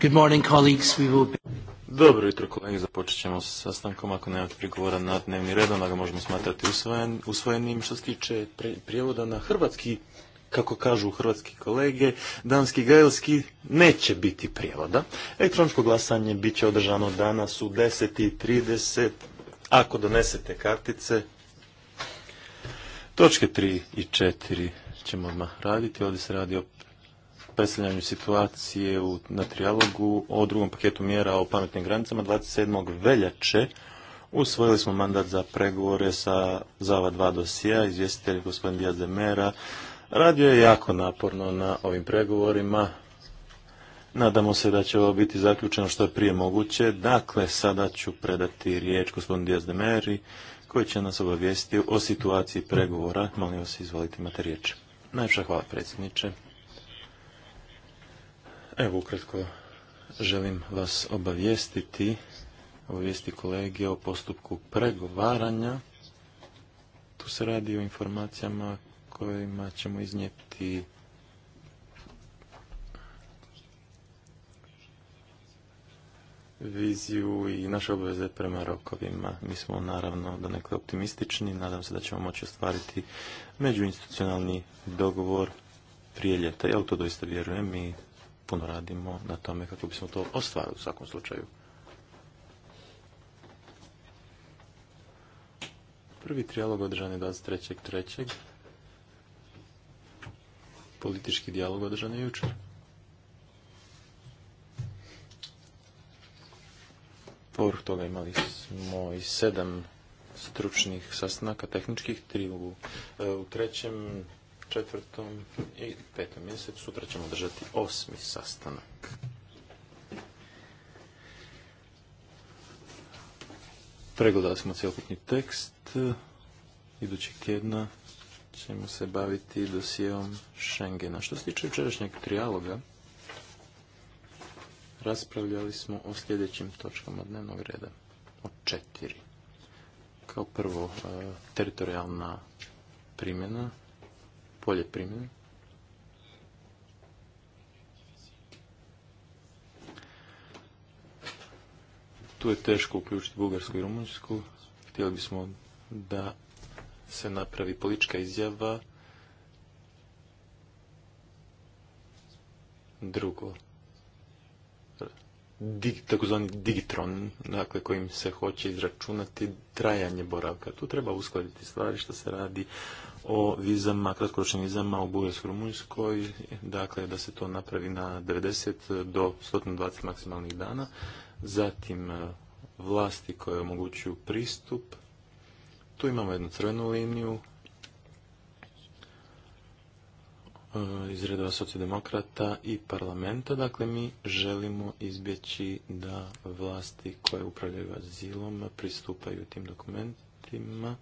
Good morning, colleagues. We will Dobro jutro, kolegi. Započet ćemo s sastankom. Ako nemate prigovora na dnevni red, onda ga možemo smatrati usvojen, usvojenim. Što se tiče prijevoda na hrvatski, kako kažu hrvatski kolege, danski gaelski neće biti prijevoda. Elektroničko glasanje bit će održano danas u 10.30. Ako donesete kartice, točke 3 i 4 ćemo odmah raditi. Ovdje se radi o predstavljanju situacije u, na trijalogu o drugom paketu mjera o pametnim granicama 27. veljače. Usvojili smo mandat za pregovore sa, za ova dva dosija, izvjestitelj gospodin Dijaz de Mera. Radio je jako naporno na ovim pregovorima. Nadamo se da će ovo biti zaključeno što je prije moguće. Dakle, sada ću predati riječ gospodin Dijaz de Meri koji će nas obavijestiti o situaciji pregovora. Molim vas, izvolite, imate riječ. najviše hvala predsjedniče. Evo ukratko želim vas obavijestiti, obavijesti kolege o postupku pregovaranja. Tu se radi o informacijama kojima ćemo iznijeti viziju i naše obveze prema rokovima. Mi smo naravno da donekle optimistični, nadam se da ćemo moći ostvariti međuinstitucionalni dogovor prije ljeta. Ja u to doista vjerujem i puno radimo na tome kako bismo to ostvarili u svakom slučaju. Prvi trijalog održan je 23.3. Politički dijalog održan je jučer. Povrh toga imali smo i sedam stručnih sastanaka, tehničkih, tri u, e, u trećem četvrtom i petom mjesecu. Sutra ćemo držati osmi sastanak. Pregledali smo cjelokupni tekst. Idućeg tjedna ćemo se baviti dosijevom Schengena. Što se tiče jučerašnjeg trijaloga, raspravljali smo o sljedećim točkama dnevnog reda. O četiri. Kao prvo, e, teritorijalna primjena polje primjene. Tu je teško uključiti Bugarsku i Rumunjsku. Htjeli bismo da se napravi politička izjava. Drugo, dig, takozvani digitron, dakle kojim se hoće izračunati trajanje boravka. Tu treba uskladiti stvari što se radi o vizama, kratkoročnim vizama u Bugarskoj Rumunjskoj, dakle da se to napravi na 90 do 120 maksimalnih dana, zatim e, vlasti koje omogućuju pristup, tu imamo jednu crvenu liniju e, iz redova socijaldemokrata i parlamenta. Dakle, mi želimo izbjeći da vlasti koje upravljaju azilom pristupaju tim dokumentima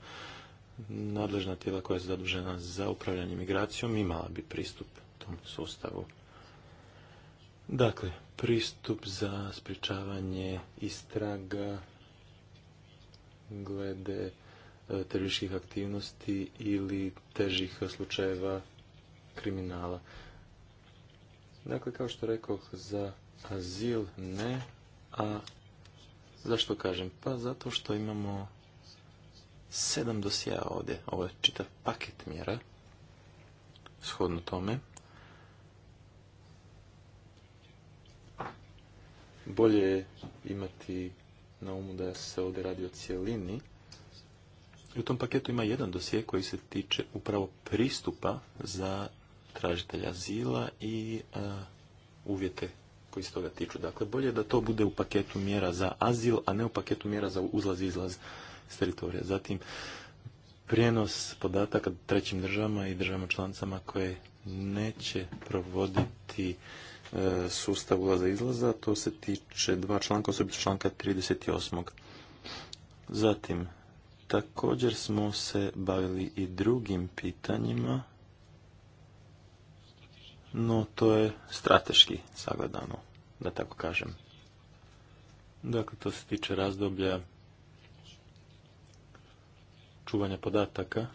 nadležna tijela koja su zadužena za upravljanje migracijom imala bi pristup tom sustavu. Dakle, pristup za sprječavanje istraga glede e, terorističkih aktivnosti ili težih slučajeva kriminala. Dakle, kao što rekao za azil ne, a zašto kažem? Pa zato što imamo sedam dosija ovdje. Ovo je čitav paket mjera. Shodno tome. Bolje je imati na umu da se ovdje radi o cijelini. I u tom paketu ima jedan dosije koji se tiče upravo pristupa za tražitelja azila i e, uvjete koji se toga tiču. Dakle, bolje je da to bude u paketu mjera za azil, a ne u paketu mjera za uzlaz i izlaz s teritorija. Zatim, prijenos podataka trećim državama i državama članicama koje neće provoditi e, sustav ulaza i izlaza. To se tiče dva članka, osobito članka 38. Zatim, također smo se bavili i drugim pitanjima, no to je strateški sagledano, da tako kažem. Dakle, to se tiče razdoblja čuvanja podataka,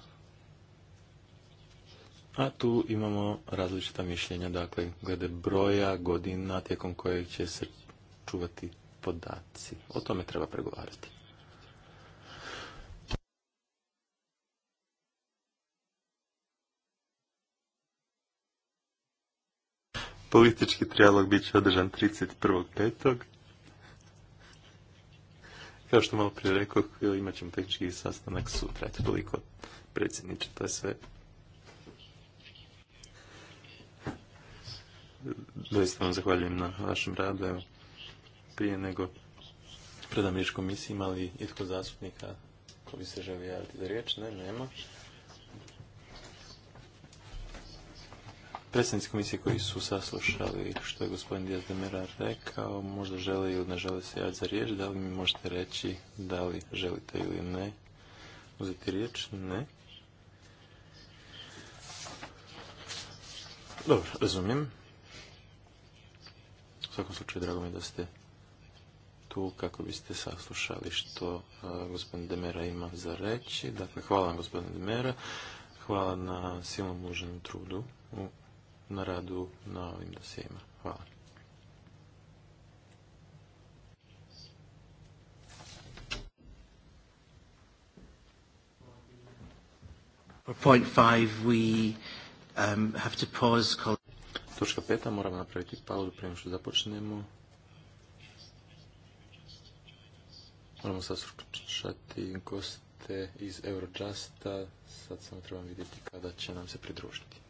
a tu imamo različita mišljenja, dakle, glede broja godina tijekom kojeg će se čuvati podaci. O tome treba pregovarati. Politički trijalog bit će održan petog. Kao što malo prije rekao, imat ćemo tehnički sastanak sutra. Eto, toliko predsjedniče, to je sve. Doista vam zahvaljujem na vašem radu. Evo, prije nego predam riječ komisiji, li itko zastupnika koji se želi javiti za riječ? Ne, nema. predsjednici komisije koji su saslušali što je gospodin Dijaz Demira rekao, možda žele ili ne žele se javiti za riječ, da li mi možete reći da li želite ili ne uzeti riječ? Ne. Dobro, razumijem. U svakom slučaju, drago mi da ste tu kako biste saslušali što e, gospodin Demera ima za reći. Dakle, hvala vam gospodine Demera, hvala na silnom uloženom trudu u na radu na ovim dosijima. Hvala. we um, Točka peta, moramo napraviti pauzu prije što započnemo. Moramo saslušati goste iz Eurojusta. Sad samo trebam vidjeti kada će nam se pridružiti.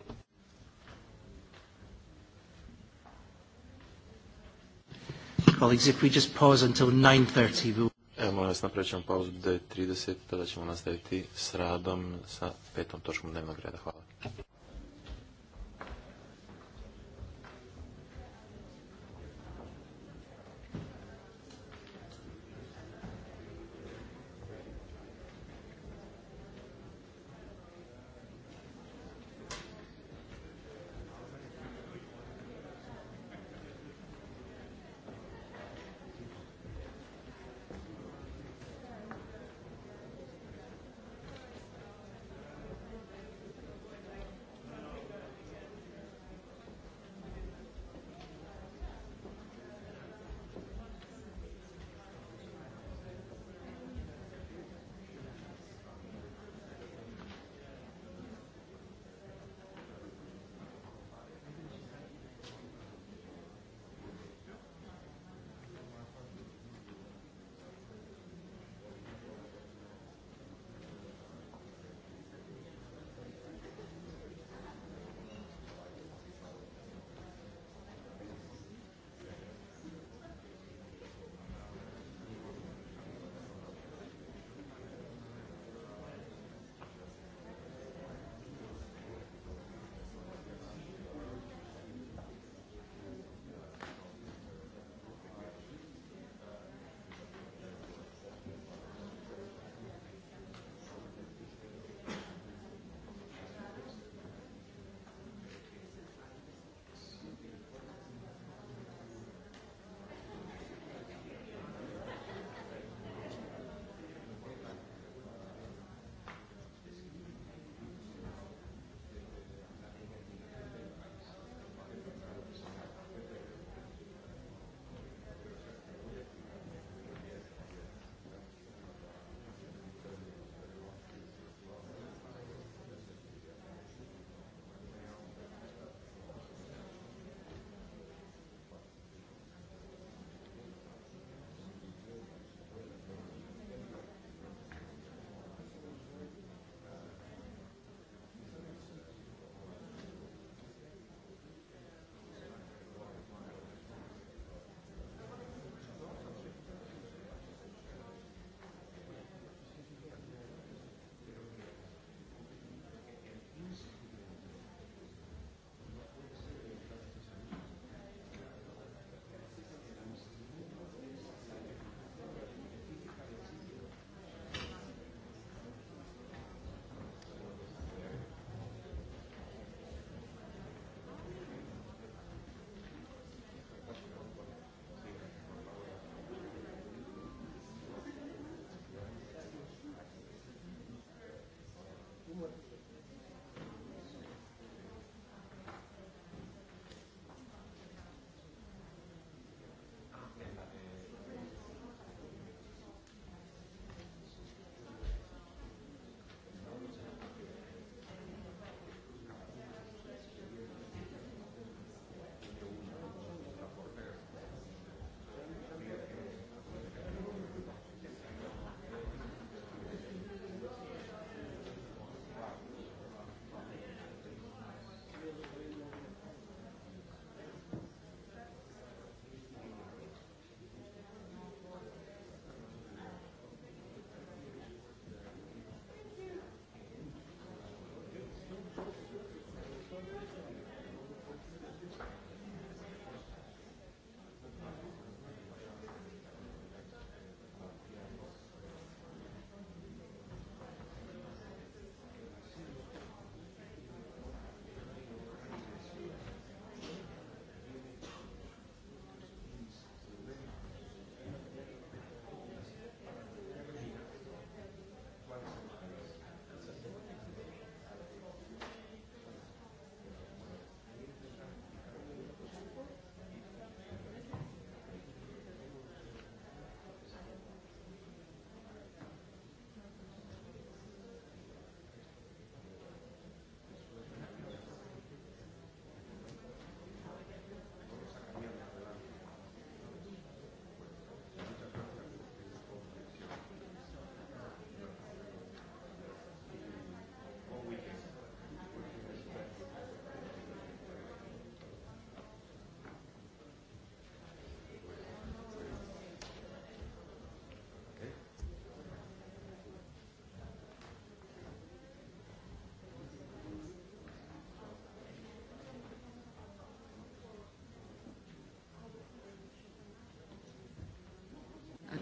colleagues, if we just pause until 9.30, we'll... Evo, molim vas, napravit pauzu do 30, tada ćemo nastaviti s radom sa petom točkom dnevnog reda. Hvala.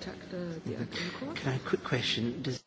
contact uh, Can I quick question? Does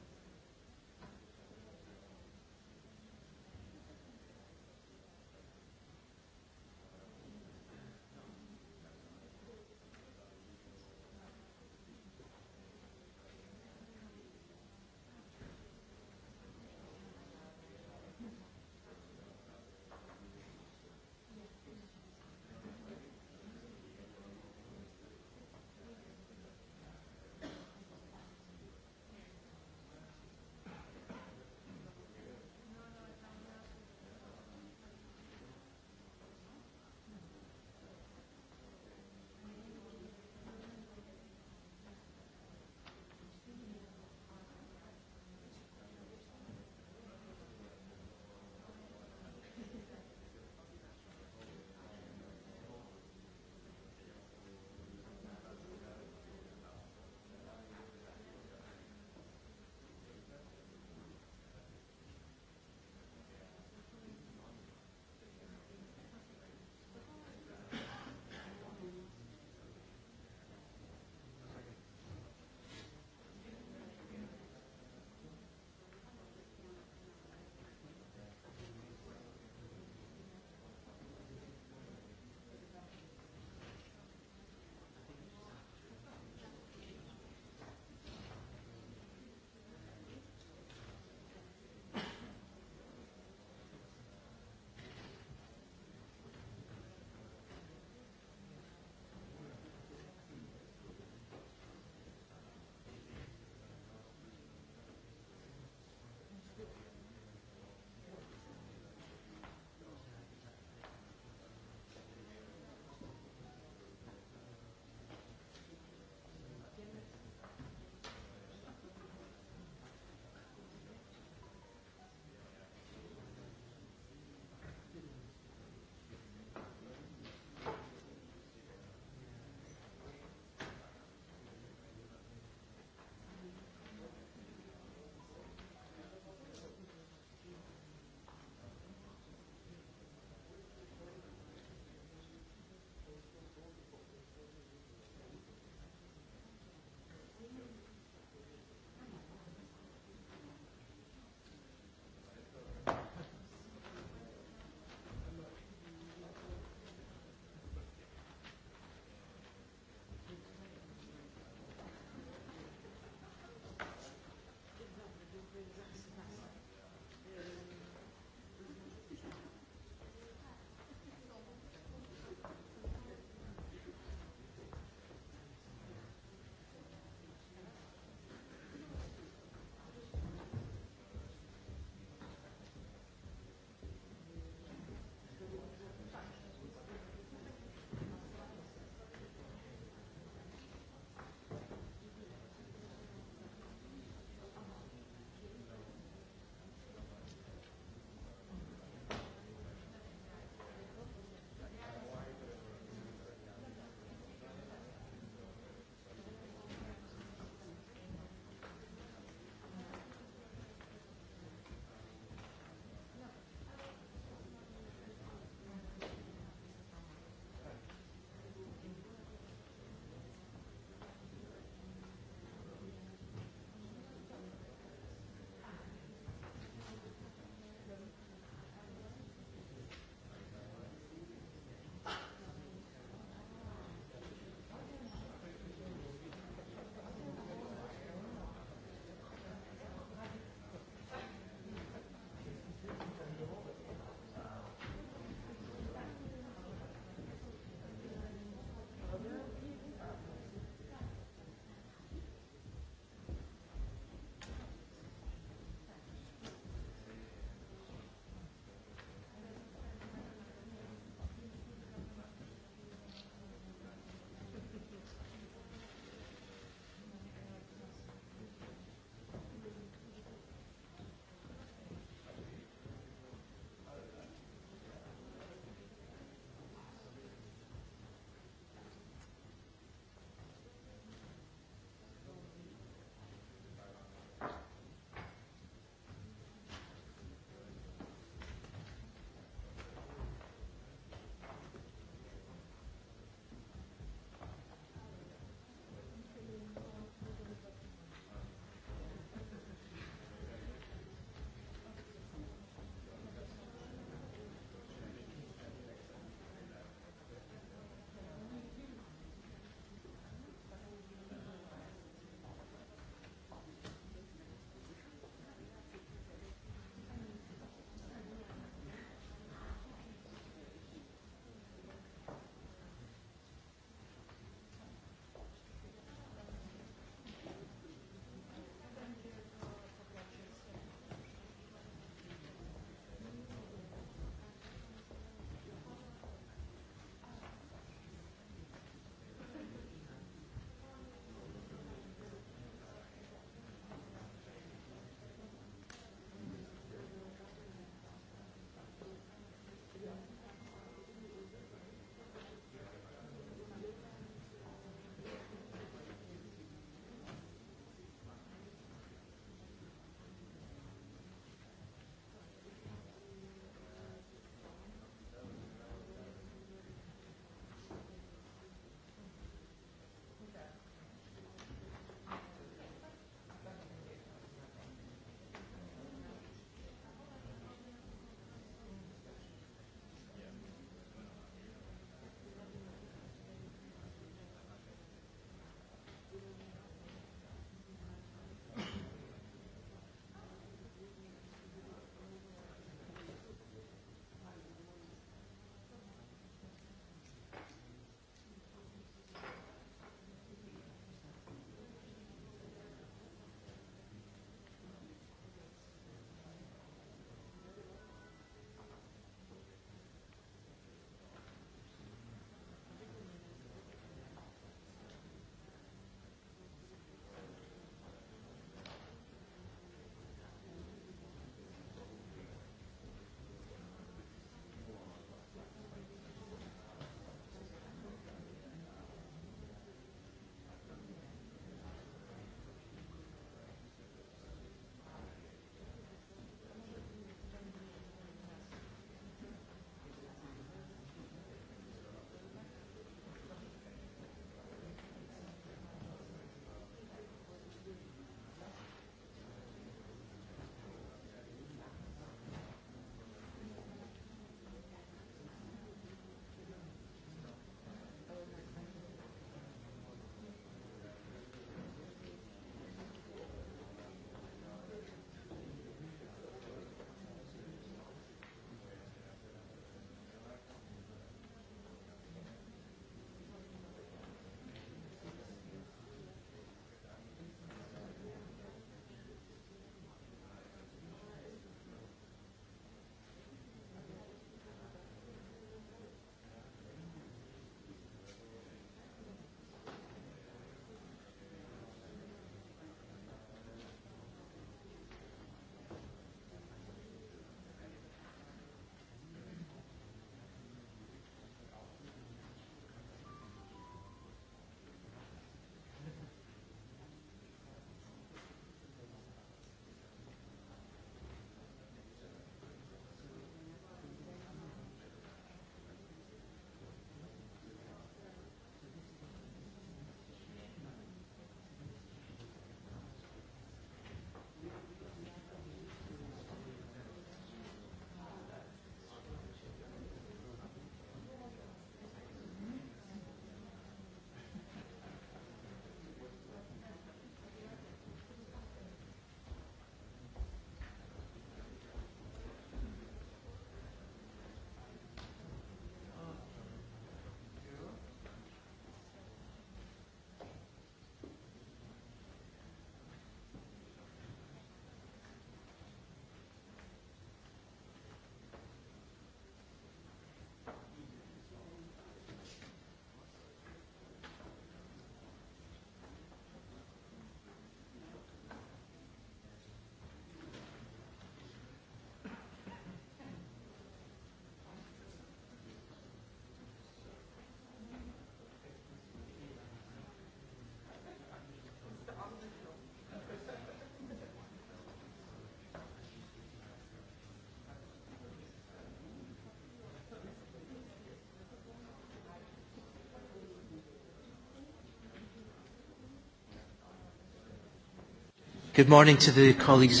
Good morning to the colleagues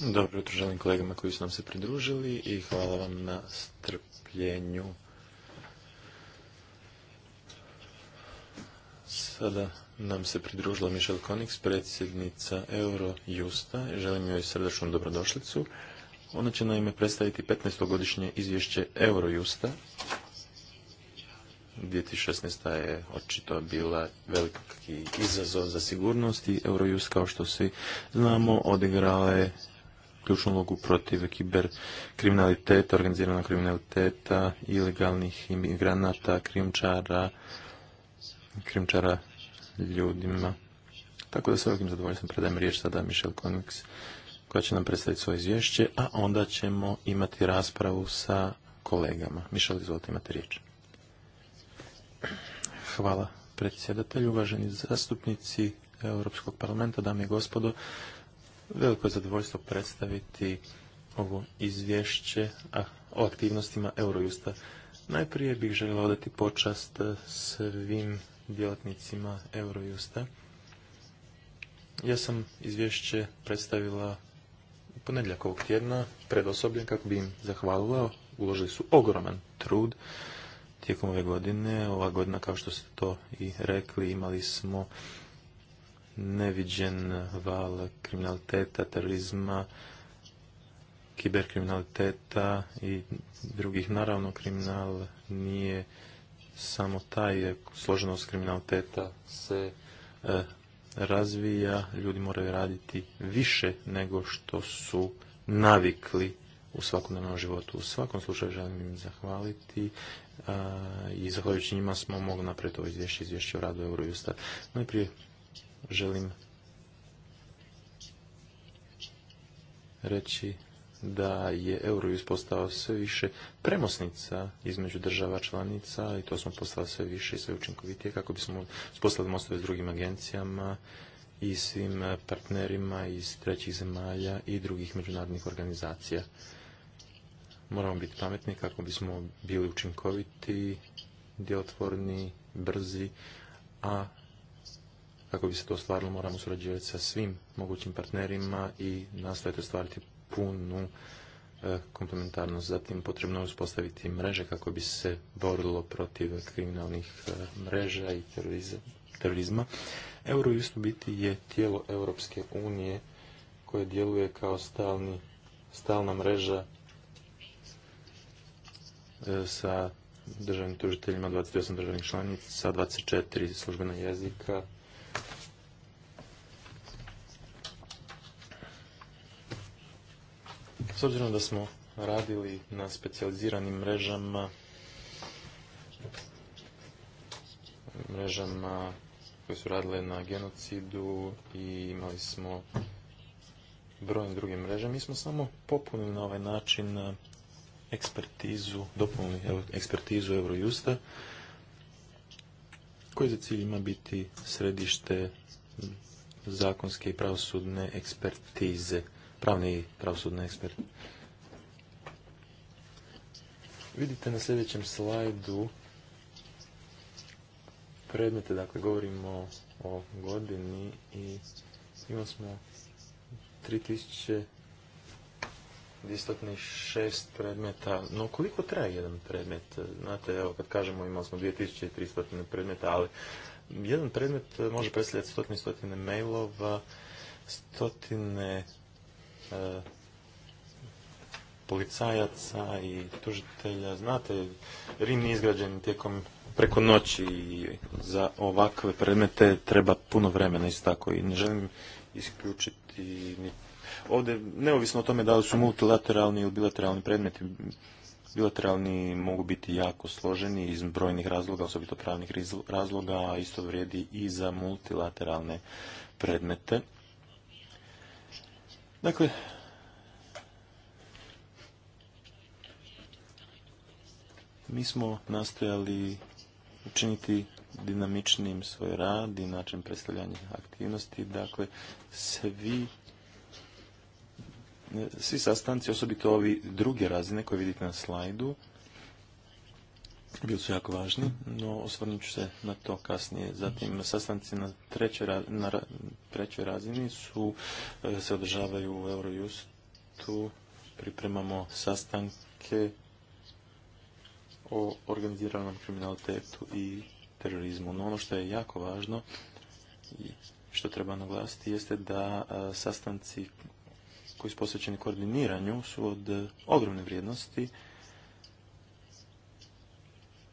Dobro jutro želim kolegama koji su nam se pridružili i hvala vam na strpljenju. Sada nam se pridružila Michelle Konix, predsjednica Eurojusta. Želim joj srdečnu dobrodošlicu. Ona će naime predstaviti 15-godišnje izvješće Eurojusta 2016. je očito bila veliki izazov za sigurnost i Eurojust, kao što svi znamo, odigrala je ključnu ulogu protiv kiber kriminaliteta, organiziranog kriminaliteta, ilegalnih imigranata, krimčara, krimčara ljudima. Tako da sa ovakim zadovoljstvom predajem riječ sada Michel Konix koja će nam predstaviti svoje izvješće, a onda ćemo imati raspravu sa kolegama. Mišel, izvolite, imate riječ. Hvala predsjedatelju, uvaženi zastupnici Europskog parlamenta, dame i gospodo. Veliko je zadovoljstvo predstaviti ovo izvješće o aktivnostima Eurojusta. Najprije bih želio odati počast svim djelatnicima Eurojusta. Ja sam izvješće predstavila u ponedjeljak ovog tjedna pred kako bi im zahvalila. Uložili su ogroman trud tijekom ove godine. Ova godina, kao što ste to i rekli, imali smo neviđen val kriminaliteta, terorizma, kiberkriminaliteta i drugih. Naravno, kriminal nije samo taj, složenost kriminaliteta se e, razvija, ljudi moraju raditi više nego što su navikli u svakodnevnom životu. U svakom slučaju želim im zahvaliti i zahvaljujući njima smo mogli napraviti ovo izvješće, izvješće o radu Eurojusta. Najprije želim reći da je Eurojust postao sve više premosnica između država članica i to smo postali sve više i sve učinkovitije kako bismo postali mostove s drugim agencijama i svim partnerima iz trećih zemalja i drugih međunarodnih organizacija. Moramo biti pametni kako bismo bili učinkoviti, djelotvorni, brzi, a kako bi se to ostvarilo moramo surađivati sa svim mogućim partnerima i nastaviti ostvariti punu e, komplementarnost. Zatim potrebno je uspostaviti mreže kako bi se borilo protiv kriminalnih e, mreža i terorizma. Eurojust u biti je tijelo Europske unije koje djeluje kao stalni, stalna mreža E, sa državnim tužiteljima 28 državnih članica, 24 službena jezika. S obzirom da smo radili na specijaliziranim mrežama, mrežama koje su radile na genocidu i imali smo brojne druge mreže. Mi smo samo popunili na ovaj način ekspertizu, dopunili ekspertizu Eurojusta, koji za cilj ima biti središte zakonske i pravosudne ekspertize, pravne i pravosudne eksperte. Vidite na sljedećem slajdu predmete, dakle govorimo o godini i imali smo šest predmeta, no koliko traje jedan predmet? Znate, evo kad kažemo imali smo 2300 predmeta, ali jedan predmet može predstavljati stotine stotine mailova, stotine e, policajaca i tužitelja. Znate, Rim je izgrađen tijekom preko noći i za ovakve predmete treba puno vremena isto tako i ne želim isključiti ni ovdje, neovisno o tome da li su multilateralni ili bilateralni predmeti, bilateralni mogu biti jako složeni iz brojnih razloga, osobito pravnih razloga, a isto vrijedi i za multilateralne predmete. Dakle, mi smo nastojali učiniti dinamičnim svoj rad i način predstavljanja aktivnosti. Dakle, svi svi sastanci, osobito ovi druge razine koje vidite na slajdu, bili su jako važni, no osvrnut ću se na to kasnije. Zatim, sastanci na trećoj, na trećoj razini su, e, se održavaju u Eurojustu, pripremamo sastanke o organiziranom kriminalitetu i terorizmu. No ono što je jako važno i što treba naglasiti jeste da e, sastanci koji su posvećeni koordiniranju su od e, ogromne vrijednosti.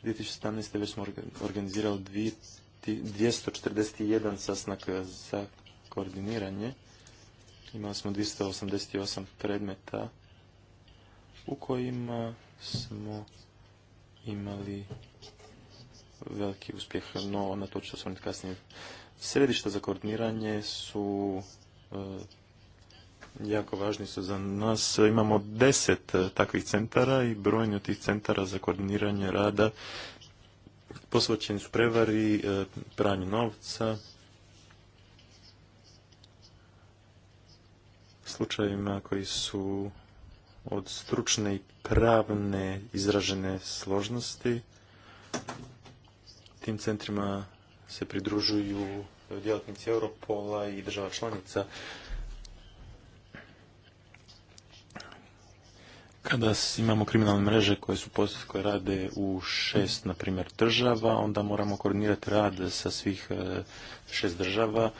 2017. već smo organizirali 241 sasnak e, za koordiniranje. Imali smo 288 predmeta u kojima smo imali veliki uspjeh, no na to ću se kasnije. Središta za koordiniranje su e, jako važni su za nas. Imamo deset e, takvih centara i brojni od tih centara za koordiniranje rada posvećeni su prevari, e, pranju novca, slučajevima koji su od stručne i pravne izražene složnosti. Tim centrima se pridružuju djelatnici Europola i država članica Kada imamo kriminalne mreže koje su postoje, koje rade u šest, na primjer, država, onda moramo koordinirati rad sa svih e, šest država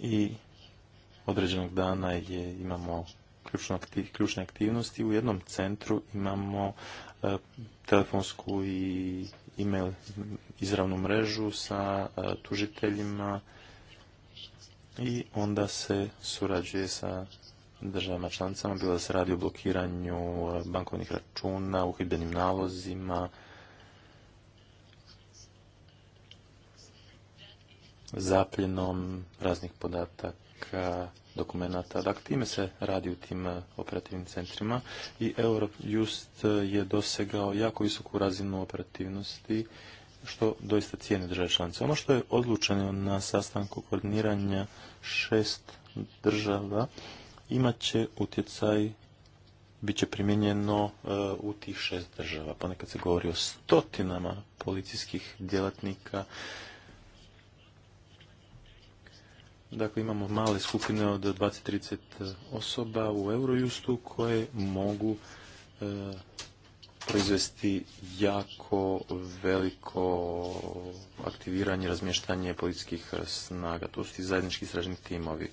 i određenog dana je, imamo ključne aktivnosti. U jednom centru imamo e, telefonsku i e-mail izravnu mrežu sa e, tužiteljima i onda se surađuje sa državama članicama, bilo da se radi o blokiranju eh, bankovnih računa, uhidbenim nalozima, zapljenom raznih podataka, dokumenata. Dakle, time se radi u tim eh, operativnim centrima i Eurojust eh, je dosegao jako visoku razinu operativnosti što doista cijene države članice. Ono što je odlučeno na sastanku koordiniranja šest država imat će utjecaj, bit će primjenjeno eh, u tih šest država. Ponekad se govori o stotinama policijskih djelatnika. Dakle, imamo male skupine od 20-30 osoba u Eurojustu koje mogu eh, proizvesti jako veliko aktiviranje, razmještanje policijskih snaga. To su ti zajednički istražni timovi.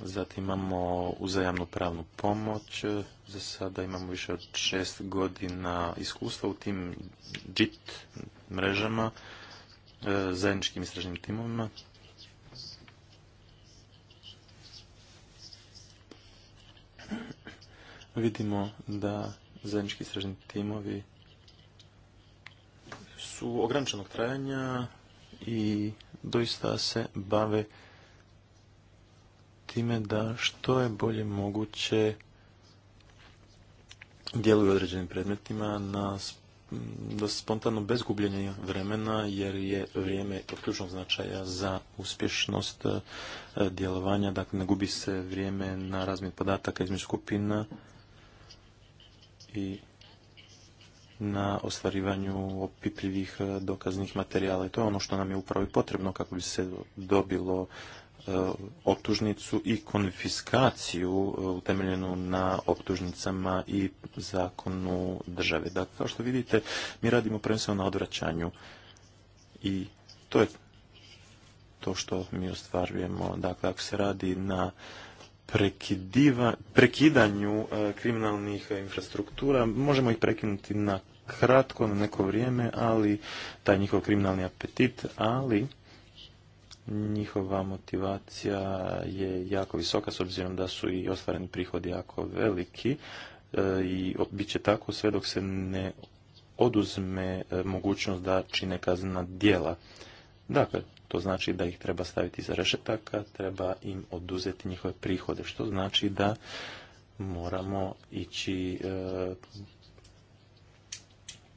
Zatim imamo uzajamnu pravnu pomoć. Za sada imamo više od šest godina iskustva u tim JIT mrežama, e, zajedničkim istražnim timovima. Vidimo da zajednički istražni timovi su ograničenog trajanja i doista se bave time da što je bolje moguće djeluju određenim predmetima na spontano bez gubljenja vremena jer je vrijeme od ključnog značaja za uspješnost e, djelovanja, dakle ne gubi se vrijeme na razmjen podataka između skupina i na ostvarivanju opipljivih e, dokaznih materijala. I to je ono što nam je upravo i potrebno kako bi se dobilo E, optužnicu i konfiskaciju e, utemeljenu na optužnicama i zakonu države. Dakle, kao što vidite, mi radimo prvenstveno na odvraćanju i to je to što mi ostvarujemo. Dakle, ako se radi na prekidanju e, kriminalnih infrastruktura, možemo ih prekinuti na kratko, na neko vrijeme, ali taj njihov kriminalni apetit, ali njihova motivacija je jako visoka s obzirom da su i ostvareni prihodi jako veliki e, i bit će tako sve dok se ne oduzme e, mogućnost da čine kaznena djela. Dakle, to znači da ih treba staviti za rešetaka, treba im oduzeti njihove prihode, što znači da moramo ići e,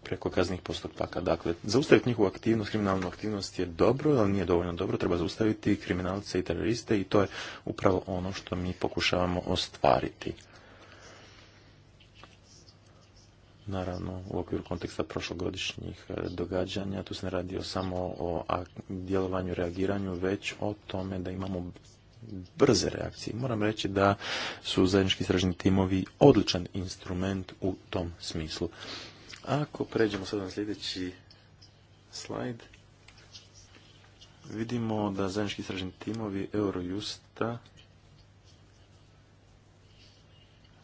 preko kaznih postupaka. Dakle, zaustaviti njihovu aktivnost, kriminalnu aktivnost je dobro, ali nije dovoljno dobro. Treba zaustaviti kriminalce i teroriste i to je upravo ono što mi pokušavamo ostvariti. Naravno, u okviru konteksta prošlogodišnjih e, događanja, tu se ne radi o samo o djelovanju, reagiranju, već o tome da imamo brze reakcije. Moram reći da su zajednički istražni timovi odličan instrument u tom smislu. Ako pređemo sada na sljedeći slajd, vidimo da zajednički istražni timovi Eurojusta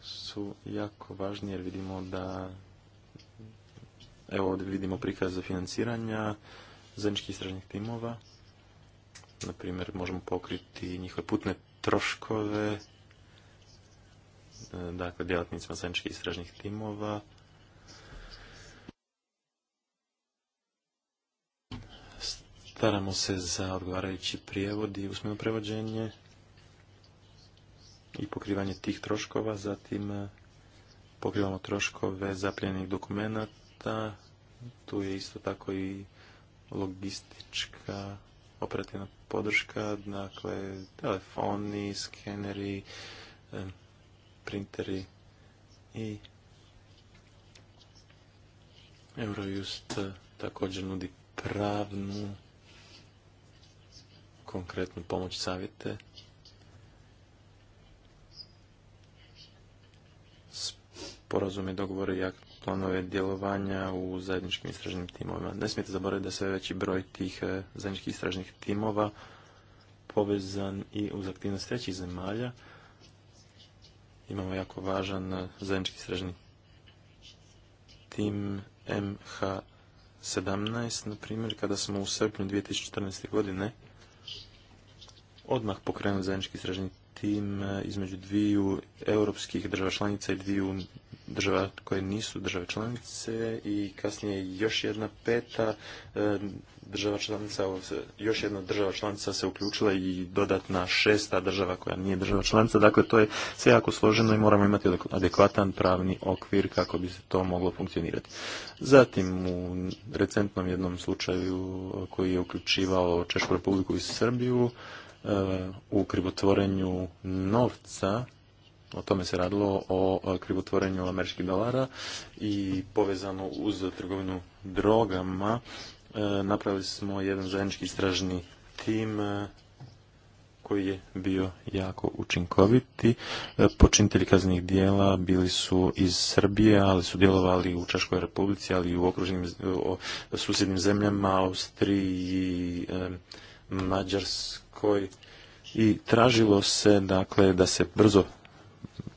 su jako važni jer vidimo da evo ovdje vidimo prikaz za financiranja zajedničkih istražnih timova na primjer možemo pokriti njihove putne troškove e, dakle djelatnicima zajedničkih istražnih timova staramo se za odgovarajući prijevod i usmeno prevođenje i pokrivanje tih troškova, zatim eh, pokrivamo troškove zapljenih dokumenata, tu je isto tako i logistička operativna podrška, dakle telefoni, skeneri, eh, printeri i Eurojust eh, također nudi pravnu konkretnu pomoć savjete sporazume, dogovore i planove djelovanja u zajedničkim istražnim timovima. Ne smijete zaboraviti da sve veći broj tih e, zajedničkih istražnih timova povezan i uz aktivnost trećih zemalja. Imamo jako važan e, zajednički istražni tim MH17, na primjer, kada smo u srpnju 2014. godine odmah pokrenuti zajednički istražni tim e, između dviju europskih država članica i dviju država koje nisu države članice i kasnije još jedna peta e, država članica, još jedna država članica se uključila i dodatna šesta država koja nije država članica. Dakle, to je sve jako složeno i moramo imati adekvatan pravni okvir kako bi se to moglo funkcionirati. Zatim, u recentnom jednom slučaju koji je uključivao Češku republiku i Srbiju, u krivotvorenju novca, o tome se radilo o krivotvorenju američkih dolara i povezano uz trgovinu drogama e, napravili smo jedan zajednički istražni tim e, koji je bio jako učinkoviti. E, počinitelji kaznenih dijela bili su iz Srbije, ali su djelovali u Češkoj republici, ali i u okružnim susjednim zemljama, Austriji, Mađarskoj, koji i tražilo se dakle da se brzo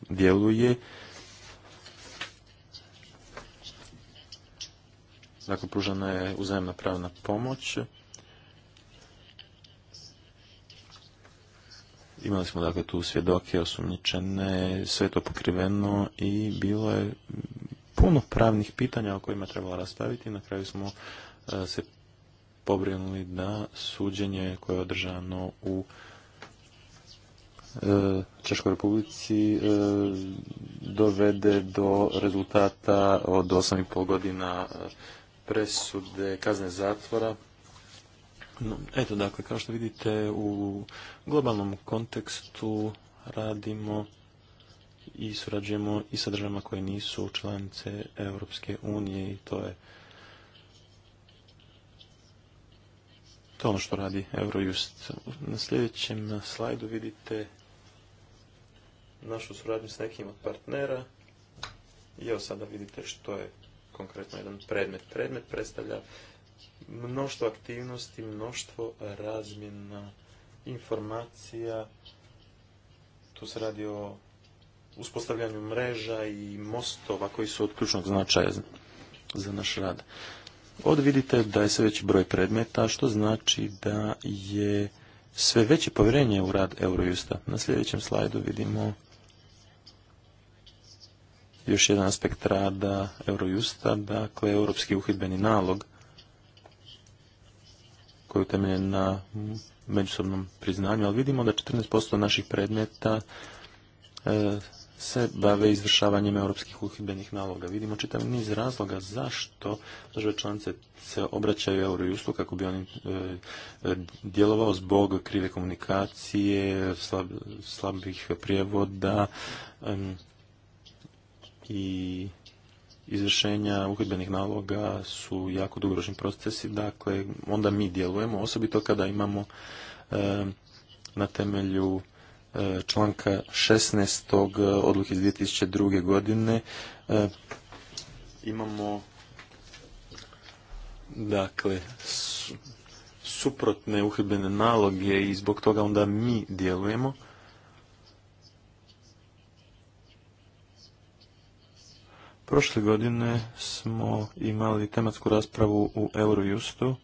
djeluje Dakle, pružana je uzajemna pravna pomoć. Imali smo dakle tu svjedoke osumnjičene, sve to pokriveno i bilo je puno pravnih pitanja o kojima trebalo raspraviti. Na kraju smo e, se pobrinuli da suđenje koje je održano u e, Češkoj republici e, dovede do rezultata od 8,5 godina e, presude kazne zatvora. eto, dakle, kao što vidite, u globalnom kontekstu radimo i surađujemo i sa državama koje nisu članice Europske unije i to je To je ono što radi Eurojust. Na sljedećem slajdu vidite našu suradnju s nekim od partnera. I evo sada vidite što je konkretno jedan predmet. Predmet predstavlja mnoštvo aktivnosti, mnoštvo razmjena informacija. Tu se radi o uspostavljanju mreža i mostova koji su od ključnog značaja za naš rad. Ovdje vidite da je sve veći broj predmeta, što znači da je sve veće povjerenje u rad Eurojusta. Na sljedećem slajdu vidimo još jedan aspekt rada Eurojusta, dakle, europski uhidbeni nalog koji je utemeljen na međusobnom priznanju, ali vidimo da 14% naših predmeta e, se bave izvršavanjem europskih uhidbenih naloga. Vidimo čitav niz razloga zašto države članice se obraćaju Eurojustu kako bi on e, e, djelovao zbog krive komunikacije, slabih prijevoda i izvršenja uhidbenih naloga su jako dugoročni procesi, dakle onda mi djelujemo, osobito kada imamo na temelju članka 16. E, odluke iz 2002. godine e, imamo dakle suprotne uhidbene naloge i zbog toga onda mi djelujemo. Prošle godine smo imali tematsku raspravu u Eurojustu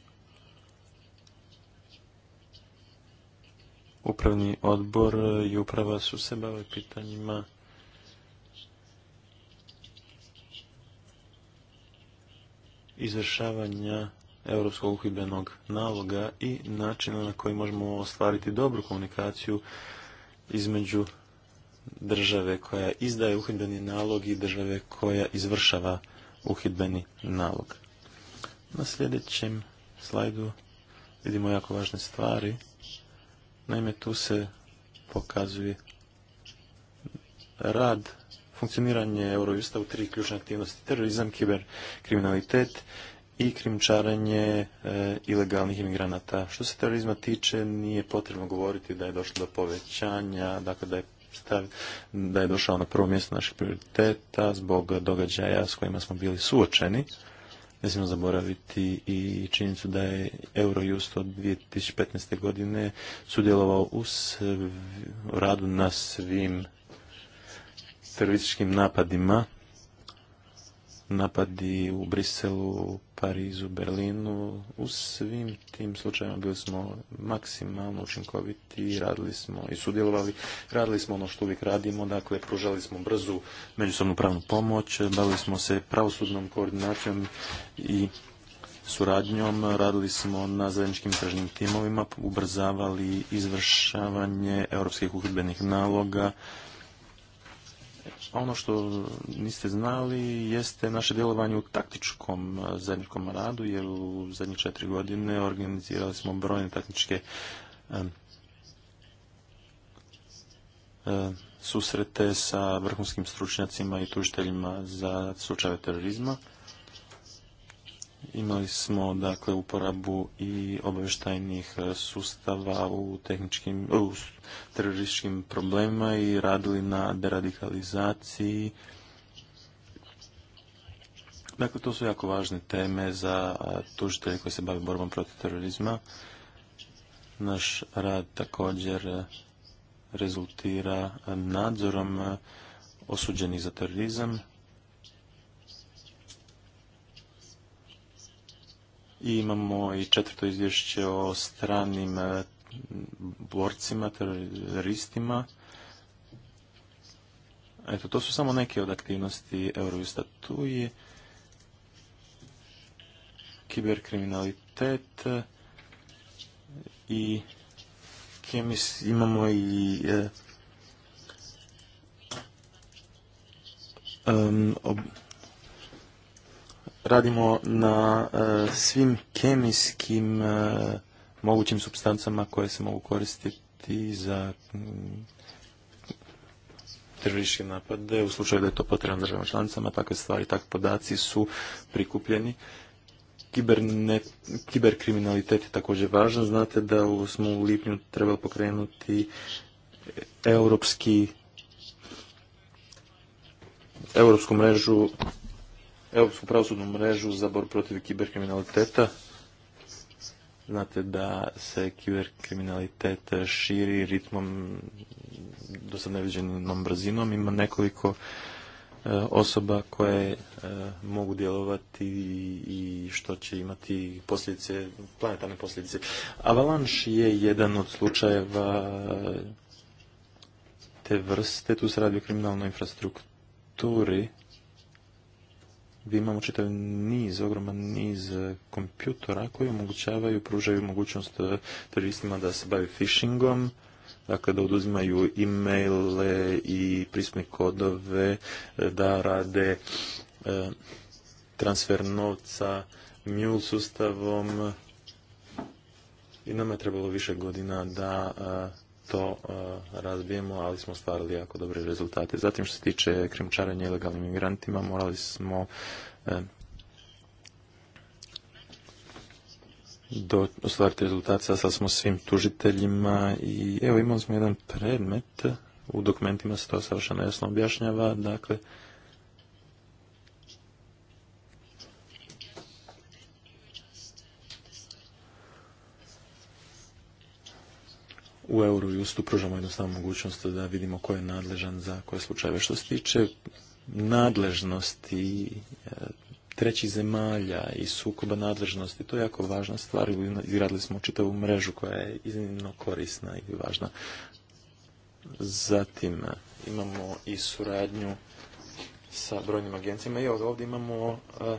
upravni odbor i uprava su se bavili pitanjima izvršavanja europskog uhidbenog naloga i načina na koji možemo ostvariti dobru komunikaciju između države koja izdaje uhidbeni nalog i države koja izvršava uhidbeni nalog. Na sljedećem slajdu vidimo jako važne stvari. Naime, tu se pokazuje rad, funkcioniranje Eurojusta u tri ključne aktivnosti. Terorizam, kiberkriminalitet i krimčaranje e, ilegalnih imigranata. Što se terorizma tiče, nije potrebno govoriti da je došlo do povećanja, dakle da je da je došao na prvo mjesto naših prioriteta zbog događaja s kojima smo bili suočeni ne smijemo zaboraviti i činjenicu da je Eurojust od 2015. godine sudjelovao u radu na svim terorističkim napadima napadi u Briselu, Parizu, Berlinu. U svim tim slučajevima bili smo maksimalno učinkoviti, radili smo i sudjelovali, radili smo ono što uvijek radimo, dakle pružali smo brzu međusobnu pravnu pomoć, bavili smo se pravosudnom koordinacijom i suradnjom, radili smo na zajedničkim tražnim timovima, ubrzavali izvršavanje europskih uhidbenih naloga, ono što niste znali jeste naše djelovanje u taktičkom e, zajedničkom radu, jer u zadnje četiri godine organizirali smo brojne taktičke e, e, susrete sa vrhunskim stručnjacima i tužiteljima za slučajeve terorizma. Imali smo dakle uporabu i obavještajnih e, sustava u tehničkim e, u terorističkim problemima i radili na deradikalizaciji. Dakle, to su jako važne teme za e, tužitelje koji se bave borbom protiv terorizma. Naš rad također rezultira nadzorom osuđenih za terorizam i imamo i četvrto izvješće o stranim e, borcima, teroristima. Eto, to su samo neke od aktivnosti Eurojusta. Tu je kiberkriminalitet i kemis, imamo i e, radimo na eh, svim kemijskim eh, mogućim substancama koje se mogu koristiti za mm, tržiške napade u slučaju da je to potrebno državama članicama, takve stvari, takvi podaci su prikupljeni. kiberkriminalitet je također važan. Znate da smo u lipnju trebali pokrenuti europski europsku mrežu Europsku pravosudnu mrežu za bor protiv kiberkriminaliteta. Znate da se kiberkriminalitet širi ritmom do sad neviđenom brzinom. Ima nekoliko e, osoba koje e, mogu djelovati i što će imati posljedice, planetarne posljedice. Avalanš je jedan od slučajeva e, te vrste. Tu se radi o kriminalnoj infrastrukturi gdje imamo čitav niz, ogroman niz e, kompjutora koji omogućavaju, pružaju mogućnost e, teroristima da se bavi phishingom, dakle da oduzimaju e-maile i prisne kodove, e, da rade transfer novca mule sustavom i nama je trebalo više godina da to eh, razbijemo, ali smo stvarili jako dobre rezultate. Zatim što se tiče krimčaranja ilegalnim migrantima, morali smo eh, do, ostvariti rezultat, sada smo svim tužiteljima i evo imali smo jedan predmet, u dokumentima se to savršeno jasno objašnjava, dakle u Eurojustu pružamo jednostavno mogućnost da vidimo ko je nadležan za koje slučajeve. Što se tiče nadležnosti e, trećih zemalja i sukoba nadležnosti, to je jako važna stvar. Izgradili smo čitavu mrežu koja je iznimno korisna i važna. Zatim e, imamo i suradnju sa brojnim agencijama i ovdje imamo e,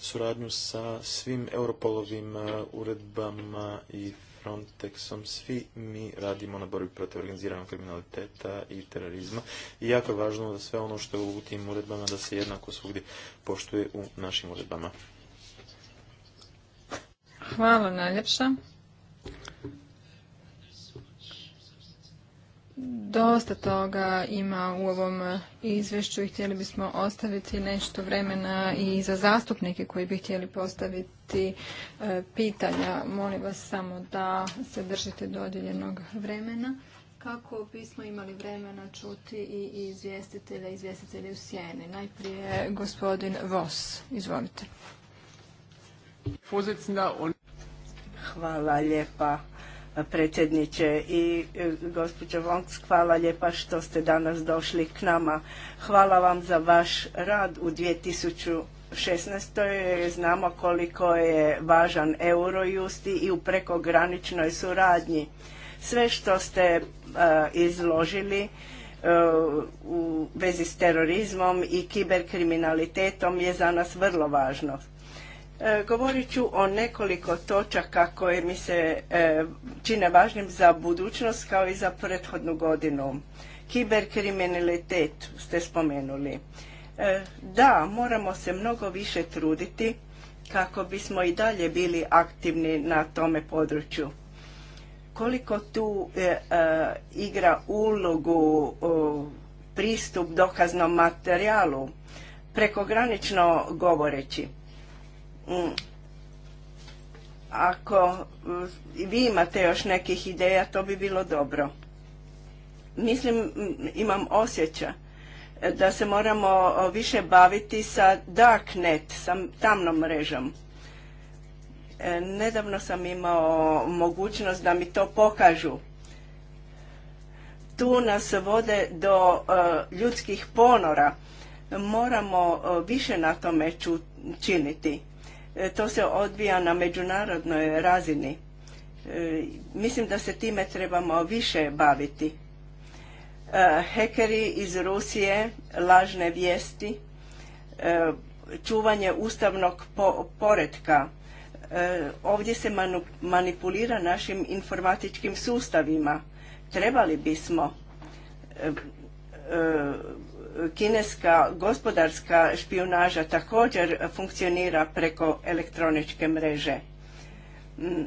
suradnju sa svim Europolovim eh, uredbama i Frontexom. Svi mi radimo na borbi protiv organiziranog kriminaliteta i terorizma i jako je važno da sve ono što je u tim uredbama da se jednako svugdje poštuje u našim uredbama. Hvala najljepša. Dosta toga ima u ovom izvješću i htjeli bismo ostaviti nešto vremena i za zastupnike koji bi htjeli postaviti e, pitanja. Molim vas samo da se držite dodijeljenog vremena kako bismo imali vremena čuti i izvjestitelja i izvjestitelja u sjeni. Najprije gospodin Vos. Izvolite. Hvala lijepa predsjedniče i e, gospođo Vonks, hvala lijepa što ste danas došli k nama. Hvala vam za vaš rad u 2016. Znamo koliko je važan Eurojust i u prekograničnoj suradnji. Sve što ste e, izložili e, u vezi s terorizmom i kiberkriminalitetom je za nas vrlo važno E, govorit ću o nekoliko točaka koje mi se e, čine važnim za budućnost kao i za prethodnu godinu. Kiberkriminalitet ste spomenuli. E, da, moramo se mnogo više truditi kako bismo i dalje bili aktivni na tome području. Koliko tu igra ulogu pristup dokaznom materijalu, prekogranično govoreći. Mm. Ako mm, vi imate još nekih ideja, to bi bilo dobro. Mislim, mm, imam osjećaj e, da se moramo više baviti sa darknet, sa tamnom mrežom. E, nedavno sam imao mogućnost da mi to pokažu. Tu nas vode do e, ljudskih ponora. Moramo više na tome činiti. E, to se odvija na međunarodnoj razini. E, mislim da se time trebamo više baviti. E, hekeri iz Rusije, lažne vijesti, čuvanje ustavnog poretka. Ovdje se manipulira našim informatičkim sustavima. Trebali bismo kineska gospodarska špionaža također funkcionira preko elektroničke mreže. Mm,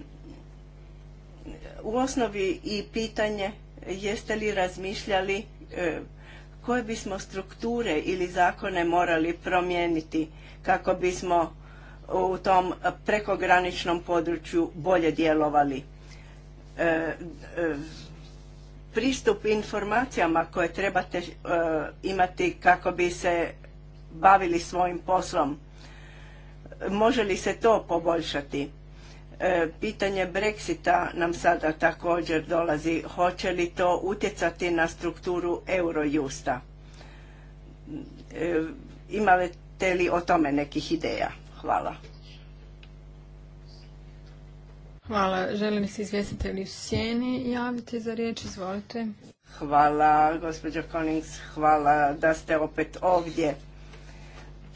u osnovi i pitanje jeste li razmišljali e, koje bismo strukture ili zakone morali promijeniti kako bismo u tom prekograničnom području bolje djelovali. E, e, pristup informacijama koje trebate e, imati kako bi se bavili svojim poslom. Može li se to poboljšati? E, pitanje Brexita nam sada također dolazi. Hoće li to utjecati na strukturu Eurojusta? E, imate li o tome nekih ideja? Hvala. Hvala. Želi li se izvjestitelji u sjeni javiti za riječ? Izvolite. Hvala, gospođo Konings. Hvala da ste opet ovdje.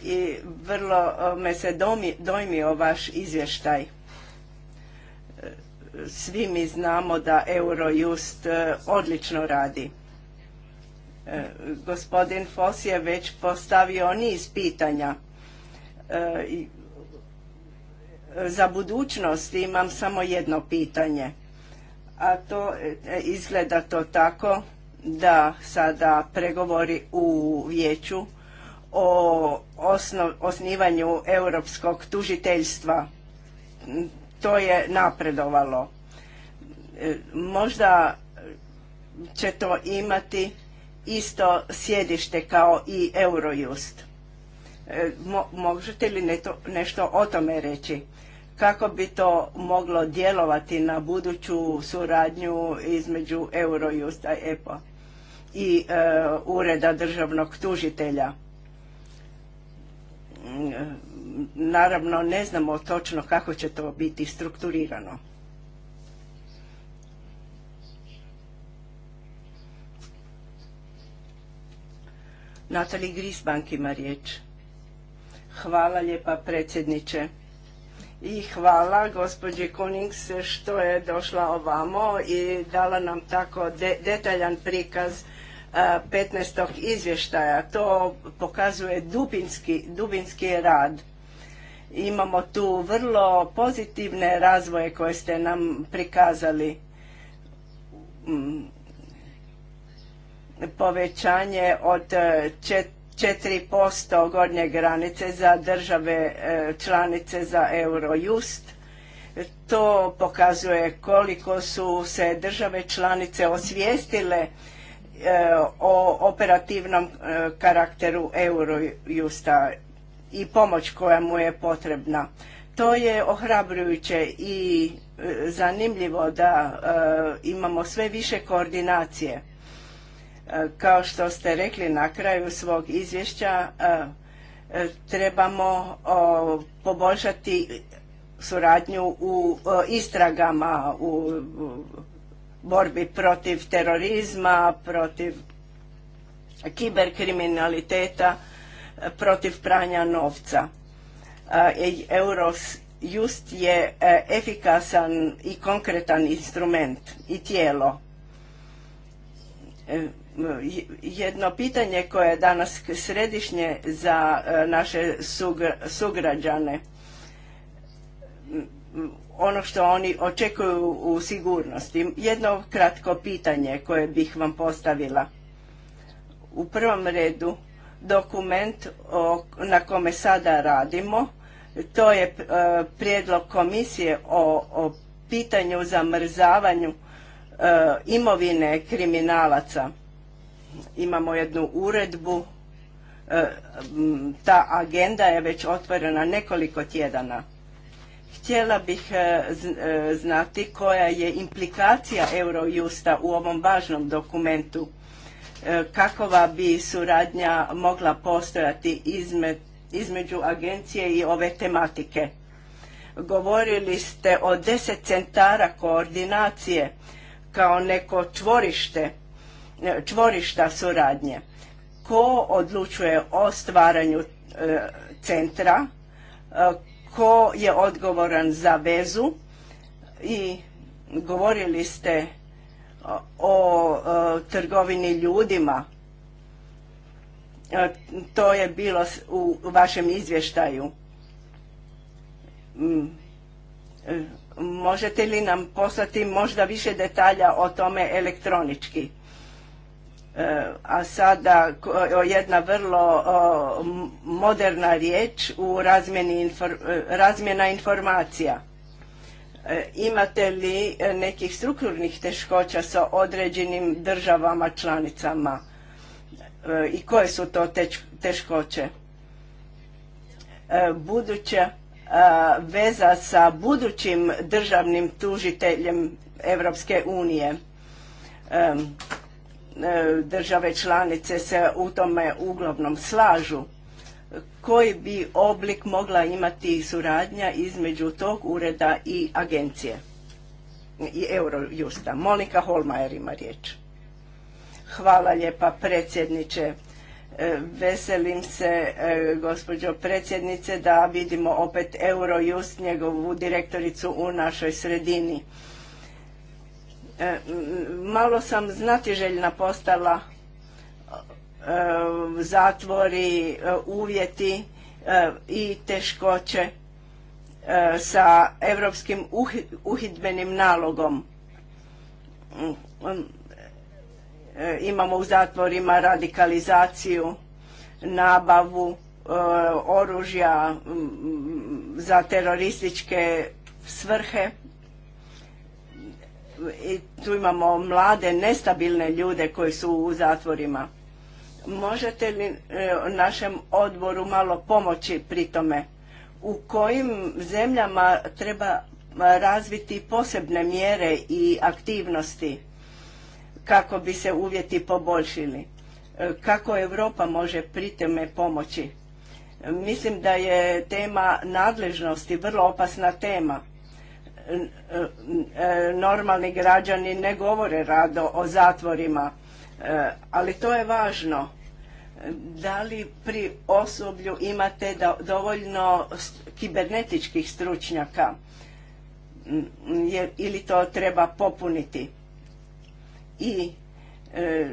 I vrlo e, me se dojmio vaš izvještaj. E, svi mi znamo da Eurojust e, odlično radi. Gospodin Fos je već postavio niz pitanja. i za budućnost imam samo jedno pitanje, a to e, izgleda to tako da sada pregovori u vijeću o osnivanju europskog tužiteljstva. To je napredovalo. E, možda će to imati isto sjedište kao i Eurojust. E, možete li nešto o tome reći? Kako bi to moglo djelovati na buduću suradnju između Eurojusta i EPO i e, Ureda državnog tužitelja? Mm, naravno, ne znamo točno kako će to biti strukturirano. Natali Grisbank ima riječ. Hvala lijepa predsjedniče. I hvala gospođi Konings što je došla ovamo i dala nam tako detaljan prikaz 15. E, izvještaja. To pokazuje dubinski, dubinski rad. Imamo tu vrlo pozitivne razvoje koje ste nam prikazali. Mm, povećanje od čet, 4% gornje granice za države e, članice za Eurojust. To pokazuje koliko su se države članice osvijestile e, o operativnom e, karakteru Eurojusta i pomoć koja mu je potrebna. To je ohrabrujuće i zanimljivo da imamo sve više koordinacije kao što ste rekli na kraju svog izvješća, e, e, trebamo poboljšati suradnju u e, istragama, u borbi protiv terorizma, protiv kiberkriminaliteta, protiv pranja novca. Eurojust je efikasan i konkretan instrument i tijelo jedno pitanje koje je danas središnje za e, naše sugrađane ono što oni očekuju u sigurnosti. Jedno kratko pitanje koje bih vam postavila. U prvom redu dokument na kome sada radimo, to je e, prijedlog komisije o, pitanju zamrzavanju e, imovine kriminalaca imamo jednu uredbu, e, ta agenda je već otvorena nekoliko tjedana. Htjela bih e, e, znati koja je implikacija Eurojusta u ovom važnom dokumentu, kakova bi suradnja mogla postojati između agencije i ove tematike. Govorili ste o deset centara koordinacije kao neko čvorište E, čvorišta suradnje. Ko odlučuje o stvaranju e, centra, e, ko je odgovoran za vezu i govorili ste o, trgovini ljudima. To je bilo u vašem izvještaju. Mm. Možete li nam poslati možda više detalja o tome elektronički? E, a sada jedna vrlo moderna riječ u razmjeni e, razmjena informacija. E, imate li nekih strukturnih teškoća sa određenim državama članicama i koje su to teškoće? Buduća veza sa budućim državnim tužiteljem Europske unije E, države članice se u tome uglavnom slažu, koji bi oblik mogla imati suradnja između tog ureda i agencije i Eurojusta. Monika Holmajer ima riječ. Hvala lijepa predsjedniče. E, veselim se, e, gospođo predsjednice, da vidimo opet Eurojust, njegovu direktoricu u našoj sredini. E, malo sam znatiželjna postala e, zatvori, e, uvjeti i teškoće sa europskim uhidbenim nalogom. Mm, imamo u zatvorima radikalizaciju, nabavu oružja mm, za terorističke svrhe tu imamo mlade, nestabilne ljude koji su u zatvorima. Možete li e, našem odboru malo pomoći pri tome? U kojim zemljama treba razviti posebne mjere i aktivnosti kako bi se uvjeti poboljšili? E, kako Europa može pri tome pomoći? Mislim da je tema nadležnosti vrlo opasna tema normalni građani ne govore rado o zatvorima, e, ali to je važno. Da li pri osoblju imate dovoljno kibernetičkih stručnjaka mm, ili to treba popuniti? I e,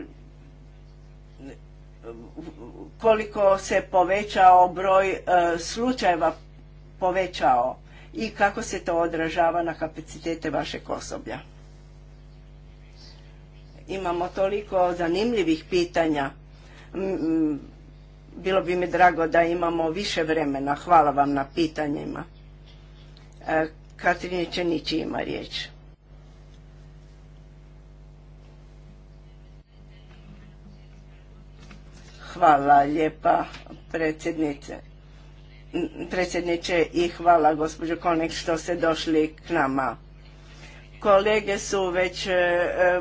koliko se povećao broj e, slučajeva povećao i kako se to odražava na kapacitete vašeg osoblja. Imamo toliko zanimljivih pitanja. Bilo bi mi drago da imamo više vremena. Hvala vam na pitanjima. E, Katrinje Čenići ima riječ. Hvala lijepa predsjednice predsjedniče i hvala gospođo Konek što ste došli k nama. Kolege su već e, e,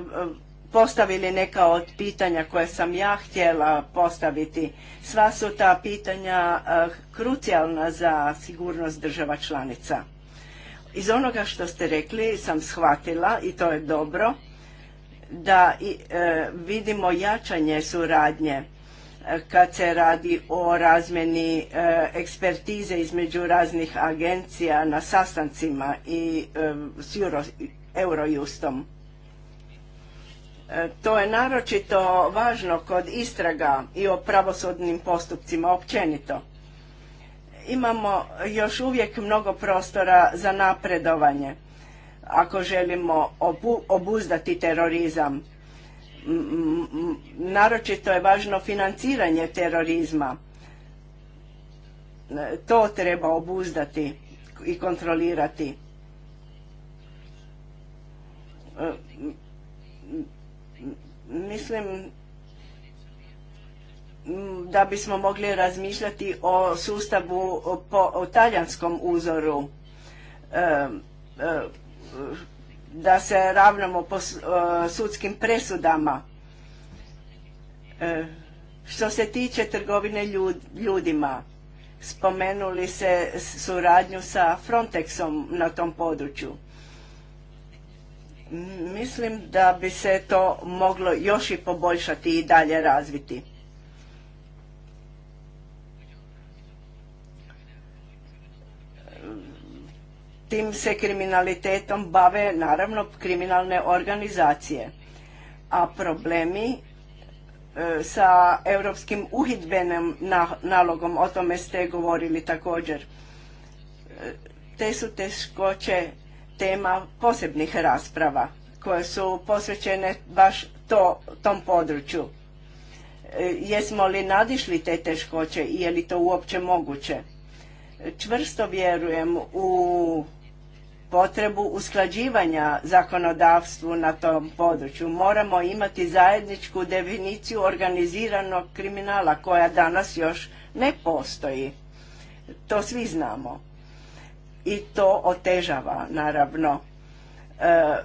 postavili neka od pitanja koje sam ja htjela postaviti. Sva su ta pitanja e, krucijalna za sigurnost država članica. Iz onoga što ste rekli sam shvatila i to je dobro da vidimo jačanje suradnje kad se radi o razmjeni e, ekspertize između raznih agencija na sastancima i e, s Eurojustom. E, to je naročito važno kod istraga i o pravosudnim postupcima općenito. Imamo još uvijek mnogo prostora za napredovanje ako želimo obuzdati terorizam naročito je važno financiranje terorizma. E, to treba obuzdati i kontrolirati. E, mislim da bismo mogli razmišljati o sustavu po talijanskom uzoru. E, da se ravnamo po e, sudskim presudama. E, što se tiče trgovine ljudima, spomenuli se suradnju sa Frontexom na tom području. Mislim da bi se to moglo još i poboljšati i dalje razviti. tim se kriminalitetom bave naravno kriminalne organizacije. A problemi e, sa europskim uhidbenim nalogom, o tome ste govorili također. E, te su teškoće tema posebnih rasprava koje su posvećene baš to, tom području. E, jesmo li nadišli te teškoće i je li to uopće moguće? Čvrsto vjerujem u potrebu usklađivanja zakonodavstvu na tom području. Moramo imati zajedničku definiciju organiziranog kriminala koja danas još ne postoji. To svi znamo. I to otežava naravno e,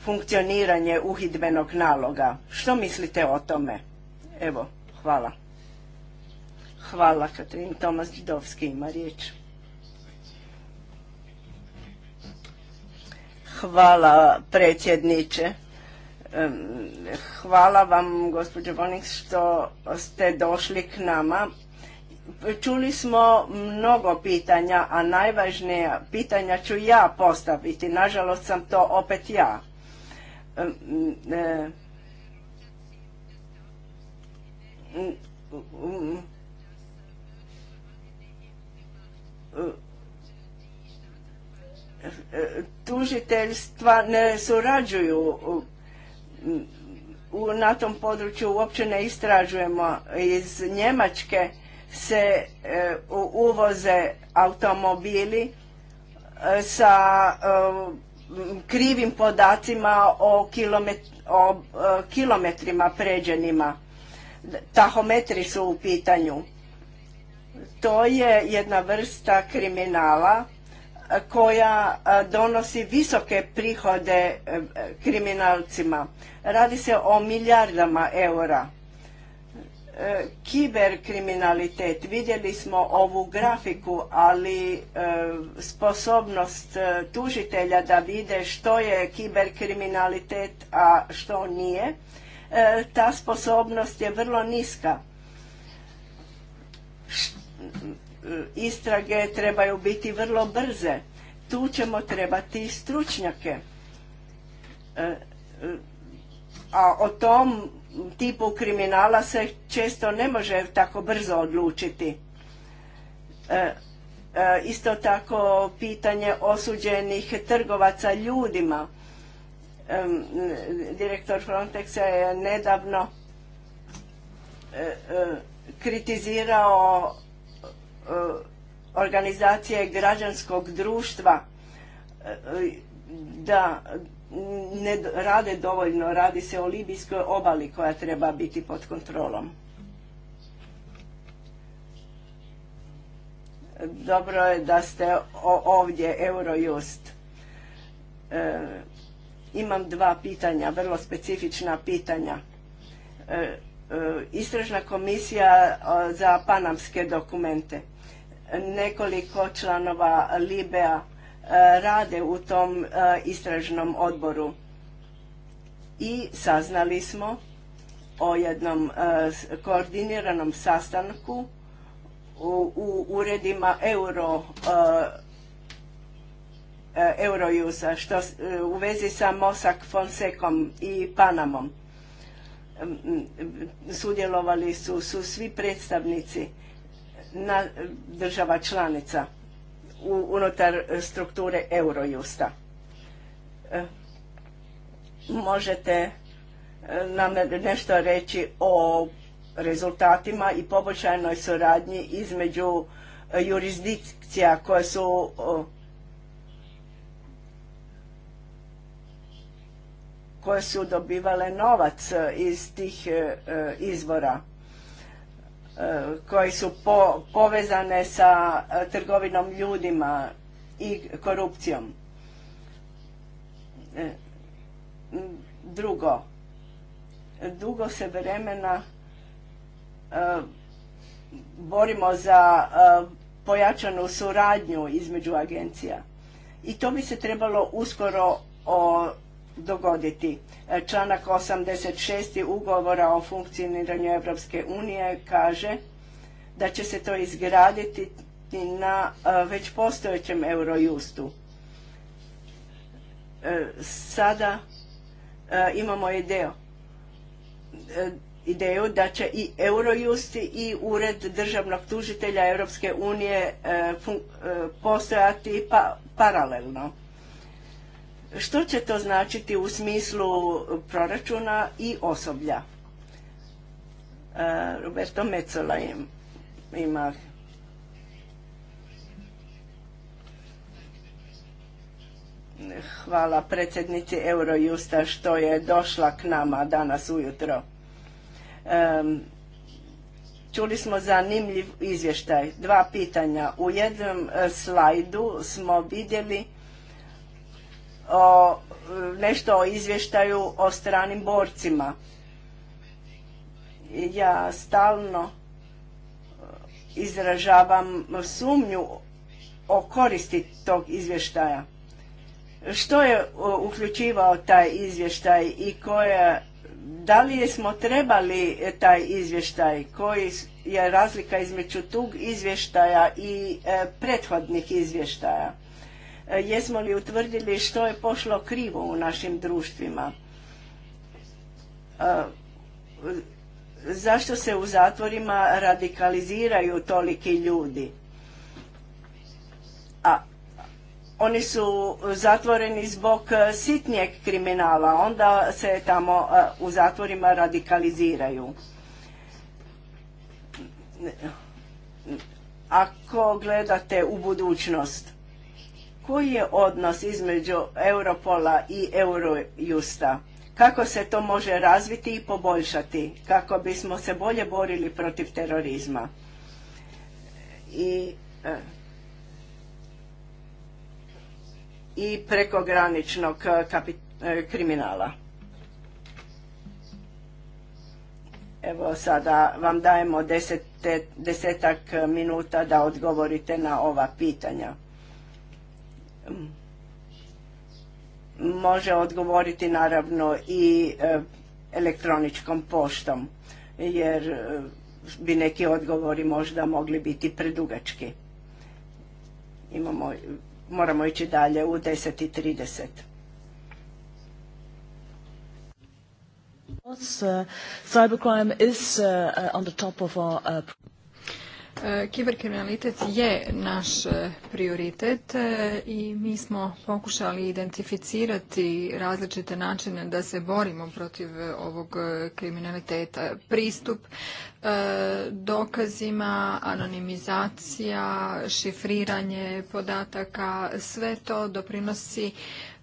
funkcioniranje uhidbenog naloga. Što mislite o tome? Evo, hvala. Hvala, Katrin. Tomas Židovski ima riječ. Hvala predsjedniče. Hvala vam gospođo Bonik što ste došli k nama. Čuli smo mnogo pitanja, a najvažnija pitanja ću ja postaviti. Nažalost sam to opet ja. E, tužiteljstva ne surađuju u, na tom području uopće ne istražujemo. Iz Njemačke se e, uvoze automobili e, sa e, krivim podacima o, o kilometrima pređenima. Tahometri su u pitanju. To je jedna vrsta kriminala koja donosi visoke prihode e, kriminalcima. Radi se o milijardama eura. E, kiberkriminalitet, vidjeli smo ovu grafiku, ali e, sposobnost tužitelja da vide što je kiberkriminalitet, a što nije, ta sposobnost je vrlo niska istrage trebaju biti vrlo brze. Tu ćemo trebati stručnjake. E, e, a o tom tipu kriminala se često ne može tako brzo odlučiti. E, isto tako pitanje osuđenih trgovaca ljudima. Direktor Frontexa je nedavno kritizirao Eh, organizacije građanskog društva eh, da ne rade dovoljno, radi se o libijskoj obali koja treba biti pod kontrolom. Dobro je da ste ovdje, Eurojust. Eh, imam dva pitanja, vrlo specifična pitanja. istražna komisija za panamske dokumente nekoliko članova Libea e, rade u tom e, istražnom odboru. I saznali smo o jednom e, koordiniranom sastanku u, uredima Euro Eurojusa što u vezi sa Mosak Fonsekom i Panamom. Sudjelovali su svi predstavnici na država članica u, unutar strukture Eurojusta. E, možete e, nam nešto reći o rezultatima i poboljšajnoj suradnji između e, jurisdikcija koje su koje su dobivale novac iz tih izvora E, koji su povezane sa e, trgovinom ljudima i korupcijom. E, drugo, dugo se vremena borimo za pojačanu suradnju između agencija. I to bi se trebalo uskoro o, dogoditi. E, članak 86. ugovora o funkcioniranju Europske unije kaže da će se to izgraditi na e, već postojećem Eurojustu. E, sada imamo ideju ideju da će i Eurojust i Ured državnog tužitelja Europske unije postojati pa, paralelno. Što će to značiti u smislu proračuna i osoblja? E, Roberto Mecola ima hvala predsjednici Eurojusta što je došla k nama danas ujutro. E, čuli smo zanimljiv izvještaj. Dva pitanja. U jednom e, slajdu smo vidjeli o, nešto o izvještaju o stranim borcima. Ja stalno e, izražavam sumnju o koristi tog izvještaja. Što je e, uključivao taj izvještaj i koje, da li smo trebali taj izvještaj, koji je razlika između tog izvještaja i e, prethodnih izvještaja. E, jesmo li utvrdili što je pošlo krivo u našim društvima. E, zašto se u zatvorima radikaliziraju toliki ljudi? A oni su zatvoreni zbog e, sitnijeg kriminala, onda se tamo u zatvorima radikaliziraju. Ako gledate u budućnost, koji je odnos između Europola i Eurojusta? Kako se to može razviti i poboljšati kako bismo se bolje borili protiv terorizma? I, e, i prekograničnog e, e, kriminala. Evo sada vam dajemo desetak minuta da odgovorite na ova pitanja može odgovoriti naravno i e, elektroničkom poštom jer e, bi neki odgovori možda mogli biti predugački. Imamo, moramo ići dalje u 10.30. Cybercrime is e, on the E, kiberkriminalitet je naš e, prioritet e, i mi smo pokušali identificirati različite načine da se borimo protiv ovog kriminaliteta. Pristup dokazima, anonimizacija, šifriranje podataka, sve to doprinosi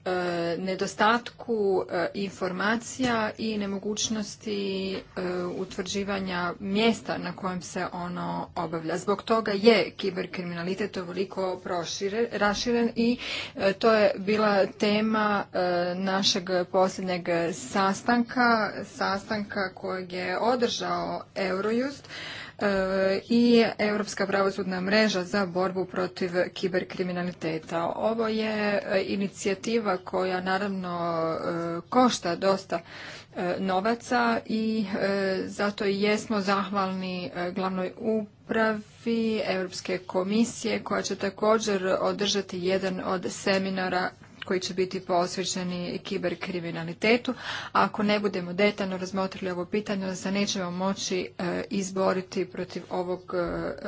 E, nedostatku e, informacija i nemogućnosti e, utvrđivanja mjesta na kojem se ono obavlja. Zbog toga je kiberkriminalitet ovoliko raširen i to je bila tema našeg posljednjeg sastanka, sastanka kojeg je održao Eurojust, E, i Europska pravosudna mreža za borbu protiv kiberkriminaliteta. Ovo je e, inicijativa koja naravno e, košta dosta novaca i zato i jesmo zahvalni glavnoj upravi Europske komisije koja će također održati jedan od seminara koji će biti posvećeni kiberkriminalitetu. ako ne budemo detaljno razmotrili ovo pitanje, onda se nećemo moći e, izboriti protiv ovog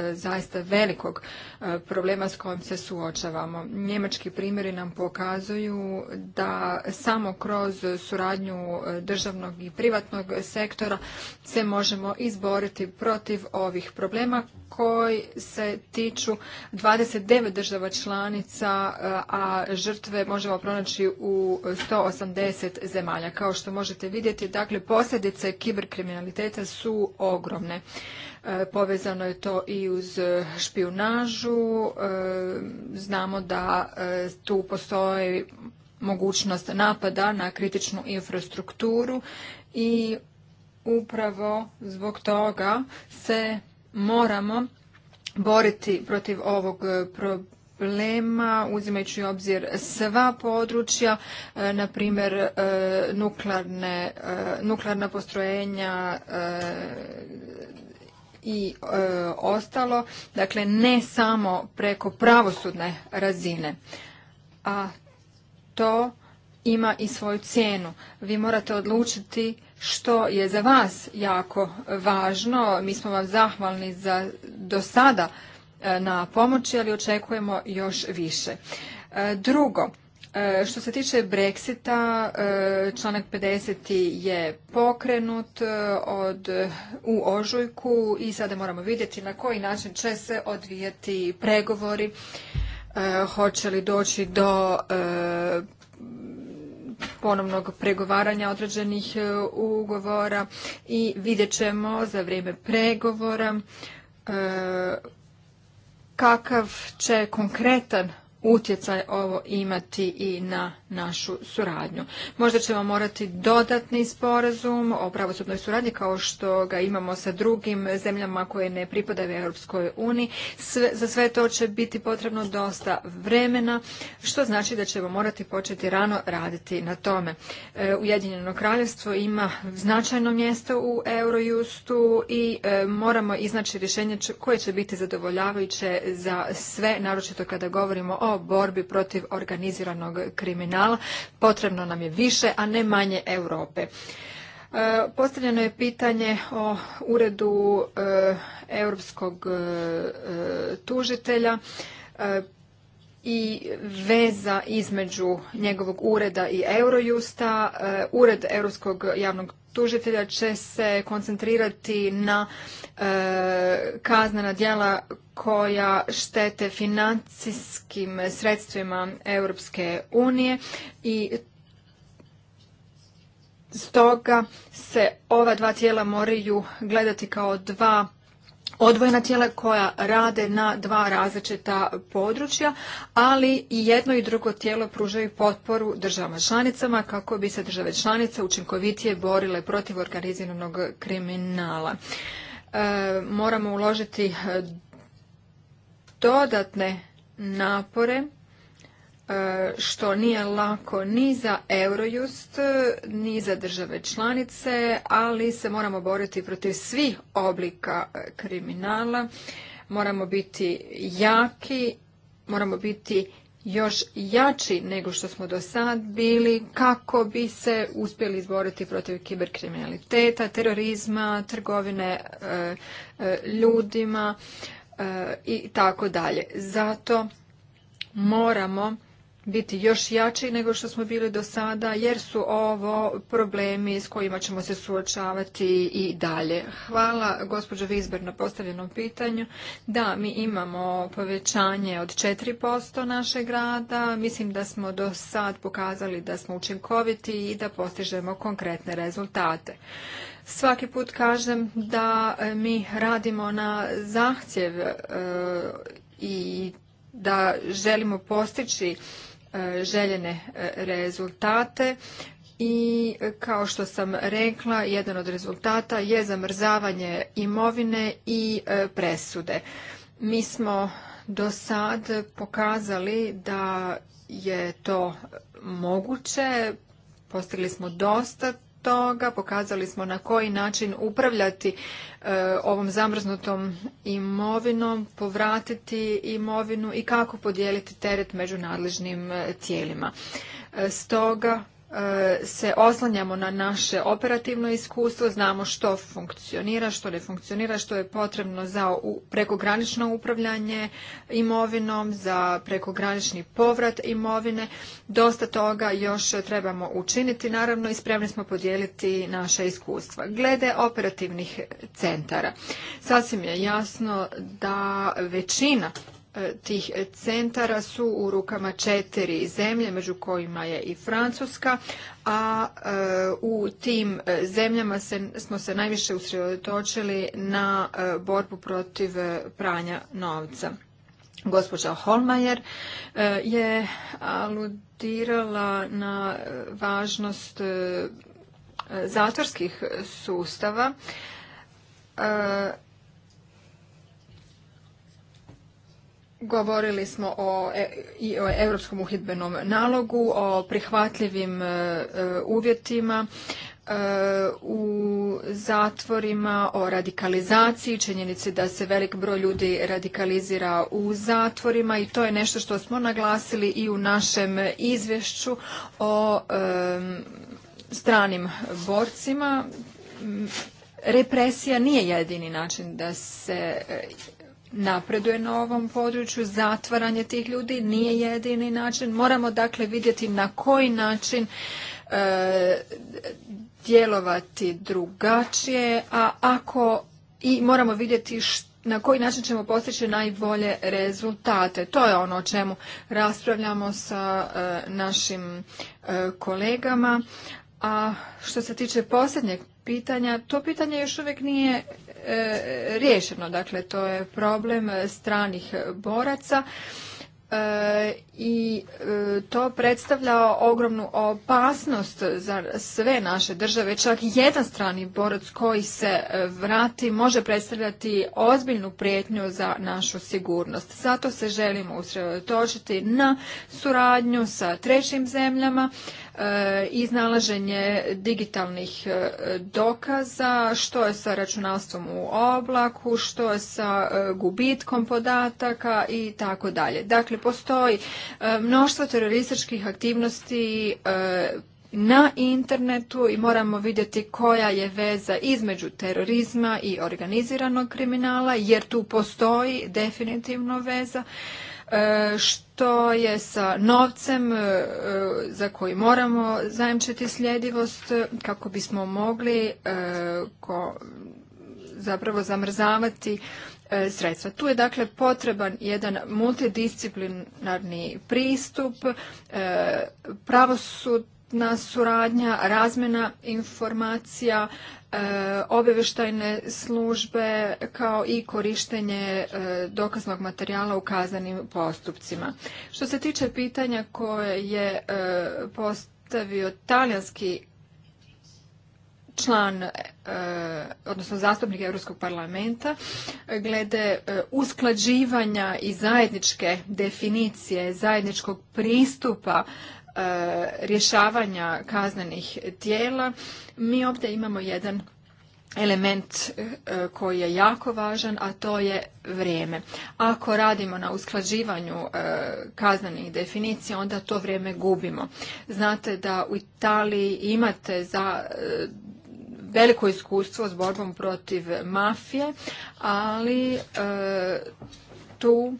e, zaista velikog e, problema s kojim se suočavamo. Njemački primjeri nam pokazuju da samo kroz suradnju državnog i privatnog sektora se možemo izboriti protiv ovih problema koji se tiču 29 država članica, a žrtve možemo pronaći u 180 zemalja. Kao što možete vidjeti, dakle, posljedice kiberkriminaliteta su ogromne. E, povezano je to i uz špionažu. E, znamo da e, tu postoji mogućnost napada na kritičnu infrastrukturu i upravo zbog toga se moramo boriti protiv ovog e, problema uzimajući u obzir sva područja, e, na primjer e, nuklearna postrojenja i ostalo, dakle ne samo preko pravosudne razine, a to ima i svoju cijenu. Vi morate odlučiti što je za vas jako važno. Mi smo vam zahvalni za do sada e, na pomoći, ali očekujemo još više. E, drugo, e, što se tiče Brexita, članak 50. je pokrenut od, u ožujku i sada moramo vidjeti na koji način će se odvijati pregovori, hoće li doći do ponovnog pregovaranja određenih e, ugovora i vidjet ćemo za vrijeme pregovora e, kakav će konkretan utjecaj ovo imati i na našu suradnju. Možda ćemo morati dodatni sporazum o pravosudnoj suradnji kao što ga imamo sa drugim zemljama koje ne pripadaju Europskoj uniji. za sve to će biti potrebno dosta vremena, što znači da ćemo morati početi rano raditi na tome. E, Ujedinjeno kraljevstvo ima značajno mjesto u Eurojustu i e, moramo iznaći rješenje koje će biti zadovoljavajuće za sve, naročito kada govorimo o borbi protiv organiziranog kriminala. Potrebno nam je više, a ne manje Europe. E, postavljeno je pitanje o uredu e, europskog e, tužitelja i veza između njegovog ureda i Eurojusta. E, ured Europskog javnog tužitelja će se koncentrirati na e, kaznena djela koja štete financijskim sredstvima Europske unije i stoga se ova dva tijela moraju gledati kao dva odvojena tijela koja rade na dva različita područja, ali i jedno i drugo tijelo pružaju potporu državama članicama kako bi se države članice učinkovitije borile protiv organiziranog kriminala. E, moramo uložiti dodatne napore E, što nije lako ni za Eurojust, ni za države članice, ali se moramo boriti protiv svih oblika e, kriminala. Moramo biti jaki, moramo biti još jači nego što smo do sad bili kako bi se uspjeli izboriti protiv kiberkriminaliteta, terorizma, trgovine e, ljudima i tako dalje. Zato moramo biti još jači nego što smo bili do sada, jer su ovo problemi s kojima ćemo se suočavati i dalje. Hvala gospođo Vizber na postavljenom pitanju. Da, mi imamo povećanje od 4% našeg rada. Mislim da smo do sad pokazali da smo učinkoviti i da postižemo konkretne rezultate. Svaki put kažem da e, mi radimo na zahtjev e, i da želimo postići E, željene e, rezultate i e, kao što sam rekla, jedan od rezultata je zamrzavanje imovine i presude. Mi smo do sad pokazali da je to moguće, postigli smo dosta toga, pokazali smo na koji način upravljati e, ovom zamrznutom imovinom, povratiti imovinu i kako podijeliti teret među nadležnim e, tijelima. E, stoga E, se oslanjamo na naše operativno iskustvo, znamo što funkcionira, što ne funkcionira, što je potrebno za prekogranično upravljanje imovinom, za prekogranični povrat imovine. Dosta toga još trebamo učiniti, naravno i spremni smo podijeliti naša iskustva. Glede operativnih centara, sasvim je jasno da većina E, tih centara su u rukama četiri zemlje, među kojima je i Francuska, a e, u tim e, zemljama smo se najviše usredotočili na borbu protiv pranja novca. Gospođa Holmajer je aludirala na važnost zatvorskih sustava Govorili smo o, e, i o Europskom uhidbenom nalogu, o prihvatljivim e, e, uvjetima u zatvorima, o radikalizaciji, činjenici da se velik broj ljudi radikalizira u zatvorima i to je nešto što smo naglasili i u našem izvješću o stranim borcima. Represija nije jedini način da se napreduje na ovom području, zatvaranje tih ljudi nije jedini način. Moramo dakle vidjeti na koji način e, djelovati drugačije, a ako i moramo vidjeti na koji način ćemo postići najbolje rezultate. To je ono o čemu raspravljamo sa e, našim e, kolegama. A što se tiče posljednjeg pitanja, to pitanje još uvijek nije E, riješeno. Dakle, to je problem stranih boraca e, i e, to predstavlja ogromnu opasnost za sve naše države. Čak jedan strani borac koji se vrati može predstavljati ozbiljnu prijetnju za našu sigurnost. Zato se želimo usredotočiti na suradnju sa trećim zemljama E, iznalaženje digitalnih e, dokaza, što je sa računalstvom u oblaku, što je sa e, gubitkom podataka i tako dalje. Dakle, postoji mnoštvo terorističkih aktivnosti na internetu i moramo vidjeti koja je veza između terorizma i organiziranog kriminala jer tu postoji definitivno veza što to je sa novcem e, za koji moramo zajamčiti sljedivost e, kako bismo mogli e, zapravo zamrzavati sredstva. Tu je dakle potreban jedan multidisciplinarni pristup, pravosud na suradnja, razmjena informacija, e, obavještajne službe kao i korištenje e, dokaznog materijala u kaznenim postupcima. Što se tiče pitanja koje je e, postavio talijanski član, odnosno zastupnik Europskog parlamenta, glede usklađivanja i zajedničke definicije, zajedničkog pristupa E, rješavanja kaznenih tijela, mi ovdje imamo jedan element e, koji je jako važan, a to je vrijeme. Ako radimo na usklađivanju e, kaznenih definicija, onda to vrijeme gubimo. Znate da u Italiji imate za veliko iskustvo s borbom protiv mafije, ali tu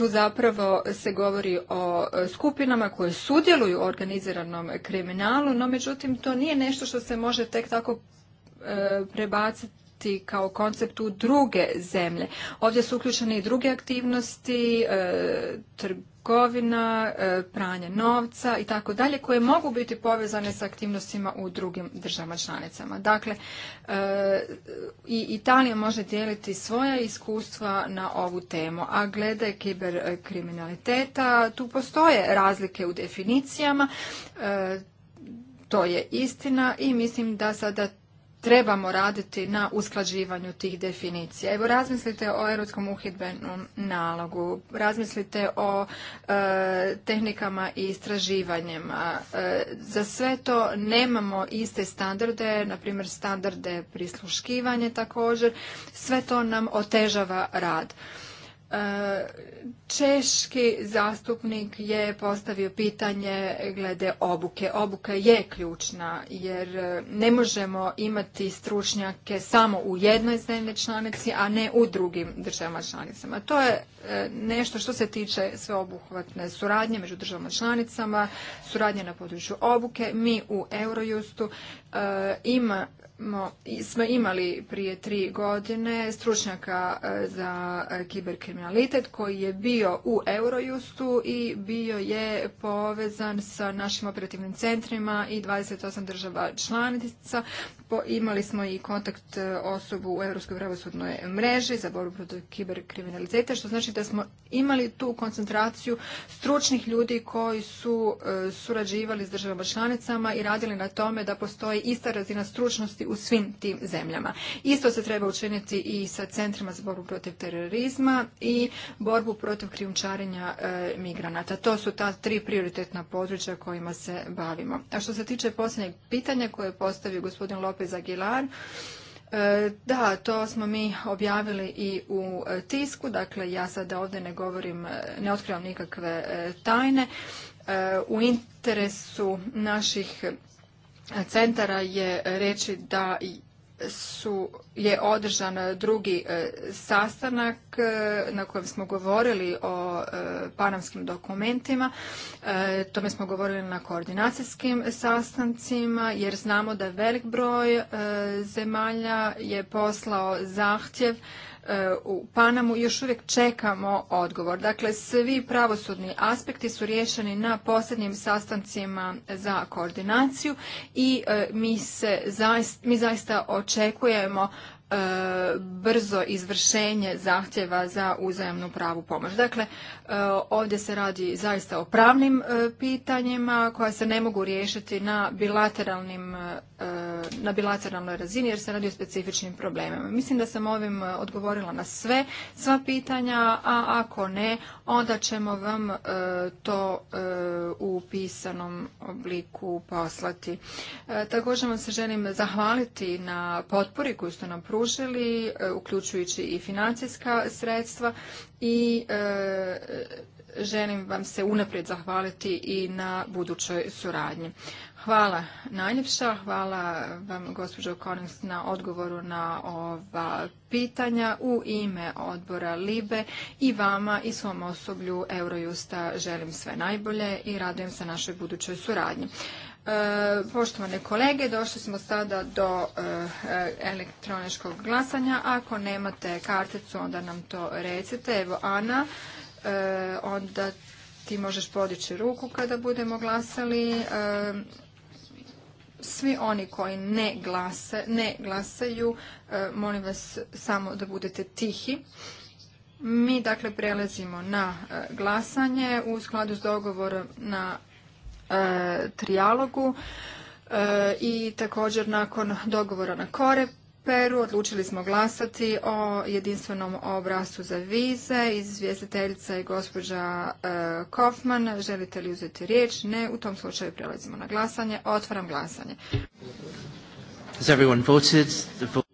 Tu zapravo se govori o e, skupinama koje sudjeluju u organiziranom kriminalu, no međutim to nije nešto što se može tek tako e, prebaciti kao koncept u druge zemlje. Ovdje su uključene i druge aktivnosti, e, trgovina, e, pranje novca i tako dalje, koje mogu biti povezane sa aktivnostima u drugim državama članicama. Dakle, e, i Italija može dijeliti svoja iskustva na ovu temu, a glede kiberkriminaliteta, tu postoje razlike u definicijama, to je istina i mislim da sada trebamo raditi na usklađivanju tih definicija. Evo razmislite o europskom uhidbenom nalogu, razmislite o e, tehnikama i istraživanjima. E, za sve to nemamo iste standarde, na primjer standarde prisluškivanje također. Sve to nam otežava rad. Češki zastupnik je postavio pitanje glede obuke. Obuka je ključna jer e, ne možemo imati stručnjake samo u jednoj zemlji članici, a ne u drugim državama članicama. To je e, nešto što se tiče sveobuhvatne suradnje među državama članicama, suradnje na području obuke. Mi u Eurojustu e, ima, smo imali prije tri godine stručnjaka e, za e, kiberkriminalitet koji je bio u Eurojustu i bio je povezan sa našim operativnim centrima i 28 država članica imali smo i kontakt e, osobu u Europskoj pravosudnoj mreži za borbu protiv kiberkriminaliteta, što znači da smo imali tu koncentraciju stručnih ljudi koji su e, surađivali s državama članicama i radili na tome da postoji ista razina stručnosti u svim tim zemljama. Isto se treba učiniti i sa centrima za borbu protiv terorizma i borbu protiv krijumčarenja e, migranata. To su ta tri prioritetna područja kojima se bavimo. A što se tiče posljednjeg pitanja koje je postavio gospodin Lop Lopez Aguilar. E, da, to smo mi objavili i u e, tisku, dakle ja sada ovdje ne govorim, e, ne otkrivam nikakve tajne. U interesu naših centara je reći da su, je održan drugi e, sastanak e, na kojem smo govorili o e, panamskim dokumentima. Tome smo govorili na koordinacijskim sastancima jer znamo da velik broj zemalja je poslao zahtjev E, u Panamu još uvijek čekamo odgovor. Dakle, svi pravosudni aspekti su riješeni na posljednjim sastancima za koordinaciju i e, mi, se zaista, mi zaista očekujemo E, brzo izvršenje zahtjeva za uzajamnu pravu pomoć. Dakle, e, ovdje se radi zaista o pravnim e, pitanjima koja se ne mogu riješiti na, bilateralnim, na bilateralnoj razini jer se radi o specifičnim problemima. Mislim da sam ovim odgovorila na sve, sva pitanja, a ako ne, onda ćemo vam to u pisanom obliku poslati. Također vam se želim zahvaliti na potpori koju ste nam pružili pružili, e, uključujući i financijska sredstva i e, želim vam se unaprijed zahvaliti i na budućoj suradnji. Hvala najljepša, hvala vam gospođo Konings na odgovoru na ova pitanja. U ime odbora LIBE i vama i svom osoblju Eurojusta želim sve najbolje i radujem se našoj budućoj suradnji. E, poštovane kolege, došli smo sada do e, elektroničkog glasanja. Ako nemate karticu, onda nam to recite. Evo, Ana, e, onda ti možeš podići ruku kada budemo glasali. Svi oni koji ne, ne glasaju, molim vas samo da budete tihi. Mi dakle prelazimo na glasanje u skladu s dogovorom na E, trijalogu e, i također nakon dogovora na kore Peru odlučili smo glasati o jedinstvenom obrascu za vize. Izvjestiteljica i gospođa e, Kofman. Želite li uzeti riječ? Ne. U tom slučaju prelazimo na glasanje. Otvaram glasanje.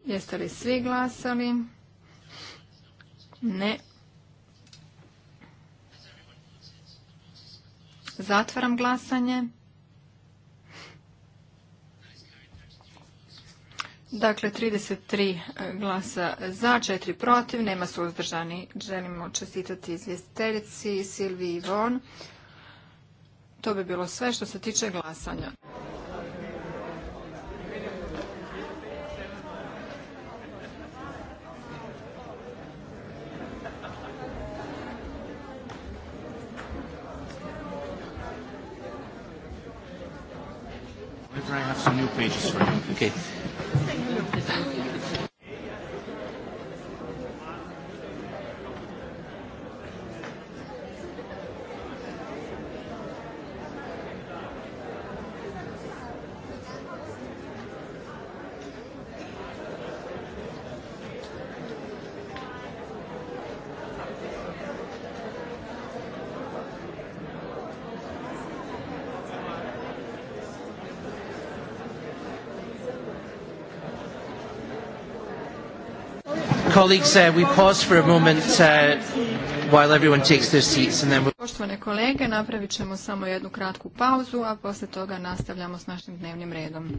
Jeste li svi glasali? Ne. Zatvaram glasanje. Dakle, 33 e, glasa za, 4 protiv, nema suzdržani. Želimo čestitati izvjestiteljici Silvi Ivon. To bi bilo sve što se tiče glasanja. I have some new pages for you. Okay. Colleagues, uh, we pause for a moment uh, while everyone takes their seats and then we'll... Poštovane kolege, napravit ćemo samo jednu kratku pauzu, a poslije toga nastavljamo s našim dnevnim redom.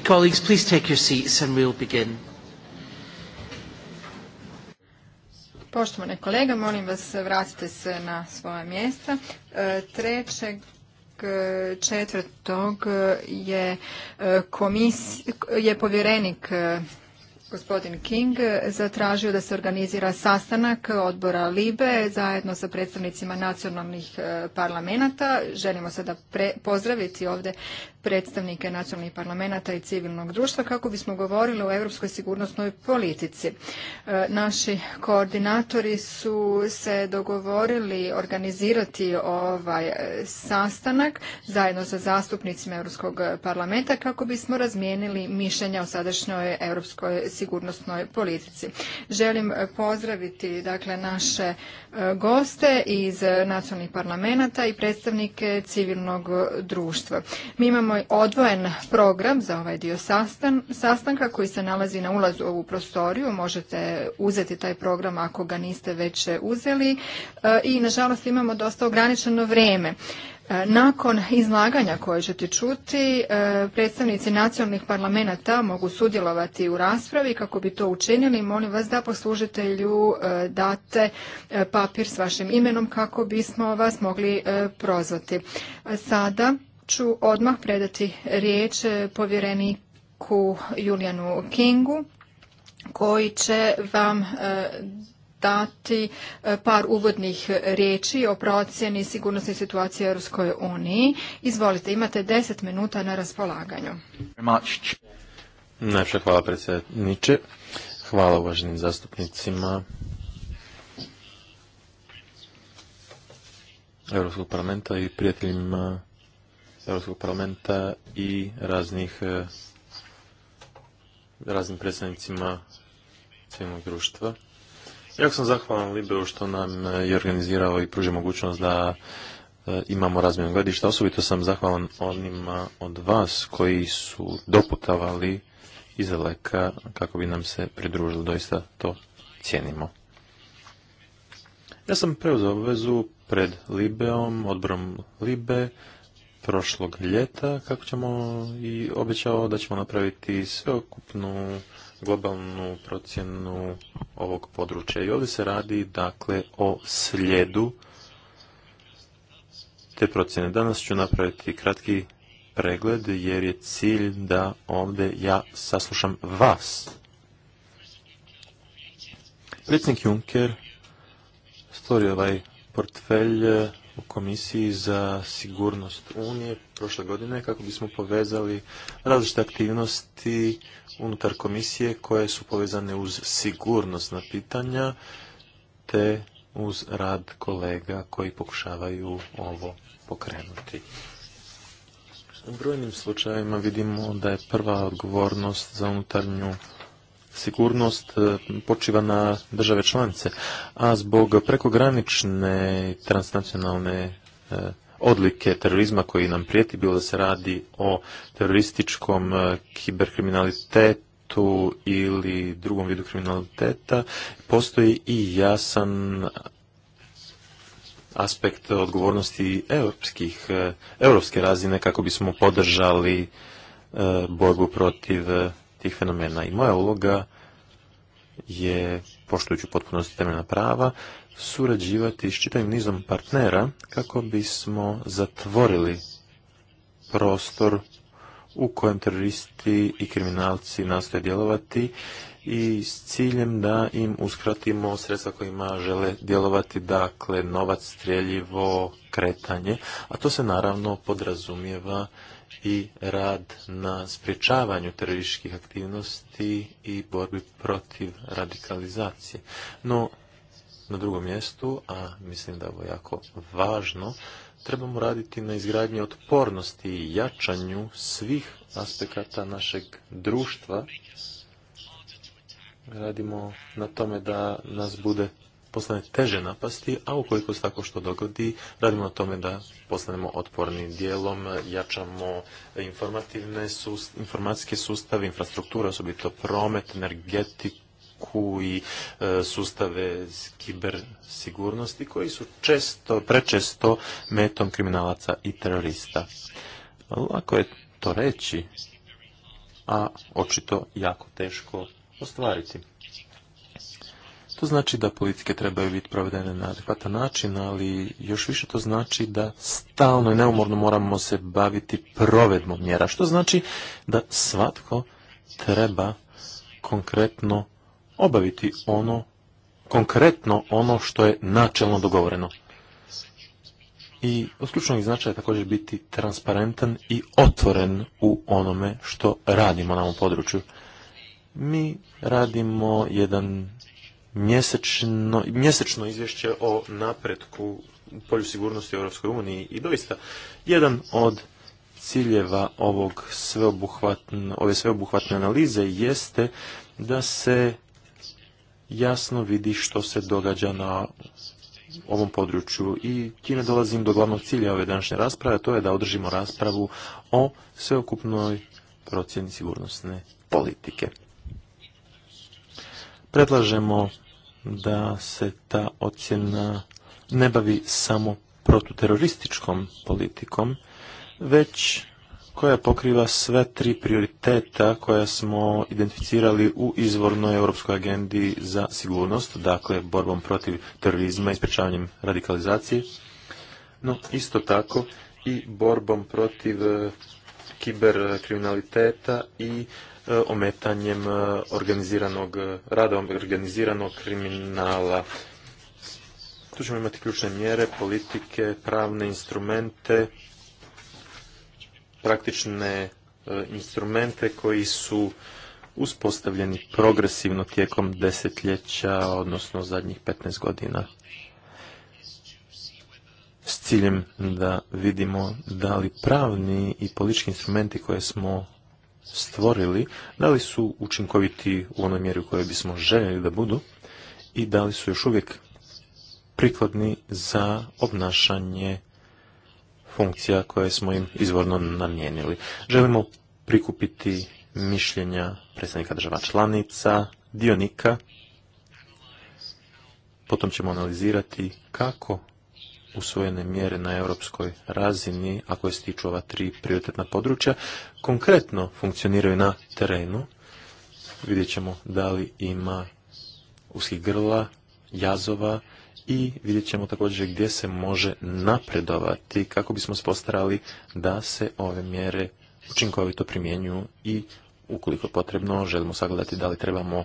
colleagues, Poštovane kolege, molim vas vratite se na svoje mjesta. E, trećeg e, četvrtog je, e, komis, je povjerenik gospodin King zatražio da se organizira sastanak odbora LIBE zajedno sa predstavnicima nacionalnih parlamenta. Želimo sada pozdraviti ovdje predstavnike nacionalnih parlamenta i civilnog društva kako bismo govorili o europskoj sigurnosnoj politici. E, naši koordinatori su se dogovorili organizirati ovaj e, sastanak zajedno sa zastupnicima Europskog parlamenta kako bismo razmijenili mišljenja o sadašnjoj europskoj sigurnosnoj politici. Želim pozdraviti dakle naše e, goste iz nacionalnih parlamenta i predstavnike civilnog društva. Mi imamo imamo odvojen program za ovaj dio sastanka koji se nalazi na ulazu u ovu prostoriju. Možete uzeti taj program ako ga niste već uzeli e, i nažalost imamo dosta ograničeno vrijeme. E, nakon izlaganja koje ćete čuti, e, predstavnici nacionalnih parlamenta mogu sudjelovati u raspravi. Kako bi to učinili, molim vas da poslužitelju date papir s vašim imenom kako bismo vas mogli prozvati. Sada ću odmah predati riječ e, povjereniku Julianu Kingu koji će vam e, dati e, par uvodnih riječi o procjeni sigurnosne situacije u Europskoj uniji. Izvolite, imate 10 minuta na raspolaganju. Najpša hvala predsjedniče. Hvala uvaženim zastupnicima Europskog parlamenta i prijateljima Europskog parlamenta i raznih e, raznim predstavnicima civilnog društva. Jako sam zahvalan Libeu što nam e, je organizirao i pružio mogućnost da e, imamo razmjenu gledišta. Osobito sam zahvalan onima od vas koji su doputavali iz kako bi nam se pridružili. Doista to cijenimo. Ja sam preuzeo obvezu pred Libeom, odborom Libe, prošlog ljeta kako ćemo i obećao da ćemo napraviti sveokupnu globalnu procjenu ovog područja. I ovdje se radi dakle o slijedu te procjene. Danas ću napraviti kratki pregled jer je cilj da ovdje ja saslušam vas. Predsjednik Juncker stvorio ovaj portfelj u Komisiji za sigurnost Unije prošle godine kako bismo povezali različite aktivnosti unutar komisije koje su povezane uz sigurnosna pitanja te uz rad kolega koji pokušavaju ovo pokrenuti. U brojnim slučajevima vidimo da je prva odgovornost za unutarnju sigurnost e, počiva na države članice, a zbog prekogranične transnacionalne e, odlike terorizma koji nam prijeti, bilo da se radi o terorističkom e, kiberkriminalitetu ili drugom vidu kriminaliteta, postoji i jasan aspekt odgovornosti europskih, europske razine kako bismo podržali borbu protiv tih fenomena. I moja uloga je, poštujući potpunosti temeljna prava, surađivati s čitavim nizom partnera kako bismo zatvorili prostor u kojem teroristi i kriminalci nastoje djelovati i s ciljem da im uskratimo sredstva kojima žele djelovati, dakle novac, streljivo, kretanje, a to se naravno podrazumijeva i rad na sprječavanju terorističkih aktivnosti i borbi protiv radikalizacije. No, na drugom mjestu, a mislim da je ovo jako važno, trebamo raditi na izgradnji otpornosti i jačanju svih aspekata našeg društva. Radimo na tome da nas bude postane teže napasti, a ukoliko se tako što dogodi, radimo na tome da postanemo otpornim dijelom, jačamo informativne sust, informacijske sustave, infrastrukture, osobito promet, energetiku i e, sustave kibersigurnosti koji su često, prečesto metom kriminalaca i terorista. Lako je to reći, a očito jako teško ostvariti. To znači da politike trebaju biti provedene na adekvatan način, ali još više to znači da stalno i neumorno moramo se baviti provedbom mjera, što znači da svatko treba konkretno obaviti ono, konkretno ono što je načelno dogovoreno. I od ključnog značaja također biti transparentan i otvoren u onome što radimo na ovom području. Mi radimo jedan mjesečno, mjesečno izvješće o napretku u polju sigurnosti u Europskoj uniji i doista jedan od ciljeva ovog sveobuhvatne, ove sveobuhvatne analize jeste da se jasno vidi što se događa na ovom području i time dolazim do glavnog cilja ove današnje rasprave, a to je da održimo raspravu o sveukupnoj procjeni sigurnosne politike. Predlažemo da se ta ocjena ne bavi samo protuterorističkom politikom, već koja pokriva sve tri prioriteta koja smo identificirali u izvornoj Europskoj agendi za sigurnost, dakle borbom protiv terorizma i sprečavanjem radikalizacije, no isto tako i borbom protiv eh, kiberkriminaliteta i E, ometanjem e, organiziranog e, rada, organiziranog kriminala. Tu ćemo imati ključne mjere, politike, pravne instrumente, praktične instrumente koji su uspostavljeni progresivno tijekom desetljeća, odnosno zadnjih 15 godina. S ciljem da vidimo da li pravni i politički instrumenti koje smo stvorili, da li su učinkoviti u onoj mjeri u kojoj bismo željeli da budu i da li su još uvijek prikladni za obnašanje funkcija koje smo im izvorno namijenili. Želimo prikupiti mišljenja predstavnika država članica, dionika, potom ćemo analizirati kako usvojene mjere na europskoj razini, ako koje se ova tri prioritetna područja, konkretno funkcioniraju na terenu. Vidjet ćemo da li ima uskih grla, jazova i vidjet ćemo također gdje se može napredovati kako bismo spostarali da se ove mjere učinkovito primjenjuju i ukoliko potrebno želimo sagledati da li trebamo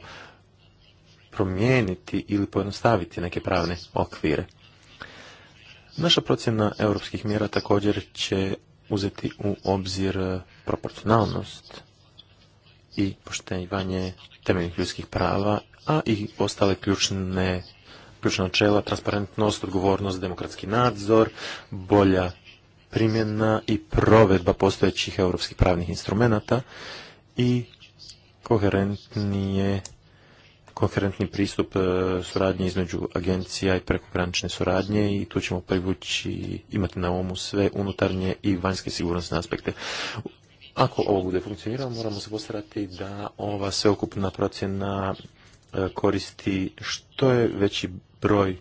promijeniti ili pojednostaviti neke pravne okvire. Naša procjena europskih mjera također će uzeti u obzir e, proporcionalnost i poštenjivanje temeljnih ljudskih prava, a i ostale ključne ključna načela, transparentnost, odgovornost, demokratski nadzor, bolja primjena i provedba postojećih europskih pravnih instrumenata i koherentnije konferentni pristup e, suradnje između agencija i prekogranične suradnje i tu ćemo privući, imati na umu sve unutarnje i vanjske sigurnosne aspekte. Ako ovo bude funkcioniralo, moramo se postarati da ova sveukupna procjena e, koristi što je veći broj e,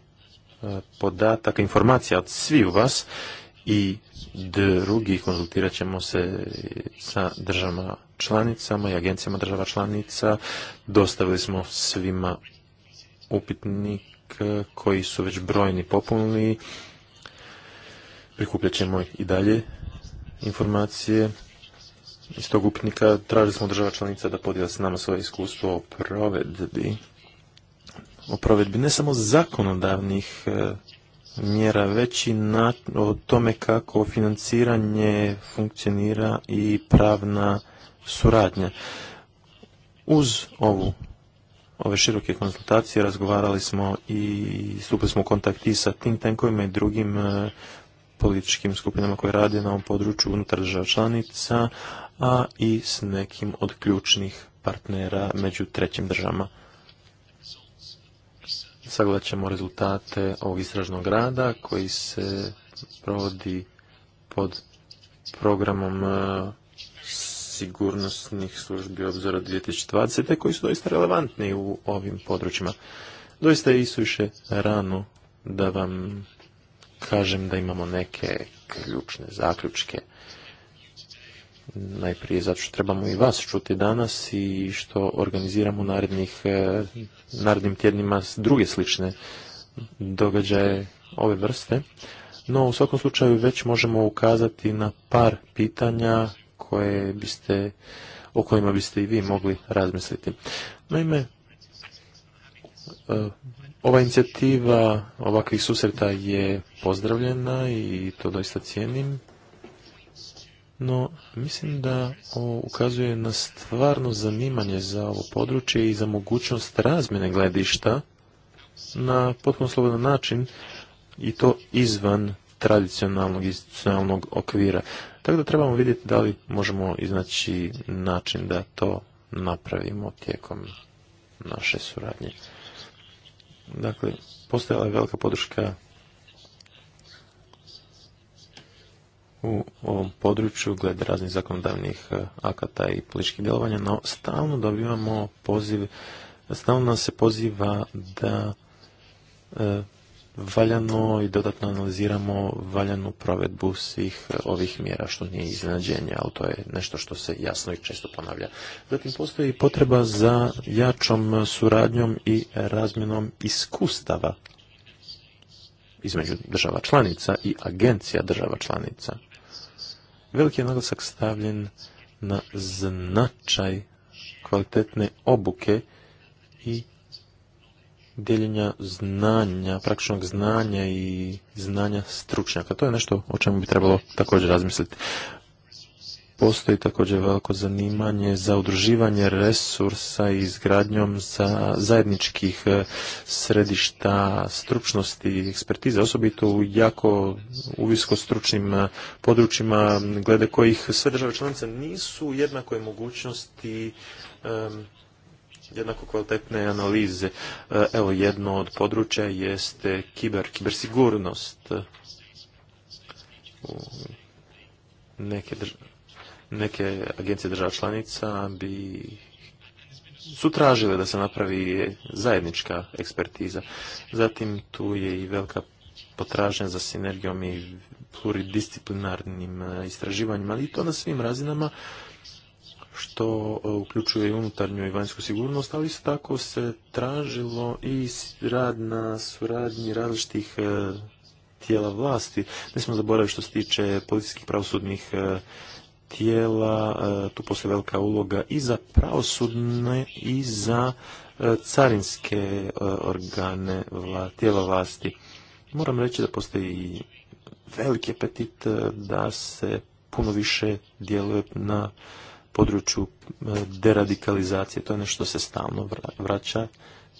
podataka, informacija od u vas i drugi konzultirat ćemo se sa državama članicama i agencijama država članica. Dostavili smo svima upitnik eh, koji su već brojni popunili. Prikupljat ćemo i dalje informacije iz tog upitnika. Tražili smo država članica da podijela s nama svoje iskustvo o provedbi o provedbi ne samo zakonodavnih eh, mjera, već i o tome kako financiranje funkcionira i pravna suradnje. Uz ovu ove široke konsultacije razgovarali smo i stupili smo u kontakt i sa tim tankovima i drugim e, političkim skupinama koje rade na ovom području unutar država članica, a i s nekim od ključnih partnera među trećim državama. Sagledat ćemo rezultate ovog istražnog rada koji se provodi pod programom e, sigurnosnih službi obzora 2020. koji su doista relevantni u ovim područjima. Doista je isuviše rano da vam kažem da imamo neke ključne zaključke. Najprije zato što trebamo i vas čuti danas i što organiziramo narednih, narednim tjednima druge slične događaje ove vrste. No, u svakom slučaju već možemo ukazati na par pitanja koje biste, o kojima biste i vi mogli razmisliti. Naime, eh, ova inicijativa ovakvih susreta je pozdravljena i to doista cijenim, no mislim da ukazuje na stvarno zanimanje za ovo područje i za mogućnost razmjene gledišta na potpuno slobodan način i to izvan tradicionalnog institucionalnog okvira. Tako da trebamo vidjeti da li možemo iznaći način da to napravimo tijekom naše suradnje. Dakle, postojala je velika podrška u ovom području glede raznih zakonodavnih e, akata i političkih djelovanja, no stalno dobivamo poziv, stalno nas se poziva da e, valjano i dodatno analiziramo valjanu provedbu svih eh, ovih mjera, što nije iznenađenje, ali to je nešto što se jasno i često ponavlja. Zatim postoji potreba za jačom suradnjom i razmjenom iskustava između država članica i agencija država članica. Veliki je naglasak stavljen na značaj kvalitetne obuke i dijeljenja znanja, praktičnog znanja i znanja stručnjaka. To je nešto o čemu bi trebalo također razmisliti. Postoji također veliko zanimanje za udruživanje resursa i izgradnjom za zajedničkih e, središta stručnosti i ekspertize, osobito u jako uvisko stručnim e, područjima glede kojih sve države članice nisu jednakoj mogućnosti e, jednako kvalitetne analize. E, evo, jedno od područja jeste kiber, kibersigurnost. neke, neke agencije država članica bi su tražile da se napravi zajednička ekspertiza. Zatim tu je i velika potražnja za sinergijom i pluridisciplinarnim e, istraživanjima, ali i to na svim razinama, što e, uključuje i unutarnju i vanjsku sigurnost, ali isto tako se tražilo i rad na suradnji različitih e, tijela vlasti. Ne smo zaboravili što se tiče policijskih pravosudnih e, tijela, tu postoji velika uloga i za pravosudne i za carinske organe tijela vlasti. Moram reći da postoji veliki apetit da se puno više djeluje na području e, deradikalizacije. To je nešto što se stalno vraća.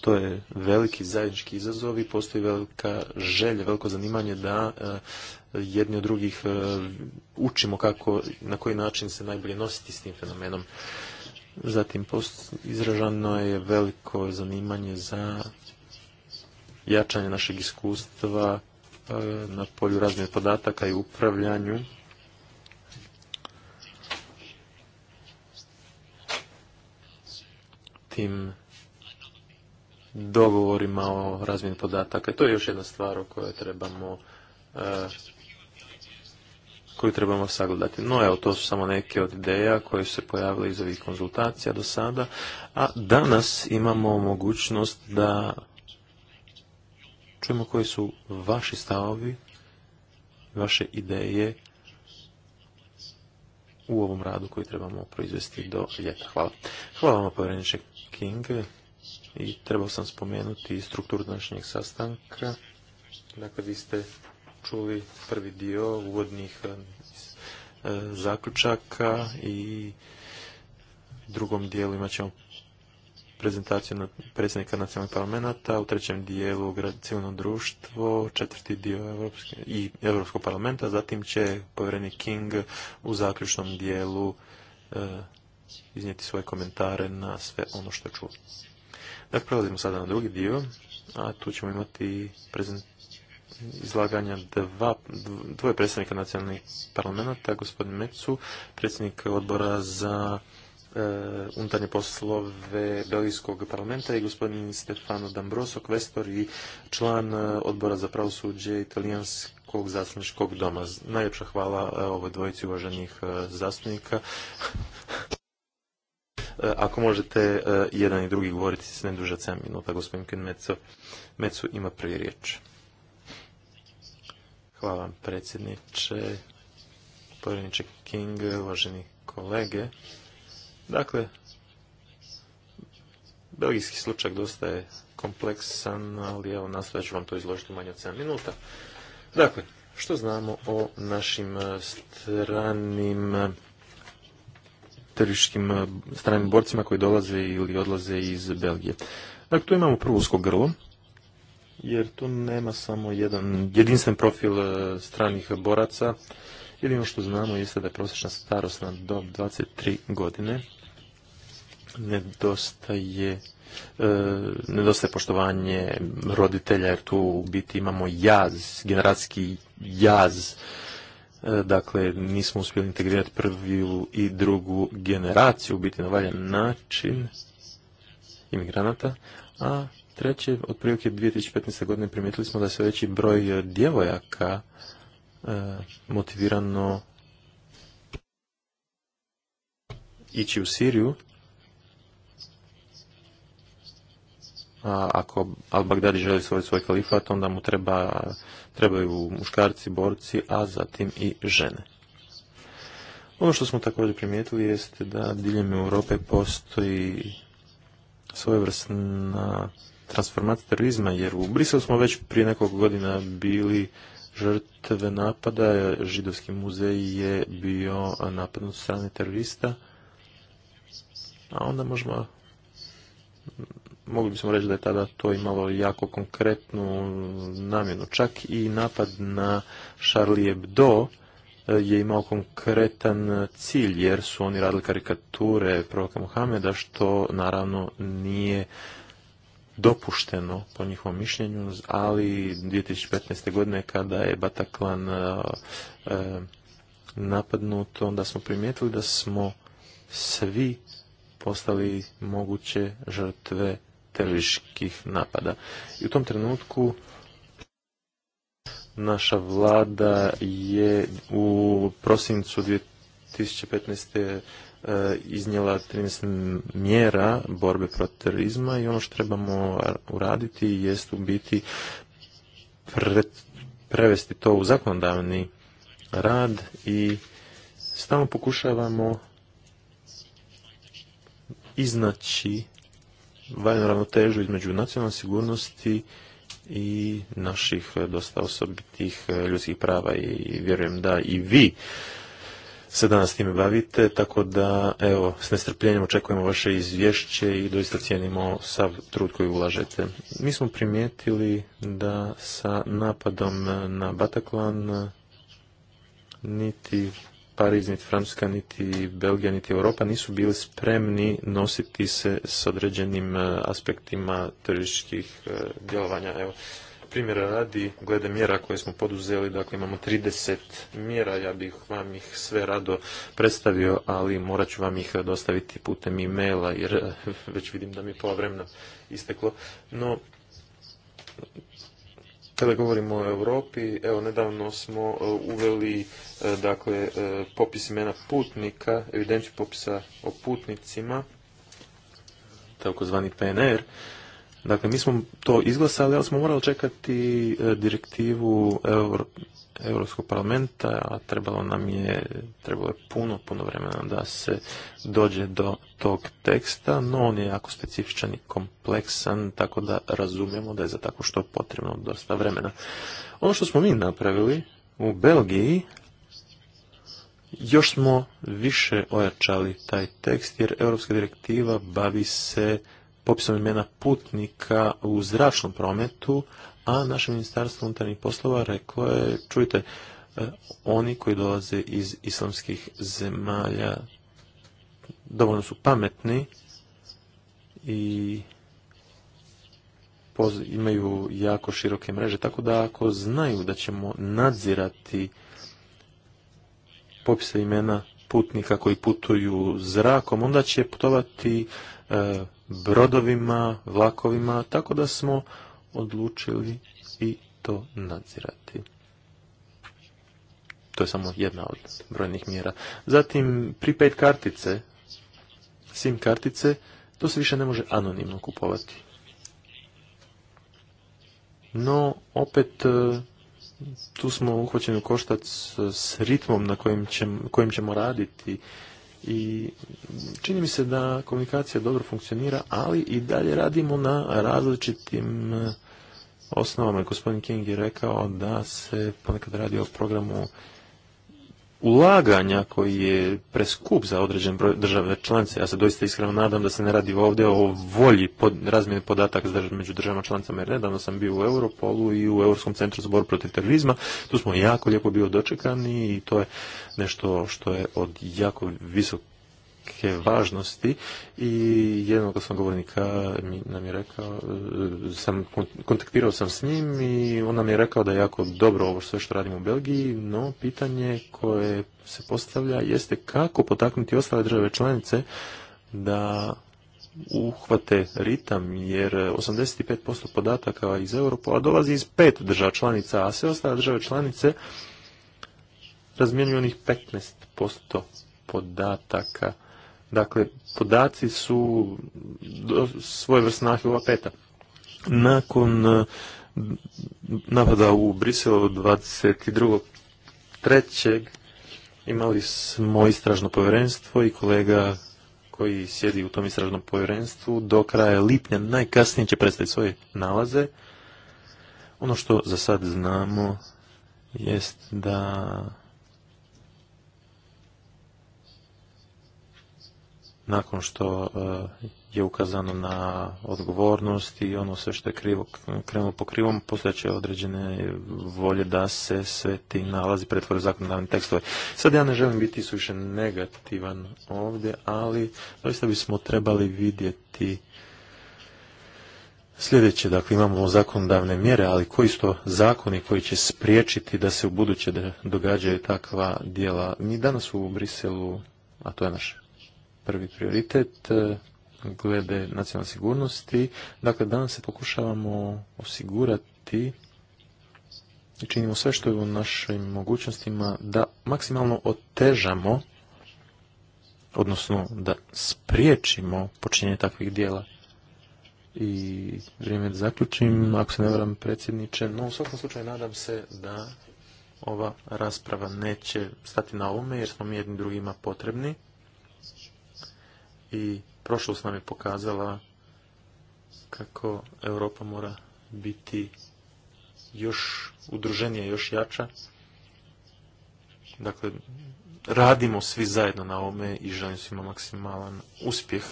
To je veliki zajednički izazov i postoji velika želja, veliko zanimanje da e, jedni od drugih e, učimo kako, na koji način se najbolje nositi s tim fenomenom. Zatim izražano je veliko zanimanje za jačanje našeg iskustva na polju razmjene podataka i upravljanju tim dogovorima o razmjeni podataka. To je još jedna stvar o kojoj trebamo eh, koju trebamo sagledati. No evo, to su samo neke od ideja koje su se pojavile iz ovih konzultacija do sada, a danas imamo mogućnost da čujemo koji su vaši stavovi, vaše ideje u ovom radu koji trebamo proizvesti do ljeta. Hvala. Hvala vam, povjereniče King i trebao sam spomenuti strukturu današnjeg sastanka. Dakle, vi ste čuli prvi dio uvodnih eh, zaključaka i u drugom dijelu imat ćemo prezentaciju predsjednika nacionalnog parlamenta, u trećem dijelu civilno društvo, četvrti dio i Europskog parlamenta, zatim će povjerenik King u zaključnom dijelu eh, iznijeti svoje komentare na sve ono što čuo. Dakle, prelazimo sada na drugi dio, a tu ćemo imati izlaganja dvoje predstavnika nacionalnih parlamenta, gospodin Mecu, predsjednik odbora za e, unutarnje poslove Belgijskog parlamenta i gospodin Stefano D'Ambroso, kvestor i član e, odbora za pravosuđe italijanske Kog zastupničkog doma. Najljepša hvala e, ovoj dvojici uvaženih zastupnika. E, ako možete e, jedan i drugi govoriti s ne duže od minuta, gospodin Meco, Mecu ima prvi riječ. Hvala vam predsjedniče, povjereniče King, uvaženi kolege. Dakle, belgijski slučaj dosta je kompleksan, ali evo nastavit ću vam to izložiti manje od 7 minuta. Dakle, što znamo o našim e, stranim terorističkim eh, stranim borcima koji dolaze ili odlaze iz Belgije. Dakle, tu imamo prvo usko grlo, jer tu nema samo jedan jedinstven profil eh, stranih boraca. Jedino što znamo jeste da je prosječna starost na dob 23 godine. Nedostaje eh, nedostaje poštovanje roditelja jer tu u biti imamo jaz, generacijski jaz E, dakle, nismo uspjeli integrirati prvu i drugu generaciju u biti na valjan način imigranata, a treće, od prilike 2015. godine primijetili smo da se veći broj djevojaka e, motivirano ići u Siriju, a ako Al-Baghdadi želi svoj svoj kalifat, onda mu treba trebaju muškarci, borci, a zatim i žene. Ono što smo također primijetili jeste da diljem Europe postoji svojevrsna transformacija terorizma, jer u Briselu smo već prije nekoliko godina bili žrtve napada, židovski muzej je bio napadnut strane terorista, a onda možemo mogli bismo reći da je tada to imalo jako konkretnu namjenu. Čak i napad na Charlie Hebdo e, je imao konkretan cilj, jer su oni radili karikature proroka Mohameda, što naravno nije dopušteno po njihovom mišljenju, ali 2015. godine kada je Bataklan e, e, napadnut, onda smo primijetili da smo svi postali moguće žrtve terorističkih napada. I u tom trenutku naša vlada je u prosincu 2015 eh, iznijela 13 mjera borbe protiv terorizma i ono što trebamo uraditi jest u biti prevesti to u zakonodavni rad i stalno pokušavamo iznaći valjnu ravnotežu između nacionalne sigurnosti i naših e, dosta osobitih e, ljudskih prava i vjerujem da i vi se danas time bavite, tako da evo, s nestrpljenjem očekujemo vaše izvješće i doista cijenimo sav trud koji ulažete. Mi smo primijetili da sa napadom na Bataklan niti Pariz, niti Francuska, niti Belgija, niti Europa nisu bili spremni nositi se s određenim e, aspektima tržičkih e, djelovanja. Evo, primjera radi, glede mjera koje smo poduzeli, dakle imamo 30 mjera, ja bih vam ih sve rado predstavio, ali morat ću vam ih dostaviti putem e-maila, jer e, već vidim da mi je pola vremena isteklo. No, kada govorimo o Europi, evo nedavno smo e, uveli e, dakle e, popis imena putnika, evidenciju popisa o putnicima, takozvani PNR. Dakle, mi smo to izglasali, ali smo morali čekati direktivu Europskog parlamenta, a trebalo nam je, trebalo je puno, puno vremena da se dođe do tog teksta, no on je jako specifičan i kompleksan, tako da razumijemo da je za tako što potrebno dosta vremena. Ono što smo mi napravili u Belgiji, još smo više ojačali taj tekst, jer Europska direktiva bavi se popisom imena putnika u zračnom prometu, a naše ministarstvo unutarnjih poslova reklo je, čujte, e, oni koji dolaze iz islamskih zemalja dovoljno su pametni i imaju jako široke mreže, tako da ako znaju da ćemo nadzirati popise imena putnika koji putuju zrakom, onda će putovati e, brodovima, vlakovima, tako da smo odlučili i to nadzirati. To je samo jedna od brojnih mjera. Zatim prepaid kartice, SIM kartice, to se više ne može anonimno kupovati. No, opet e, tu smo uhvaćeni u koštac s ritmom na kojim ćemo, kojim ćemo raditi i čini mi se da komunikacija dobro funkcionira, ali i dalje radimo na različitim eh, osnovama. Gospodin King je rekao da se ponekad radi o programu ulaganja koji je preskup za određen broj države članice. Ja se doista iskreno nadam da se ne radi ovdje o volji pod, razmjene podataka među državama članicama. Jer nedavno sam bio u Europolu i u Europskom centru za borbu protiv terorizma. Tu smo jako lijepo bio dočekani i to je nešto što je od jako visok velike važnosti i jednog od govornika nam je rekao, e, sam, kontaktirao sam s njim i on nam je rekao da je jako dobro ovo sve što radimo u Belgiji, no pitanje koje se postavlja jeste kako potaknuti ostale države članice da uhvate ritam, jer 85% podataka iz Europola dolazi iz pet država članica, a sve ostale države članice razmjenjuju onih 15% podataka Dakle, podaci su svojevrsna nahilova peta. Nakon e, napada u Briselu 22.3. imali smo istražno povjerenstvo i kolega koji sjedi u tom istražnom povjerenstvu do kraja lipnja najkasnije će predstaviti svoje nalaze. Ono što za sad znamo jest da nakon što eh, je ukazano na odgovornost i ono sve što je krivo krenulo po krivom, postojeće određene volje da se sve ti nalazi pretvore zakonodavne tekstove. Sad ja ne želim biti suviše negativan ovdje, ali doista bismo trebali vidjeti Sljedeće, dakle, imamo zakonodavne mjere, ali koji su to zakoni koji će spriječiti da se u buduće događaju takva djela? Mi danas u Briselu, a to je naš prvi prioritet e, glede nacionalne sigurnosti. Dakle, danas se pokušavamo osigurati i činimo sve što je u našim mogućnostima da maksimalno otežamo, odnosno da spriječimo počinjenje takvih dijela. I vrijeme zaključim, ako se ne varam predsjedniče, no u svakom slučaju nadam se da ova rasprava neće stati na ovome jer smo mi jedni drugima potrebni i prošlost nam je pokazala kako Europa mora biti još udruženija, još jača. Dakle, radimo svi zajedno na ovome i želim svima maksimalan uspjeh.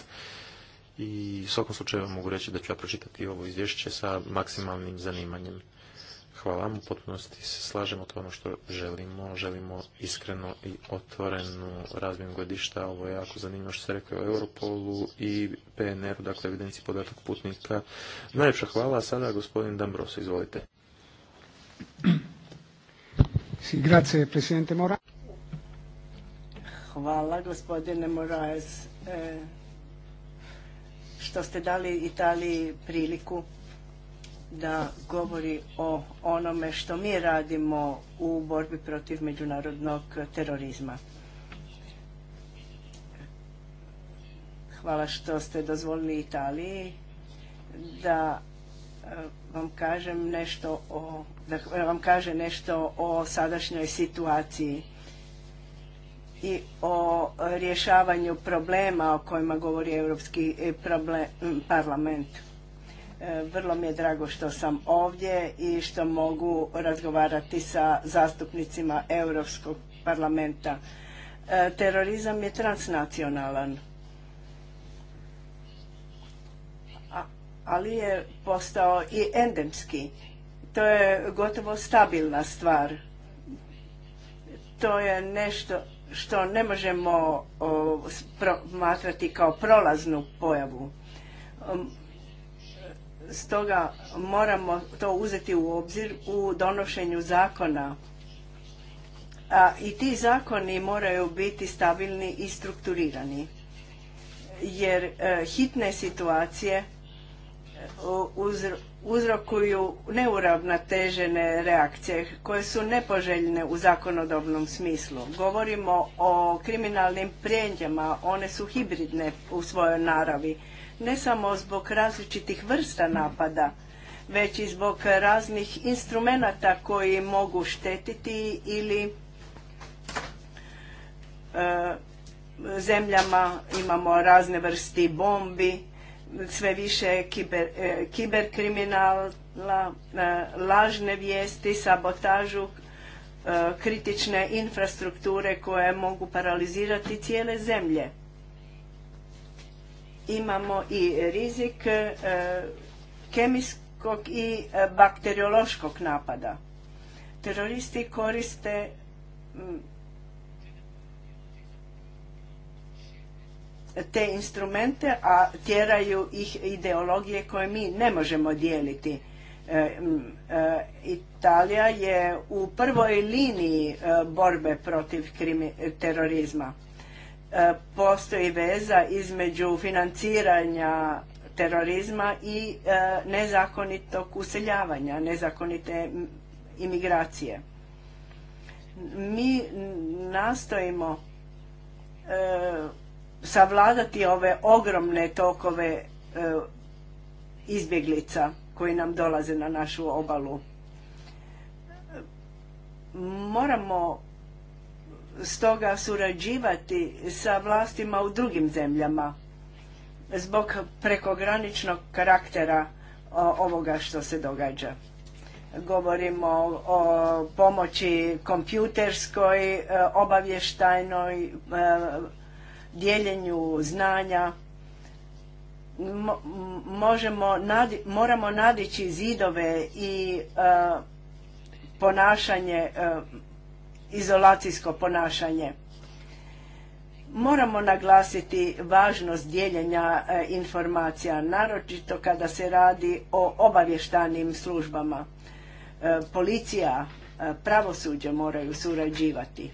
I u svakom slučaju mogu reći da ću ja pročitati ovo izvješće sa maksimalnim zanimanjem. Hvala vam, u potpunosti se slažemo to ono što želimo. Želimo iskreno i otvorenu razmjenu godišta Ovo je jako zanimljivo što se rekao o Europolu i PNR-u, dakle evidenciji podatak putnika. Najljepša hvala, a sada gospodin Dambros, izvolite. Hvala, gospodine Moraes, e, što ste dali Italiji priliku da govori o onome što mi radimo u borbi protiv međunarodnog terorizma. Hvala što ste dozvolili Italiji da eh, vam kažem nešto o, da vam kaže nešto o sadašnjoj situaciji i o rješavanju problema o kojima govori Europski eh, eh, parlament E, vrlo mi je drago što sam ovdje i što mogu razgovarati sa zastupnicima Europskog parlamenta. E, terorizam je transnacionalan, ali je postao i endemski. To je gotovo stabilna stvar. To je nešto što ne možemo promatrati kao prolaznu pojavu Stoga moramo to uzeti u obzir u donošenju zakona. A, I ti zakoni moraju biti stabilni i strukturirani. Jer e, hitne situacije e, uzrokuju neuravnatežene reakcije koje su nepoželjne u zakonodobnom smislu. Govorimo o kriminalnim prijetnjama, one su hibridne u svojoj naravi ne samo zbog različitih vrsta napada, već i zbog raznih instrumenata koji mogu štetiti ili e, zemljama imamo razne vrsti bombi, sve više e, kiberkriminala, e, lažne vijesti, sabotažu kritične infrastrukture koje mogu paralizirati cijele zemlje imamo i rizik e, kemijskog i e, bakteriološkog napada. Teroristi koriste te instrumente, a tjeraju ih ideologije koje mi ne možemo dijeliti. E, Italija je u prvoj liniji borbe protiv terorizma. E, postoji veza između financiranja terorizma i e, nezakonitog useljavanja, nezakonite imigracije. Mi nastojimo e, savladati ove ogromne tokove izbjeglica koji nam dolaze na našu obalu. Moramo stoga surađivati sa vlastima u drugim zemljama zbog prekograničnog karaktera ovoga što se događa. Govorimo o, pomoći kompjuterskoj, e, obavještajnoj, e, dijeljenju znanja. možemo moramo nadići zidove i e, ponašanje izolacijsko ponašanje. Moramo naglasiti važnost dijeljenja e, informacija, naročito kada se radi o obavještanim službama. E, policija, e, pravosuđe moraju surađivati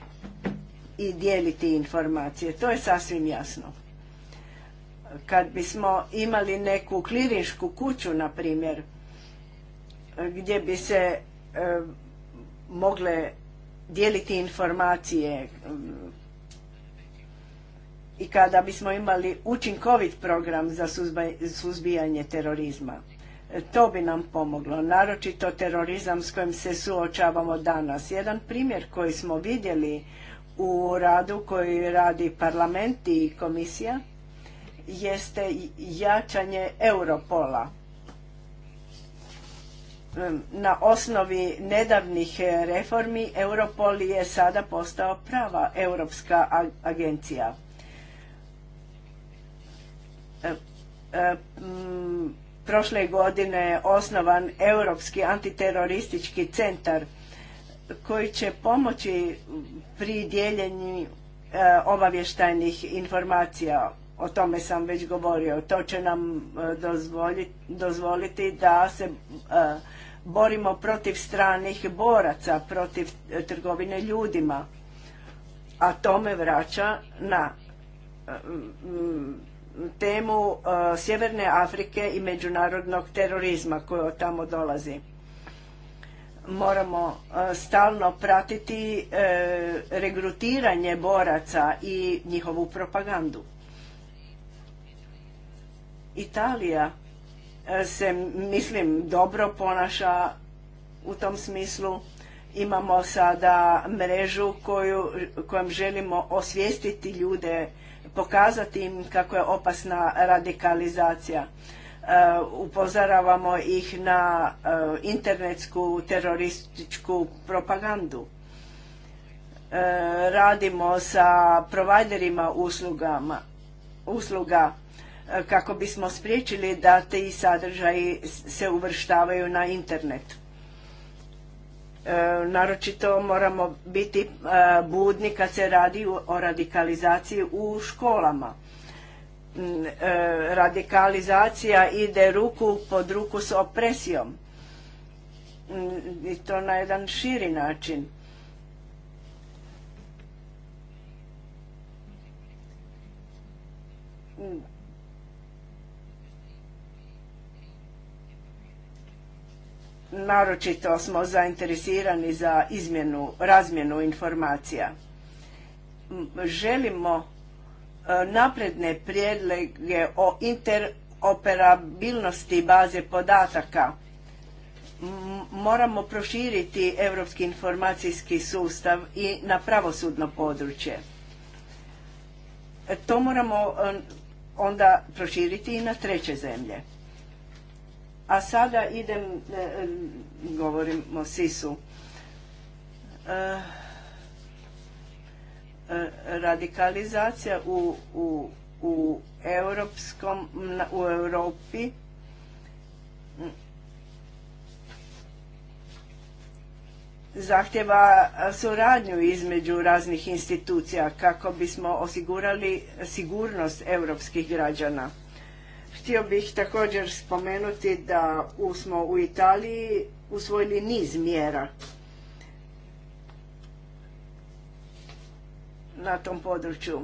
i dijeliti informacije. To je sasvim jasno. Kad bismo imali neku klirinšku kuću, na primjer, gdje bi se mogle dijeliti informacije um, i kada bismo imali učinkovit program za suzbijanje terorizma. E, to bi nam pomoglo, naročito terorizam s kojim se suočavamo danas. Jedan primjer koji smo vidjeli u radu koji radi parlament i komisija jeste jačanje Europola na osnovi nedavnih eh, reformi Europol je sada postao prava europska agencija. prošle godine je osnovan Europski antiteroristički centar koji će pomoći pri dijeljenju eh, obavještajnih informacija. O tome sam već govorio. To će nam eh, dozvoliti da se borimo protiv stranih boraca, protiv e, trgovine ljudima. A to me vraća na e, temu e, Sjeverne Afrike i međunarodnog terorizma koji od tamo dolazi. Moramo stalno pratiti regrutiranje boraca i njihovu propagandu. Italija se mislim dobro ponaša u tom smislu. Imamo sada mrežu koju, kojom želimo osvijestiti ljude, pokazati im kako je opasna radikalizacija. Uh, upozoravamo ih na uh, internetsku terorističku propagandu. Uh, radimo sa providerima uslugama, usluga kako bismo spriječili da ti sadržaji se uvrštavaju na internet. E, naročito moramo biti e, budni kad se radi o radikalizaciji u školama. Mm, e, radikalizacija ide ruku pod ruku s opresijom mm, i to na jedan širi način. Mm, naročito smo zainteresirani za izmjenu, razmjenu informacija. Želimo e, napredne prijedlege o interoperabilnosti baze podataka. Moramo proširiti europski informacijski sustav i na pravosudno područje. E, to moramo e, onda proširiti i na treće zemlje. A sada idem, e, e, govorim o Sisu e, Radikalizacija u, u, europskom, u Europi zahtjeva suradnju između raznih institucija kako bismo osigurali sigurnost europskih građana. Htio bih također spomenuti da smo u Italiji usvojili niz mjera na tom području.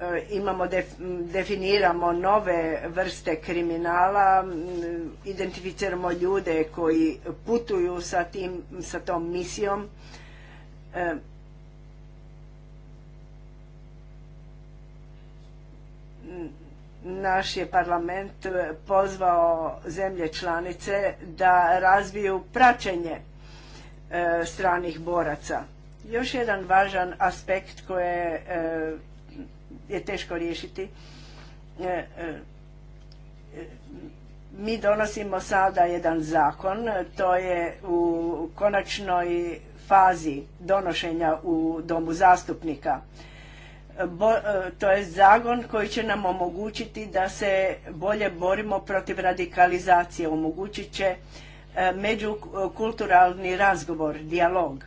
E, imamo definiramo nove vrste kriminala, identificiramo ljude koji putuju sa sa tom misijom. E, naš je parlament pozvao zemlje članice da razviju praćenje e, stranih boraca. Još jedan važan aspekt koje e, je teško riješiti. E, mi donosimo sada jedan zakon, to je u konačnoj fazi donošenja u domu zastupnika E, to je zagon koji će nam omogućiti da se bolje borimo protiv radikalizacije, omogućit će e, međukulturalni razgovor, dijalog.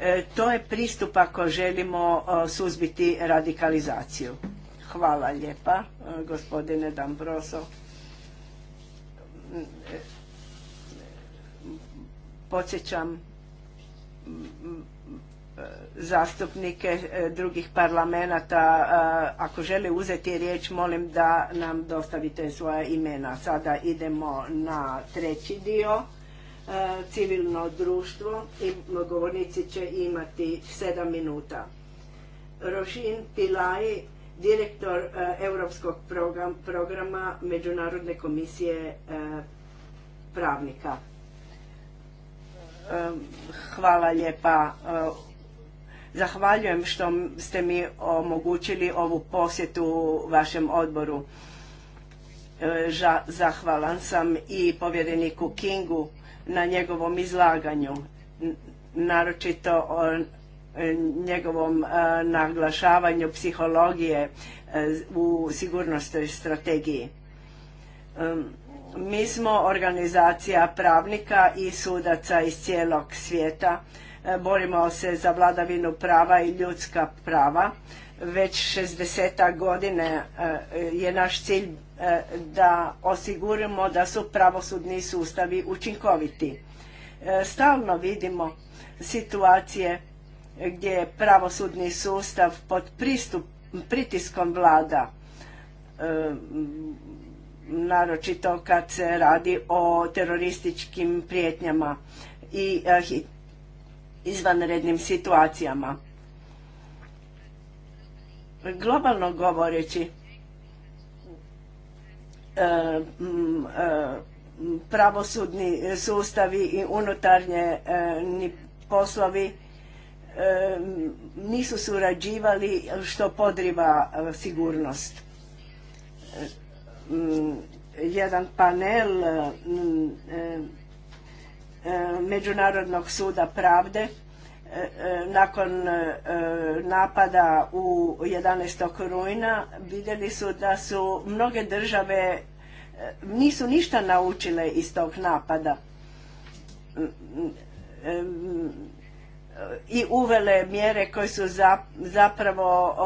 E, to je pristup ako želimo suzbiti radikalizaciju. Hvala lijepa, gospodine Dambroso. Mm, mm, podsjećam mm, zastupnike e, drugih parlamenta. E, ako žele uzeti riječ, molim da nam dostavite svoja imena. Sada idemo na treći dio, e, civilno društvo i govornici će imati sedam minuta. Rošin Pilaj, direktor Europskog programa Međunarodne komisije pravnika. Hvala lijepa Zahvaljujem što ste mi omogućili ovu posjetu vašem odboru. E, zahvalan sam i povjereniku Kingu na njegovom izlaganju, naročito o njegovom e, naglašavanju psihologije e, u sigurnosnoj strategiji. Mi smo organizacija pravnika i sudaca iz cijelog svijeta E, borimo se za vladavinu prava i ljudska prava. Već 60 godine e, je naš cilj e, da osiguramo da su pravosudni sustavi učinkoviti. Stalno vidimo situacije gdje je pravosudni sustav pod pristup, pritiskom vlada, naročito kad se radi o terorističkim prijetnjama i izvanrednim situacijama. Globalno govoreći, e, e, pravosudni sustavi i unutarnje e, poslovi nisu surađivali što podriva sigurnost. Jedan panel E, Međunarodnog suda pravde e, e, nakon napada u 11. rujna vidjeli su da su mnoge države nisu ništa naučile iz tog napada mm, mm, i uvele mjere koje su zapravo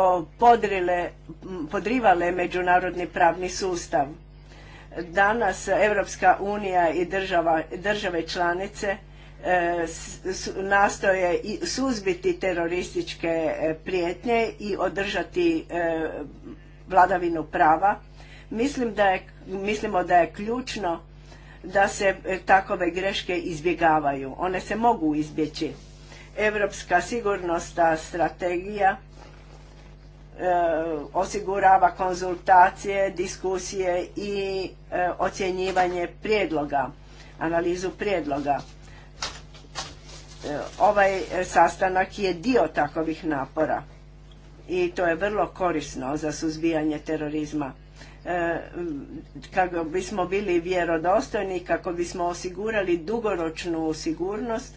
podrivale međunarodni pravni sustav. Danas Europska unija i država, države članice e, nastoje suzbiti terorističke e, prijetnje i održati e, vladavinu prava. Mislim da je, mislimo da je ključno da se takove greške izbjegavaju. One se mogu izbjeći. Europska sigurnosna strategija E, osigurava konzultacije, diskusije i e, ocjenjivanje prijedloga, analizu prijedloga. E, ovaj sastanak je dio takovih napora i to je vrlo korisno za suzbijanje terorizma. kako bismo bili vjerodostojni, kako bismo osigurali dugoročnu sigurnost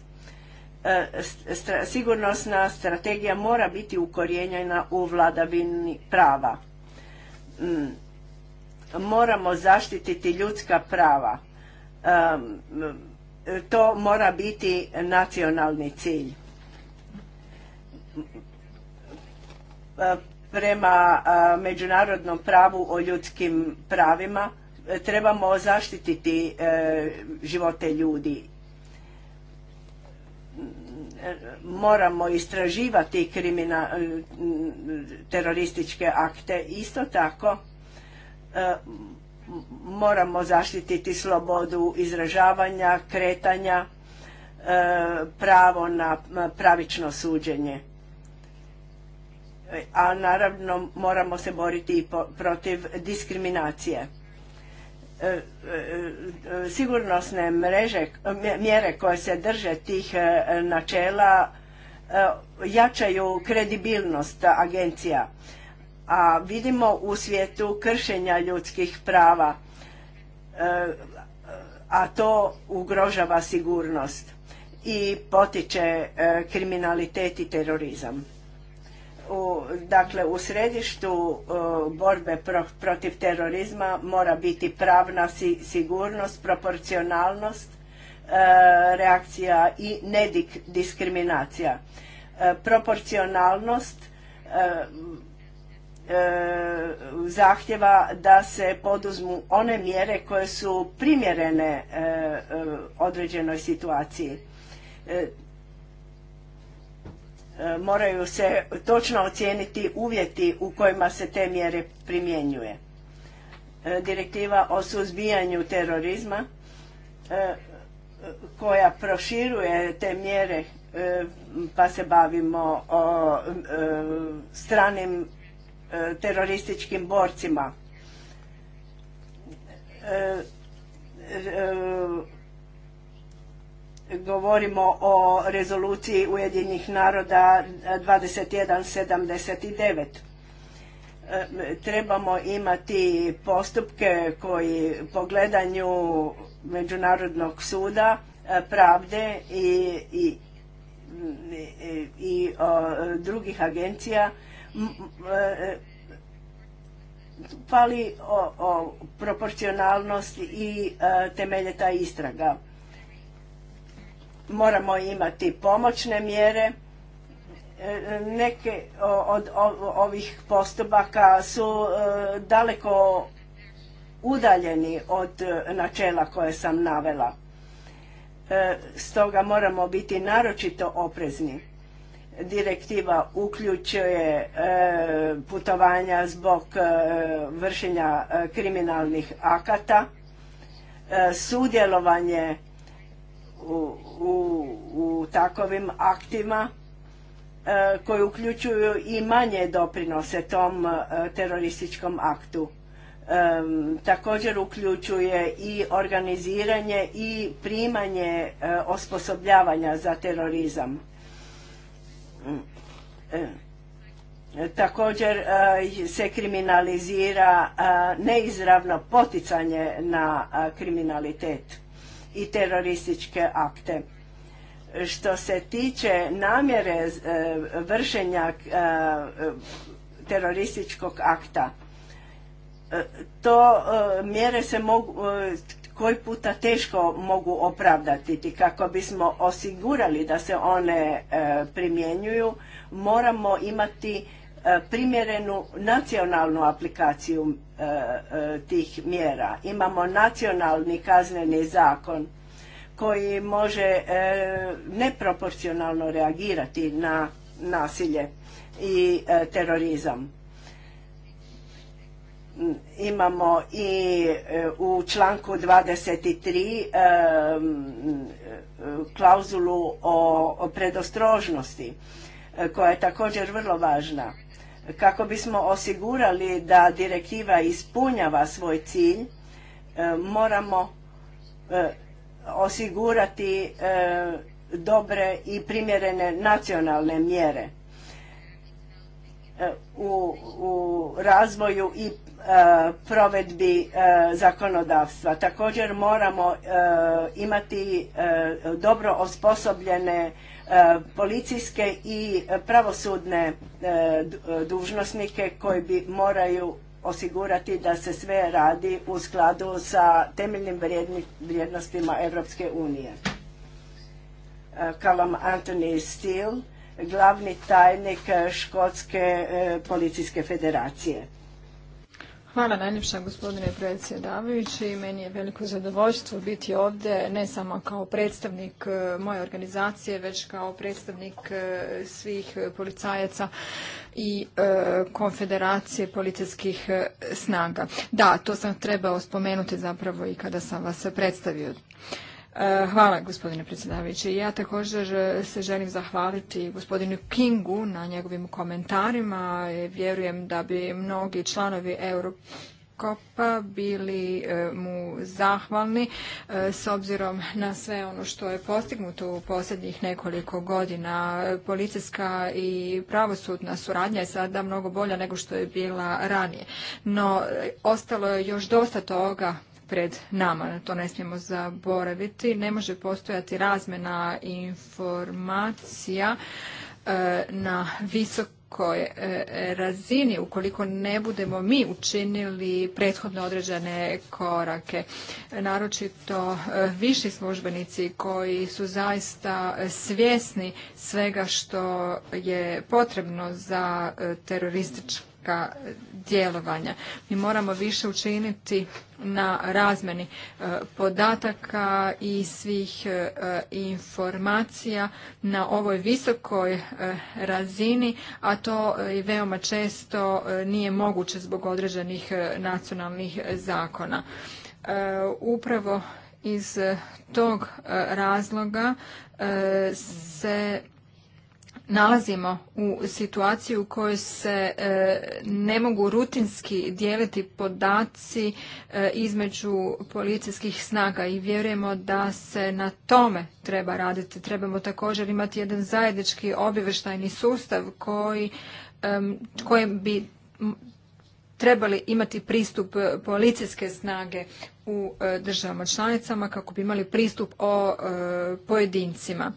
E, sigurnosna strategija mora biti ukorijenjena u vladavini prava. Mm, moramo zaštititi ljudska prava. E, to mora biti nacionalni cilj. E, prema međunarodnom pravu o ljudskim pravima trebamo zaštititi živote ljudi moramo istraživati e, terorističke akte. Isto tako e, moramo zaštititi slobodu izražavanja, kretanja, e, pravo na pravično suđenje. A naravno moramo se boriti i protiv diskriminacije sigurnosne mreže, mjere koje se drže tih e, načela e, jačaju kredibilnost agencija. A vidimo u svijetu kršenja ljudskih prava, e, a to ugrožava sigurnost i potiče kriminalitet i terorizam u, dakle u središtu e, borbe protiv terorizma mora biti pravna sigurnost, proporcionalnost, e, reakcija i nediskriminacija. E, proporcionalnost zahtjeva da se poduzmu one mjere koje su primjerene određenoj situaciji E, moraju se točno ocijeniti uvjeti u kojima se te mjere primjenjuje. E, Direktiva o suzbijanju terorizma e, koja proširuje te mjere pa se bavimo o stranim terorističkim borcima govorimo o rezoluciji Ujedinjenih naroda 2179. E, trebamo imati postupke koji po gledanju Međunarodnog suda e, pravde i, i, i, o, drugih agencija pali e, o, i temelje ta istraga Moramo imati pomoćne mjere. E, neke od ovih postupaka su e, daleko udaljeni od e, načela koje sam navela. Stoga moramo biti naročito oprezni. Direktiva uključuje putovanja zbog vršenja kriminalnih akata, sudjelovanje u u, takovim aktima e, koji uključuju i manje doprinose tom e, terorističkom aktu. E, također uključuje i organiziranje i primanje osposobljavanja za terorizam. Također se kriminalizira neizravno poticanje na kriminalitet i terorističke akte. Što se tiče namjere e, vršenja e, terorističkog akta, e, to mjere se mogu koji puta teško mogu opravdati kako bismo osigurali da se one primjenjuju moramo imati E, primjerenu nacionalnu aplikaciju e, e, tih mjera. Imamo nacionalni kazneni zakon koji može neproporcionalno reagirati na nasilje i terorizam. Imamo i u članku 23 klauzulu o predostrožnosti koja je također vrlo važna kako bismo osigurali da direktiva ispunjava svoj cilj, e, moramo e, osigurati e, dobre i primjerene nacionalne mjere u, razvoju i provedbi zakonodavstva. Također moramo imati dobro osposobljene E, policijske i pravosudne e, e, dužnosnike koji bi moraju osigurati da se sve radi u skladu sa temeljnim vrijednostima Europske unije. Kalam Anthony Steele, glavni tajnik Škotske policijske federacije. Hvala najljepša gospodine predsjedavajući. Meni je veliko zadovoljstvo biti ovdje ne samo kao predstavnik e, moje organizacije, već kao predstavnik e, svih policajaca i e, konfederacije policijskih snaga. Da, to sam trebao spomenuti zapravo i kada sam vas predstavio. E, hvala gospodine predsjedavajući. Ja također e, se želim zahvaliti gospodinu Kingu na njegovim komentarima. E, vjerujem da bi mnogi članovi Eurokopa bili mu zahvalni s obzirom na sve ono što je postignuto u posljednjih nekoliko godina. Policijska i pravosudna suradnja je sada mnogo bolja nego što je bila ranije. No, ostalo je još dosta toga pred nama, to ne smijemo zaboraviti. Ne može postojati razmjena informacija e, na visokoj e, razini ukoliko ne budemo mi učinili prethodno određene korake. Naročito e, viši službenici koji su zaista svjesni svega što je potrebno za terorističke djelovanja. Mi moramo više učiniti na razmeni e, podataka i svih e, informacija na ovoj visokoj e, razini, a to i veoma često nije moguće zbog određenih nacionalnih zakona. Upravo iz tog razloga se nalazimo u situaciji u kojoj se e, ne mogu rutinski dijeliti podaci e, između policijskih snaga i vjerujemo da se na tome treba raditi. Trebamo također imati jedan zajednički obavještajni sustav koji, kojem bi trebali imati pristup policijske snage u e, državama članicama kako bi imali pristup o pojedincima.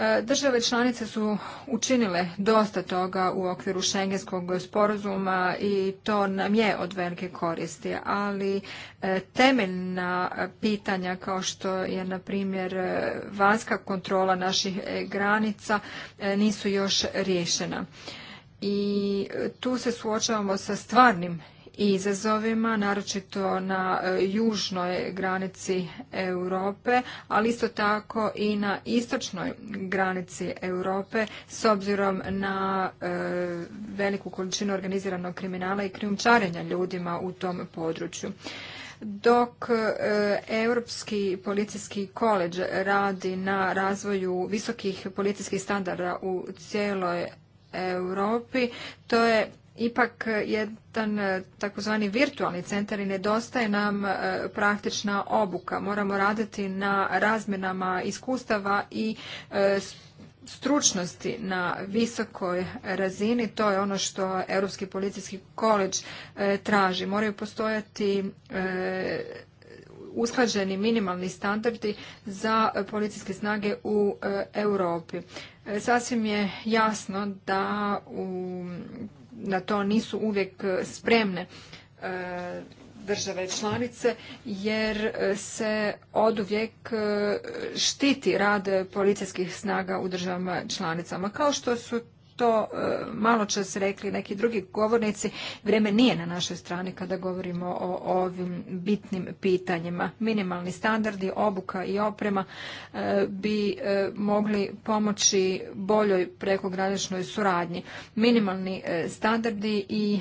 E, države članice su učinile dosta toga u okviru šengenskog sporazuma i to nam je od velike koristi, ali e, temeljna pitanja kao što je na primjer e, vanjska kontrola naših granica nisu još riješena. I tu se suočavamo sa stvarnim izazovima, naročito na e, južnoj granici Europe, ali isto tako i na istočnoj granici Europe s obzirom na e, veliku količinu organiziranog kriminala i krijumčarenja ljudima u tom području dok e, Europski policijski koleđ radi na razvoju visokih policijskih standarda u cijeloj Europi, to je ipak e, jedan e, takozvani virtualni centar i nedostaje nam e, praktična obuka. Moramo raditi na razmjenama iskustava i stručnosti na visokoj razini, to je ono što Europski policijski koleđ traži. Moraju postojati usklađeni minimalni standardi za policijske snage u Europi. Sasvim je jasno da u na to nisu uvijek e, spremne e, države članice jer e, se oduvijek štiti rad policijskih snaga u državama članicama kao što su to e, malo čas rekli neki drugi govornici, vrijeme nije na našoj strani kada govorimo o ovim bitnim pitanjima. Minimalni standardi, obuka i oprema e, bi e, mogli pomoći boljoj prekograničnoj suradnji. Minimalni standardi i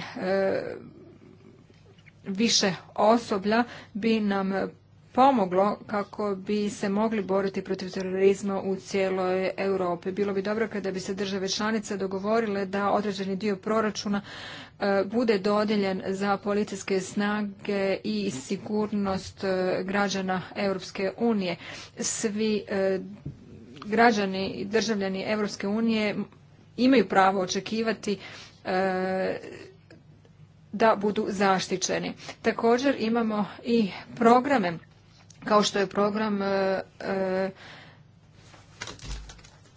više osoblja bi nam pomoglo kako bi se mogli boriti protiv terorizma u cijeloj Europi. Bilo bi dobro kada bi se države članice dogovorile da određeni dio proračuna e, bude dodijeljen za policijske snage i sigurnost e, građana Europske unije. Svi e, građani i državljani Europske unije imaju pravo očekivati da budu zaštićeni. Također imamo i programe kao što je program e, e,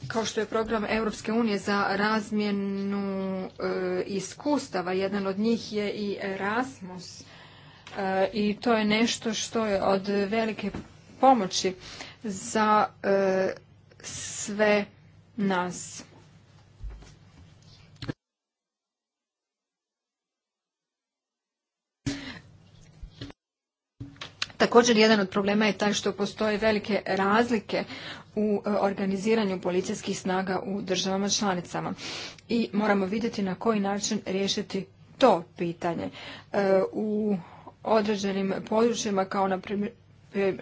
kao što je program Europske unije za razmjenu e, iskustava, jedan od njih je i Erasmus i to je nešto što je od velike pomoći za sve nas. Također jedan od problema je taj što postoje velike razlike u e, organiziranju policijskih snaga u državama članicama i moramo vidjeti na koji način riješiti to pitanje. E, u određenim područjima kao na primjer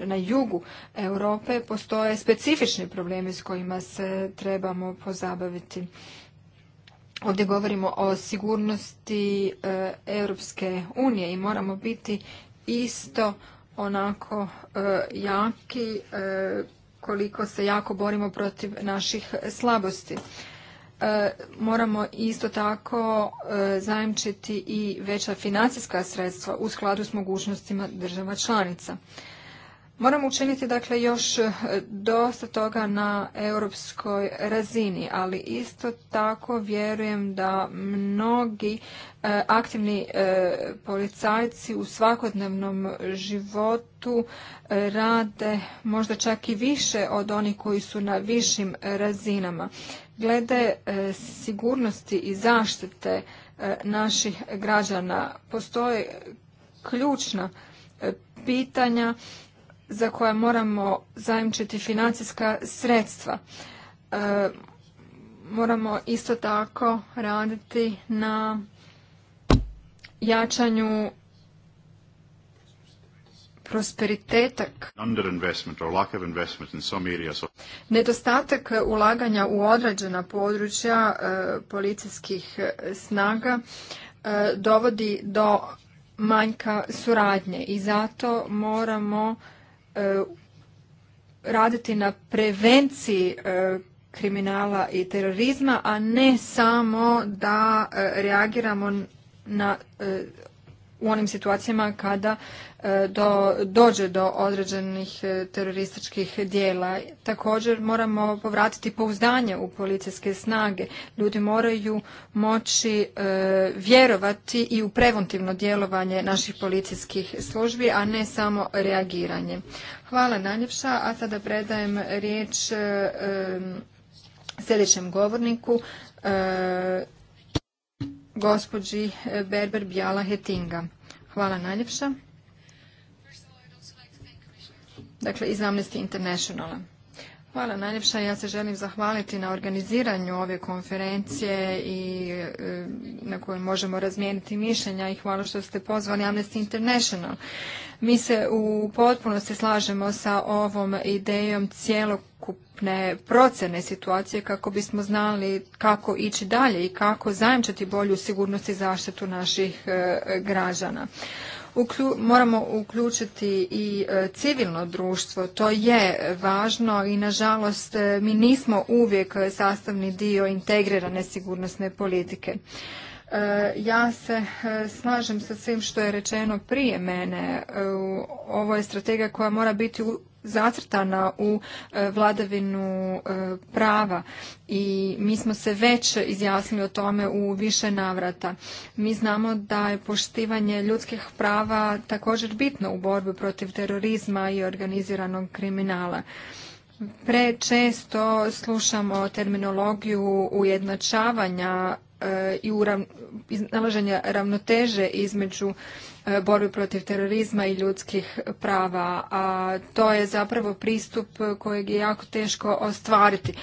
na jugu Europe postoje specifični problemi s kojima se trebamo pozabaviti. Ovdje govorimo o sigurnosti e, Europske unije i moramo biti isto onako e, jaki e, koliko se jako borimo protiv naših slabosti. E, moramo isto tako zajemčiti i veća financijska sredstva u skladu s mogućnostima država članica. Moramo učiniti dakle još e, dosta toga na europskoj razini, ali isto tako vjerujem da mnogi e, aktivni e, policajci u svakodnevnom životu rade možda čak i više od onih koji su na višim razinama. Glede sigurnosti i zaštite naših građana postoje ključna pitanja za koja moramo zajemčiti financijska sredstva. E, moramo isto tako raditi na jačanju prosperitetak. Nedostatak ulaganja u odrađena područja e, policijskih e, snaga dovodi do manjka suradnje i zato moramo E, raditi na prevenciji e, kriminala i terorizma, a ne samo da e, reagiramo na u onim situacijama kada e, dođe do određenih e, terorističkih dijela. Također moramo povratiti pouzdanje u policijske snage. Ljudi moraju moći e, vjerovati i u preventivno djelovanje naših policijskih službi, a ne samo reagiranje. Hvala najljepša, a sada predajem riječ sljedećem govorniku, gospođi eh, Berber Bjala Hetinga. Hvala najljepša. Dakle, iz Amnesty Internationala. Hvala najljepša. Ja se želim zahvaliti na organiziranju ove konferencije i eh, na kojoj možemo razmijeniti mišljenja i hvala što ste pozvali Amnesty International. Mi se u potpunosti slažemo sa ovom idejom cjelokupne procene situacije kako bismo znali kako ići dalje i kako zajemčati bolju sigurnost i zaštitu naših e, građana. moramo uključiti i e, civilno društvo, to je važno i nažalost e, mi nismo uvijek sastavni dio integrirane sigurnosne politike. E, ja se e, slažem sa svim što je rečeno prije mene. E, ovo je strategija koja mora biti zacrtana u vladavinu prava i mi smo se već izjasnili o tome u više navrata. Mi znamo da je poštivanje ljudskih prava također bitno u borbi protiv terorizma i organiziranog kriminala. Prečesto slušamo terminologiju ujednačavanja E, i nalaženja ravnoteže između e, borbe protiv terorizma i ljudskih prava. A to je zapravo pristup kojeg je jako teško ostvariti.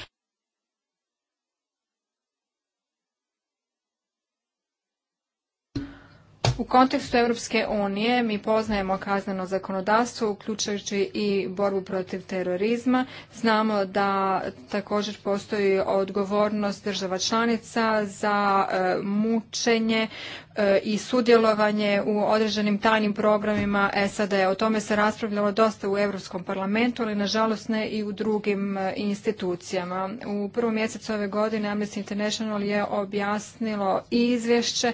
U kontekstu Europske unije mi poznajemo kazneno zakonodavstvo, uključujući i borbu protiv terorizma. Znamo da također postoji odgovornost država članica za e, mučenje e, i sudjelovanje u određenim tajnim programima SAD. O tome se raspravljalo dosta u Europskom parlamentu, ali nažalost ne i u drugim e, institucijama. U prvom mjesecu ove godine Amnesty International je objasnilo izvješće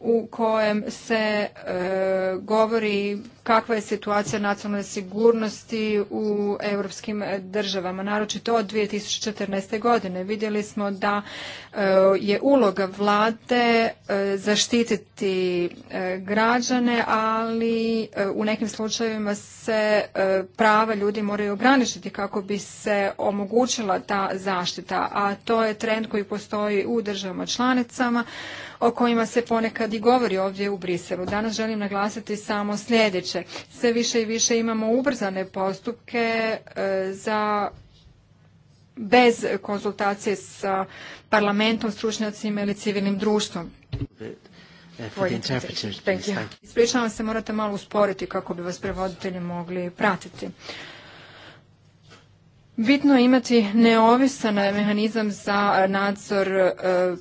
u kojem se e, govori kakva je situacija nacionalne sigurnosti u europskim državama, naročito od 2014. godine. Vidjeli smo da e, je uloga vlade e, zaštititi građane, ali u nekim slučajevima se prava ljudi moraju ograničiti kako bi se omogućila ta zaštita, a to je trend koji postoji u državama članicama o kojima se ponekad i govori ovdje u Briselu. Danas želim naglasiti samo sljedeće. Sve više i više imamo ubrzane postupke e, za bez konzultacije sa parlamentom, stručnjacima ili civilnim društvom. Ispričavam se, morate malo usporiti kako bi vas prevoditelji mogli pratiti. Bitno je imati neovisan mehanizam za nadzor e,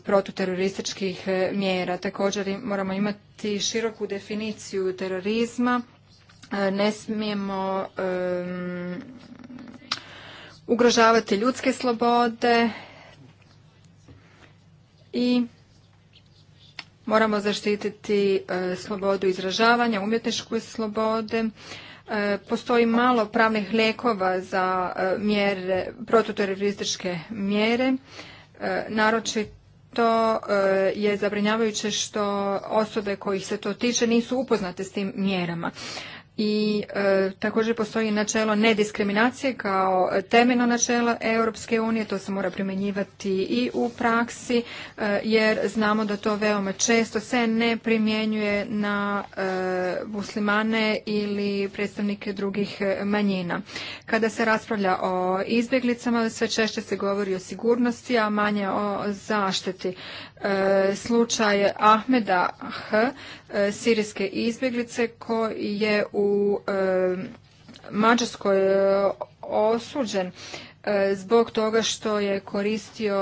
protuterorističkih e, mjera. Također moramo imati široku definiciju terorizma. E, ne smijemo ugrožavati ljudske slobode i moramo zaštititi slobodu izražavanja, umjetničku slobode E, postoji malo pravnih lijekova za e, mjere, prototerorističke mjere, e, naročito je zabrinjavajuće što osobe kojih se to tiče nisu upoznate s tim mjerama i e, također postoji načelo nediskriminacije kao temeljno načelo Europske unije, to se mora primjenjivati i u praksi e, jer znamo da to veoma često se ne primjenjuje na e, muslimane ili predstavnike drugih manjina. Kada se raspravlja o izbjeglicama, sve češće se govori o sigurnosti, a manje o zaštiti. Slučaj Ahmeda H, sirijske izbjeglice koji je u u e, Mađarskoj e, osuđen e, zbog toga što je koristio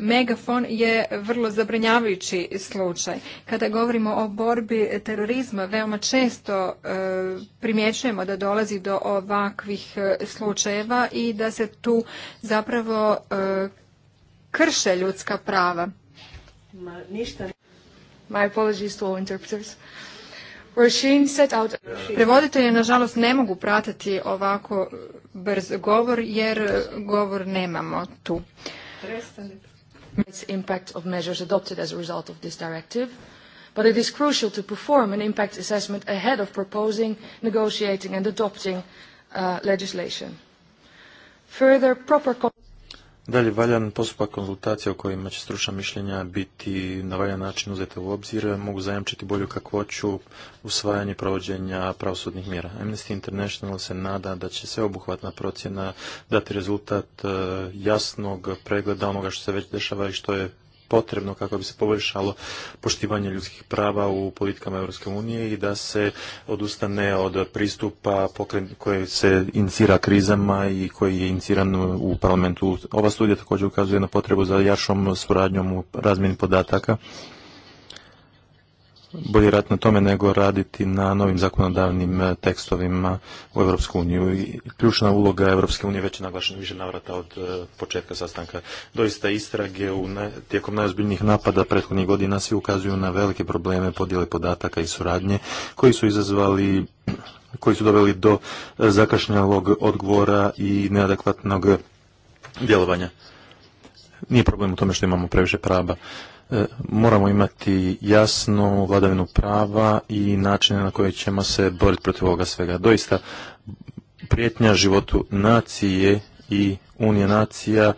megafon je vrlo zabrinjavajući slučaj. Kada govorimo o borbi terorizma, veoma često primjećujemo da dolazi do ovakvih slučajeva i da se tu zapravo krše ljudska prava. Ma, ništa. My apologies to all interpreters. Prevoditelji, nažalost, ne mogu pratiti ovako brz govor, jer govor nemamo tu. Its impact of measures adopted as a result of this directive, but it is crucial to perform an impact assessment ahead of proposing, negotiating and adopting uh, legislation. Further proper li valjan postupak konzultacija u kojima će stručna mišljenja biti na valjan način uzete u obzir, mogu zajamčiti bolju kakvoću usvajanje provođenja pravosudnih mjera. Amnesty International se nada da će sveobuhvatna procjena dati rezultat e, jasnog pregleda onoga što se već dešava i što je potrebno kako bi se poboljšalo poštivanje ljudskih prava u politikama Europske unije i da se odustane od pristupa koji se inicira krizama i koji je iniciran u parlamentu. Ova studija također ukazuje na potrebu za jašom suradnjom u razmjeni podataka bolje raditi na tome nego raditi na novim zakonodavnim eh, tekstovima u Europsku uniju. I ključna uloga Europske unije već je naglašena više navrata od eh, početka sastanka. Doista istrage u tijekom najozbiljnijih napada prethodnih godina svi ukazuju na velike probleme podjele podataka i suradnje koji su izazvali koji su doveli do eh, zakašnjalog odgovora i neadekvatnog djelovanja. Nije problem u tome što imamo previše prava, E, moramo imati jasnu vladavinu prava i načine na koje ćemo se boriti protiv ovoga svega. Doista, prijetnja životu nacije i unije nacija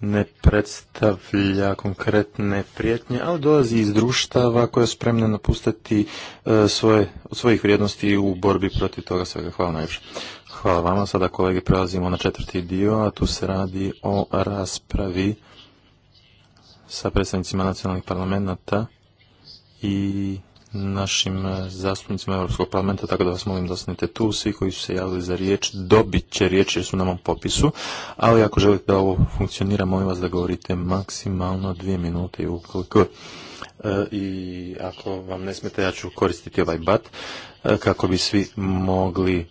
ne predstavlja konkretne prijetnje, ali dolazi iz društava koja je spremna napustiti e, svoje, od svojih vrijednosti u borbi protiv toga svega. Hvala najviše. Hvala vama. Sada kolege prelazimo na četvrti dio, a tu se radi o raspravi sa predstavnicima nacionalnih parlamenta i našim eh, zastupnicima Europskog parlamenta, tako da vas molim da ostanete tu. Svi koji su se javili za riječ dobit će riječ jer su na mom popisu, ali ako želite da ovo funkcionira, molim vas da govorite maksimalno dvije minute i ukoliko eh, i ako vam ne smete, ja ću koristiti ovaj bat eh, kako bi svi mogli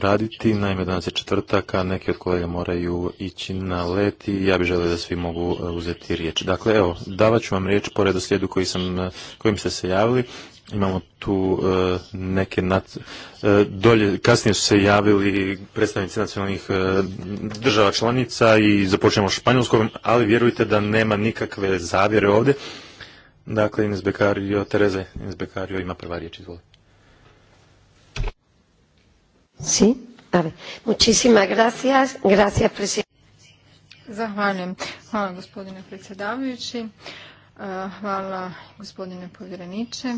raditi. Naime, danas je četvrtak, a neki od kolega moraju ići na let i ja bih želio da svi mogu e, uzeti riječ. Dakle, evo, davat ću vam riječ pored redoslijedu koji sam, e, kojim ste se javili. Imamo tu e, neke nad, dolje, kasnije su se javili predstavnici nacionalnih država članica i započnemo španjolskom, ali vjerujte da nema nikakve zavjere ovdje. Dakle, Ines Bekario, Tereze Ines Bekario ima prva riječ, izvolite. Zahvaljujem. Hvala gospodine predsjedavajući. E, hvala gospodine povjereniče.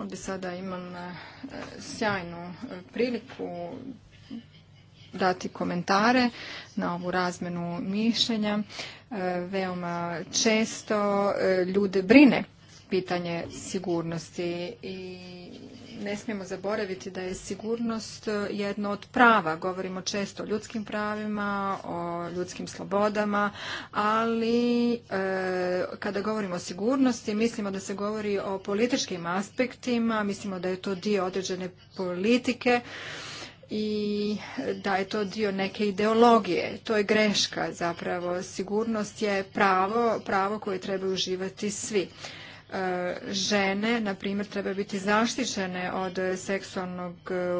Ovdje sada imam e, sjajnu e, priliku dati komentare na ovu razmenu mišljenja. Veoma često ljude brine pitanje sigurnosti i ne smijemo zaboraviti da je sigurnost e, jedno od prava. Govorimo često o ljudskim pravima, o ljudskim slobodama, ali e, kada govorimo o sigurnosti mislimo da se govori o političkim aspektima, mislimo da je to dio određene politike i da je to dio neke ideologije. To je greška zapravo. Sigurnost je pravo, pravo koje treba uživati svi. E, žene, na primjer, trebaju biti zaštićene od seksualnog e,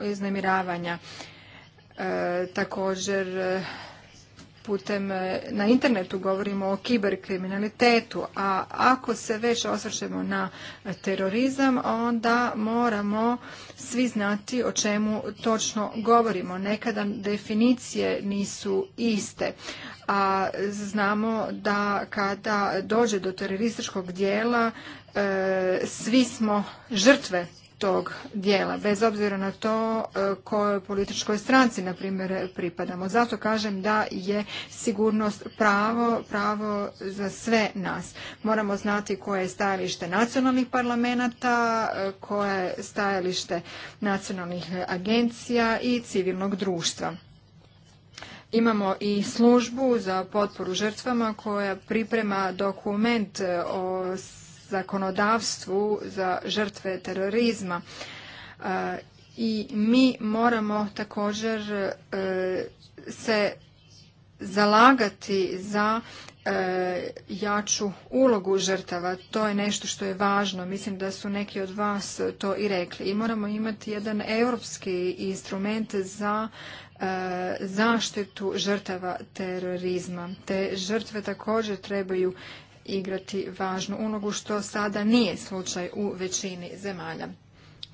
uznemiravanja. E, također putem e, na internetu govorimo o kiberkriminalitetu, a ako se već osvrćemo na terorizam, onda moramo svi znati o čemu točno govorimo. Nekada definicije nisu iste, a znamo da kada dođe do terorističkog dijela, e, svi smo žrtve tog dijela, bez obzira na to e, kojoj političkoj stranci, na primjer, pripadamo. Zato kažem da je sigurnost pravo, pravo za sve nas. Moramo znati koje je stajalište nacionalnih parlamenta, e, koje je stajalište nacionalnih agencija i civilnog društva. Imamo i službu za potporu žrtvama koja priprema dokument o zakonodavstvu za žrtve terorizma e, i mi moramo također e, se zalagati za e, jaču ulogu žrtava. To je nešto što je važno. Mislim da su neki od vas to i rekli. I moramo imati jedan europski instrument za zaštitu žrtava terorizma. Te žrtve također trebaju igrati važnu ulogu, što sada nije slučaj u većini zemalja.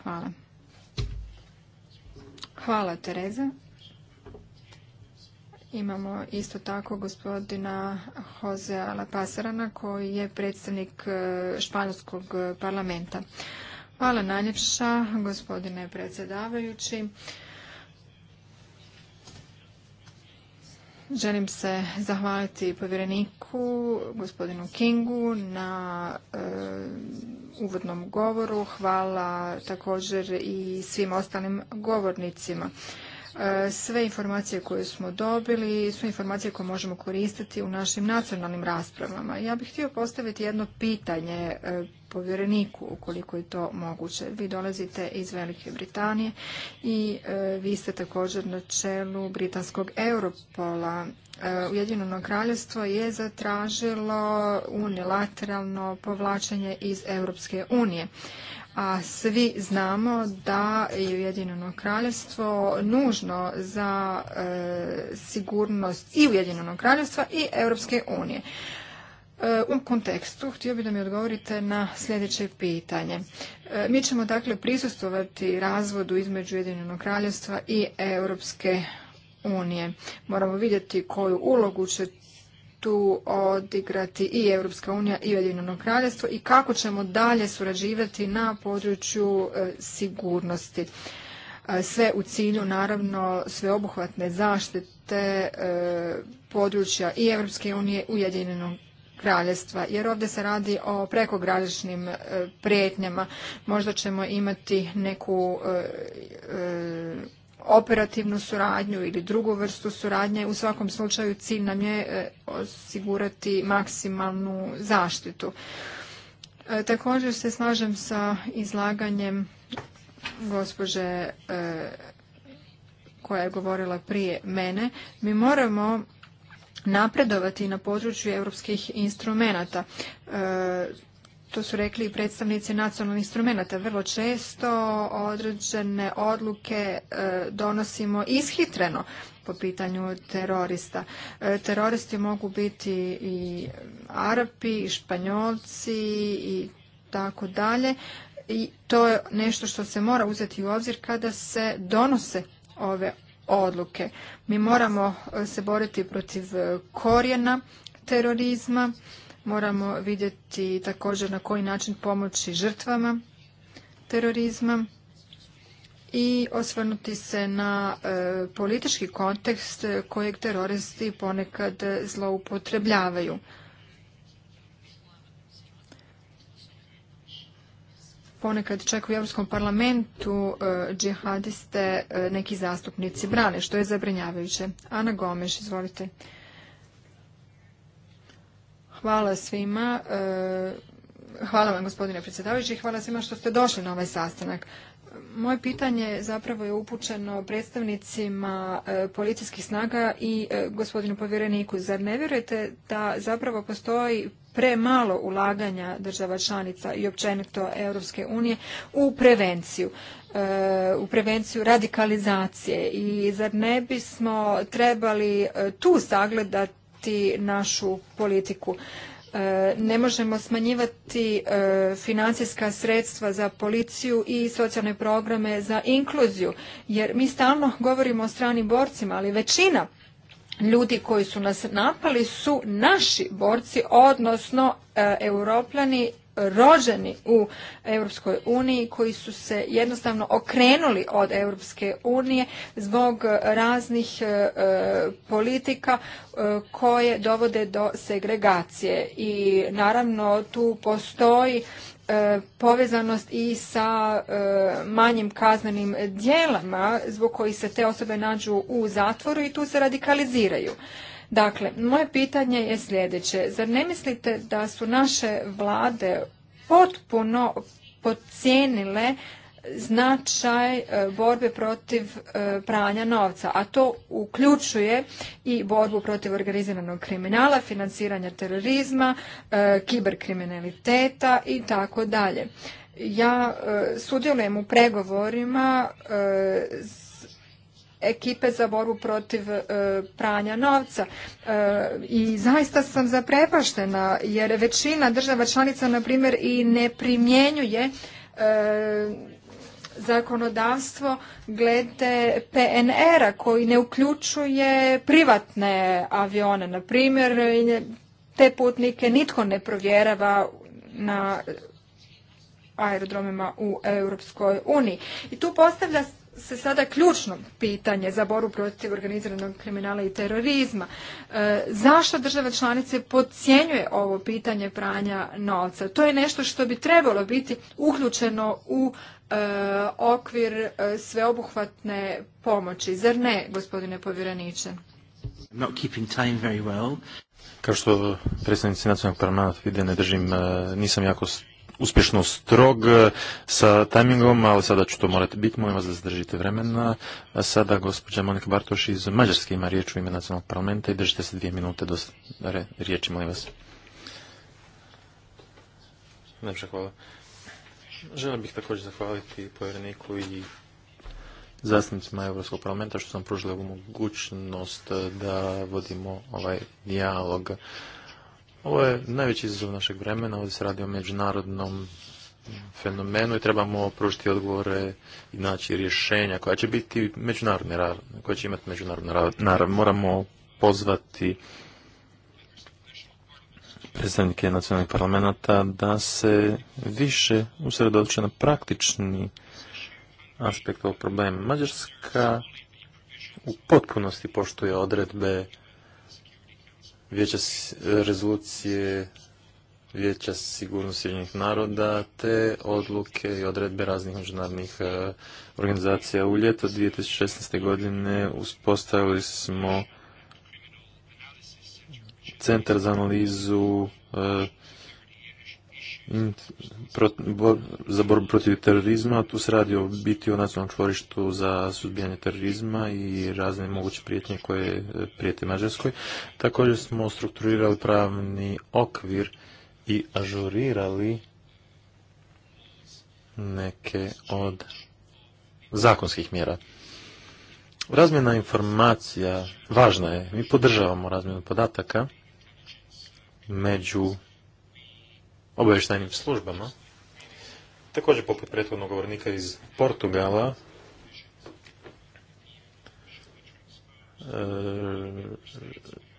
Hvala. Hvala, Tereza. Imamo isto tako gospodina Josea Pasarana, koji je predstavnik e, Španjolskog parlamenta. Hvala najljepša gospodine predsjedavajući. Želim se zahvaliti povjereniku, gospodinu Kingu, na e, uvodnom govoru. Hvala također i svim ostalim govornicima. E, sve informacije koje smo dobili su informacije koje možemo koristiti u našim nacionalnim raspravama. Ja bih htio postaviti jedno pitanje e, povjereniku, ukoliko je to moguće. Vi dolazite iz Velike Britanije i e, vi ste također na čelu britanskog Europola. Ujedinjeno Kraljevstvo je zatražilo unilateralno povlačenje iz Europske unije a svi znamo da je Ujedinjeno kraljevstvo nužno za e, sigurnost i Ujedinjenog kraljevstva i Europske unije. E, u kontekstu htio bih da mi odgovorite na sljedeće pitanje. E, mi ćemo dakle prisustovati razvodu između Ujedinjenog kraljevstva i Europske unije. Moramo vidjeti koju ulogu će tu odigrati i Europska unija i Ujedinjeno kraljevstvo i kako ćemo dalje surađivati na području e, sigurnosti. E, sve u cilju naravno sveobuhvatne zaštite e, područja i Europske unije i Ujedinjenog kraljevstva jer ovdje se radi o prekograničnim prijetnjama. Možda ćemo imati neku operativnu suradnju ili drugu vrstu suradnje. U svakom slučaju cilj nam je e, osigurati maksimalnu zaštitu. E, također se slažem sa izlaganjem gospođe e, koja je govorila prije mene. Mi moramo napredovati na području europskih instrumenata to su rekli i predstavnici nacionalnih instrumenta. Vrlo često određene odluke e, donosimo ishitreno po pitanju terorista. E, teroristi mogu biti i Arapi, i Španjolci i tako dalje. I to je nešto što se mora uzeti u obzir kada se donose ove odluke. Mi moramo e, se boriti protiv korijena terorizma Moramo vidjeti također na koji način pomoći žrtvama terorizma i osvrnuti se na e, politički kontekst kojeg teroristi ponekad zloupotrebljavaju. Ponekad čak u Europskom parlamentu e, džihadiste e, neki zastupnici brane, što je zabrinjavajuće. Ana Gomeš, izvolite. Hvala svima. E, hvala vam gospodine predsjedavajući i hvala svima što ste došli na ovaj sastanak. Moje pitanje zapravo je upućeno predstavnicima e, policijskih snaga i e, gospodinu povjereniku. Zar ne vjerujete da zapravo postoji premalo ulaganja država članica i općenito Europske unije u prevenciju, u prevenciju radikalizacije i zar ne bismo trebali tu sagledati smanjivati našu politiku. E, ne možemo smanjivati e, financijska sredstva za policiju i socijalne programe za inkluziju, jer mi stalno govorimo o stranim borcima, ali većina ljudi koji su nas napali su naši borci, odnosno e, europljani rođeni u Europskoj uniji koji su se jednostavno okrenuli od Europske unije zbog raznih e, politika e, koje dovode do segregacije i naravno tu postoji e, povezanost i sa manjim kaznenim djelama zbog kojih se te osobe nađu u zatvoru i tu se radikaliziraju. Dakle, moje pitanje je sljedeće. Zar ne mislite da su naše vlade potpuno podcijenile značaj e, borbe protiv e, pranja novca, a to uključuje i borbu protiv organiziranog kriminala, financiranja terorizma, e, kiberkriminaliteta i tako dalje. Ja sudjelujem u pregovorima s ekipe za borbu protiv e, pranja novca. E, I zaista sam zaprepaštena jer većina država članica na primjer i ne primjenjuje e, zakonodavstvo glede PNR-a koji ne uključuje privatne avione. Na primjer, te putnike nitko ne provjerava na aerodromima u Europskoj uniji. I tu postavlja se sada ključno pitanje za boru protiv organiziranog kriminala i terorizma. E, zašto država članice podcjenjuje ovo pitanje pranja novca? To je nešto što bi trebalo biti uključeno u e, okvir e, sveobuhvatne pomoći. Zar ne, gospodine povjereniče? Kao što predstavnici nacionalnog parlamenta vide, držim, nisam jako uspješno strog e, sa tajmingom, ali sada ću to morati biti, molim vas da zadržite vremena. sada gospođa Monika Bartoš iz Mađarske ima riječ u ime nacionalnog parlamenta i držite se dvije minute do riječi, molim vas. Najpša hvala. Želim bih također zahvaliti povjereniku i zastupnicima Europskog parlamenta što sam pružila ovu mogućnost e, da vodimo ovaj dijalog. Ovo je najveći izazov našeg vremena, ovdje se radi o međunarodnom fenomenu i trebamo pružiti odgovore i naći rješenja koja će biti međunarodne koja će imati međunarodne naravno Moramo pozvati predstavnike nacionalnih parlamenta da se više usredotoče na praktični aspekt ovog problema. Mađarska u potpunosti poštuje odredbe vijeća rezolucije Vijeća sigurnosti naroda te odluke i odredbe raznih međunarodnih e, organizacija. U ljeto 2016. godine uspostavili smo centar za analizu e, za borbu protiv terorizma. Tu se radi o biti o nacionalnom čvorištu za suzbijanje terorizma i razne moguće prijetnje koje e, prijeti Mađarskoj. Također smo strukturirali pravni okvir i ažurirali neke od zakonskih mjera. Razmjena informacija važna je. Mi podržavamo razmjenu podataka među obavještajnim službama. Također, poput prethodnog govornika iz Portugala, e,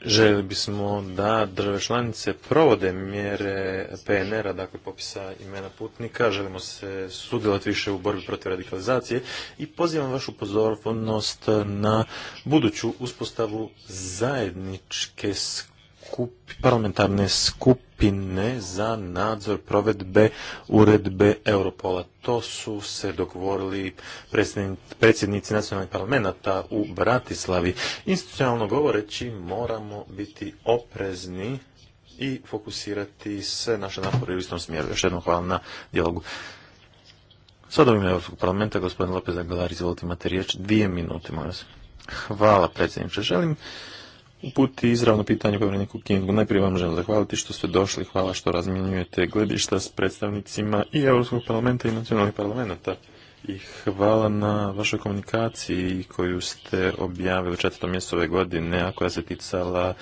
željeli bismo da države članice provode mjere PNR-a, dakle popisa imena putnika, želimo se sudjelati više u borbi protiv radikalizacije i pozivam vašu pozornost na buduću uspostavu zajedničke parlamentarne skupine za nadzor provedbe uredbe Europola. To su se dogovorili predsjednici nacionalnih parlamenta u Bratislavi. Institucionalno govoreći moramo biti oprezni i fokusirati sve naše napore u istom smjeru. Još jednom hvala na dijalogu. Sada u ime Europskog parlamenta, gospodin Lopez Aguilar, izvolite imate riječ. Dvije minute, molim vas. Hvala, predsjedniče. Želim uputi izravno pitanje povjereniku Kingu. Najprije vam želim zahvaliti što ste došli, hvala što razmjenjujete gledišta s predstavnicima i Europskog parlamenta i nacionalnih parlamenta. I hvala na vašoj komunikaciji koju ste objavili u četvrtom mjestu ove godine, a koja se ticala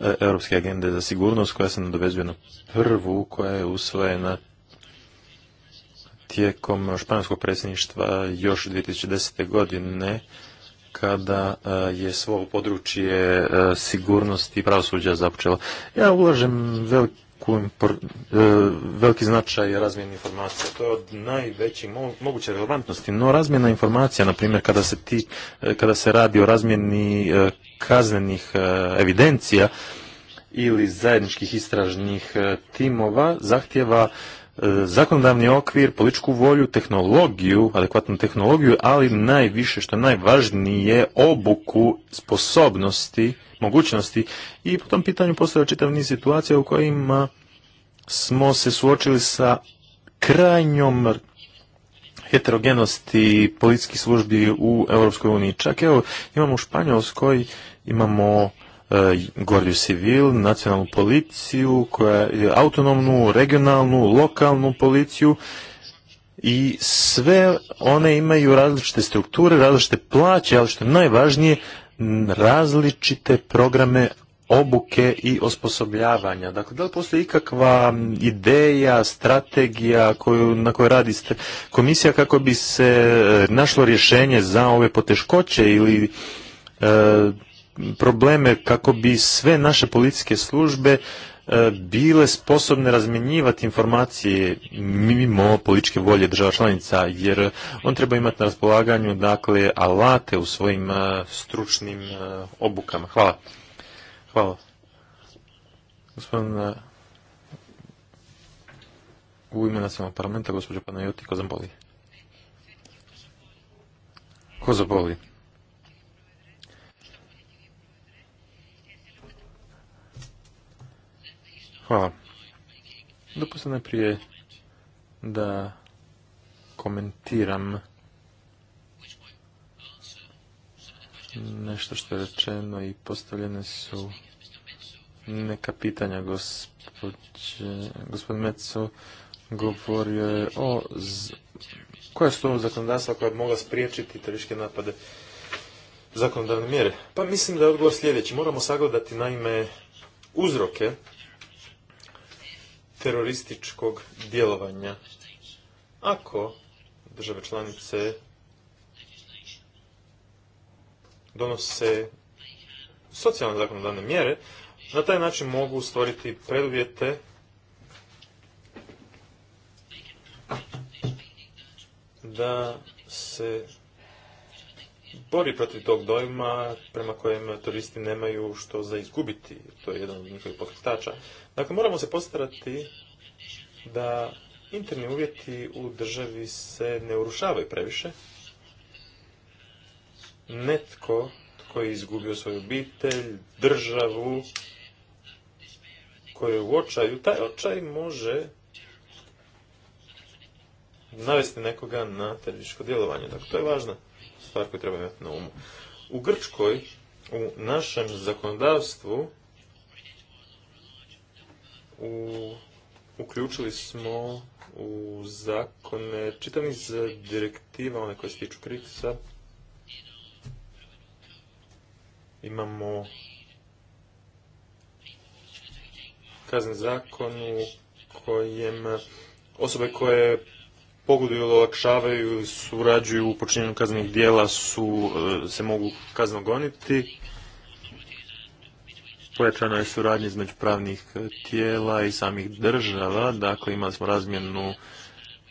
e, Europske agende za sigurnost, koja se nadovezuje na prvu, koja je usvojena tijekom španjskog predsjedništva još 2010. godine kada e, je svo područje e, sigurnosti i pravosuđa započelo. Ja ulažem e, veliki značaj razmjene informacija. To je od najvećih moguće relevantnosti. No razmjena informacija, na primjer, kada se, ti, kada se radi o razmjeni kaznenih evidencija ili zajedničkih istražnih timova, zahtjeva E, zakonodavni okvir, političku volju, tehnologiju, adekvatnu tehnologiju, ali najviše što najvažnije obuku sposobnosti, mogućnosti i po tom pitanju postoje čitav niz situacija u kojima smo se suočili sa krajnjom heterogenosti policijskih službi u Europskoj uniji. Čak evo imamo u Španjolskoj imamo E, Gordiju civil, nacionalnu policiju, koja autonomnu, regionalnu, lokalnu policiju i sve one imaju različite strukture, različite plaće, ali što je najvažnije, različite programe obuke i osposobljavanja. Dakle, da li postoji ikakva ideja, strategija na kojoj radi komisija kako bi se e, našlo rješenje za ove poteškoće ili e, probleme kako bi sve naše policijske službe e, bile sposobne razmjenjivati informacije mimo političke volje država članica, jer on treba imati na raspolaganju dakle alate u svojim e, stručnim e, obukama. Hvala. Hvala. Gospodin u ime nacionalnog parlamenta, gospođa Panajoti Kozamboli. Kozamboli. Hvala. Dopustite najprije da komentiram nešto što je rečeno i postavljene su neka pitanja gospodin Meco govorio je o koja su to zakonodavstva koja bi mogla spriječiti terorističke napade zakonodavne mjere. Pa mislim da je odgovor sljedeći. Moramo sagledati naime uzroke terorističkog djelovanja. Ako države članice donose socijalne zakonodavne mjere, na taj način mogu stvoriti preduvjete da se bori protiv tog dojma prema kojem turisti nemaju što za izgubiti. To je jedan od njihovih pokretača. Dakle, moramo se postarati da interni uvjeti u državi se ne urušavaju previše. Netko tko je izgubio svoju obitelj, državu, koju je u očaju, taj očaj može navesti nekoga na terorističko djelovanje. Dakle, to je važno stvar koju treba imati na umu. U Grčkoj, u našem zakonodavstvu, u, uključili smo u zakone čitav niz direktiva, one koje se tiču kritisa. Imamo kazne zakon u kojem osobe koje pogoduju olakšavaju, surađuju u počinjenju kaznenih dijela e, se mogu kazno goniti. Pojačana je suradnja između pravnih e, tijela i samih država, dakle imali smo razmjenu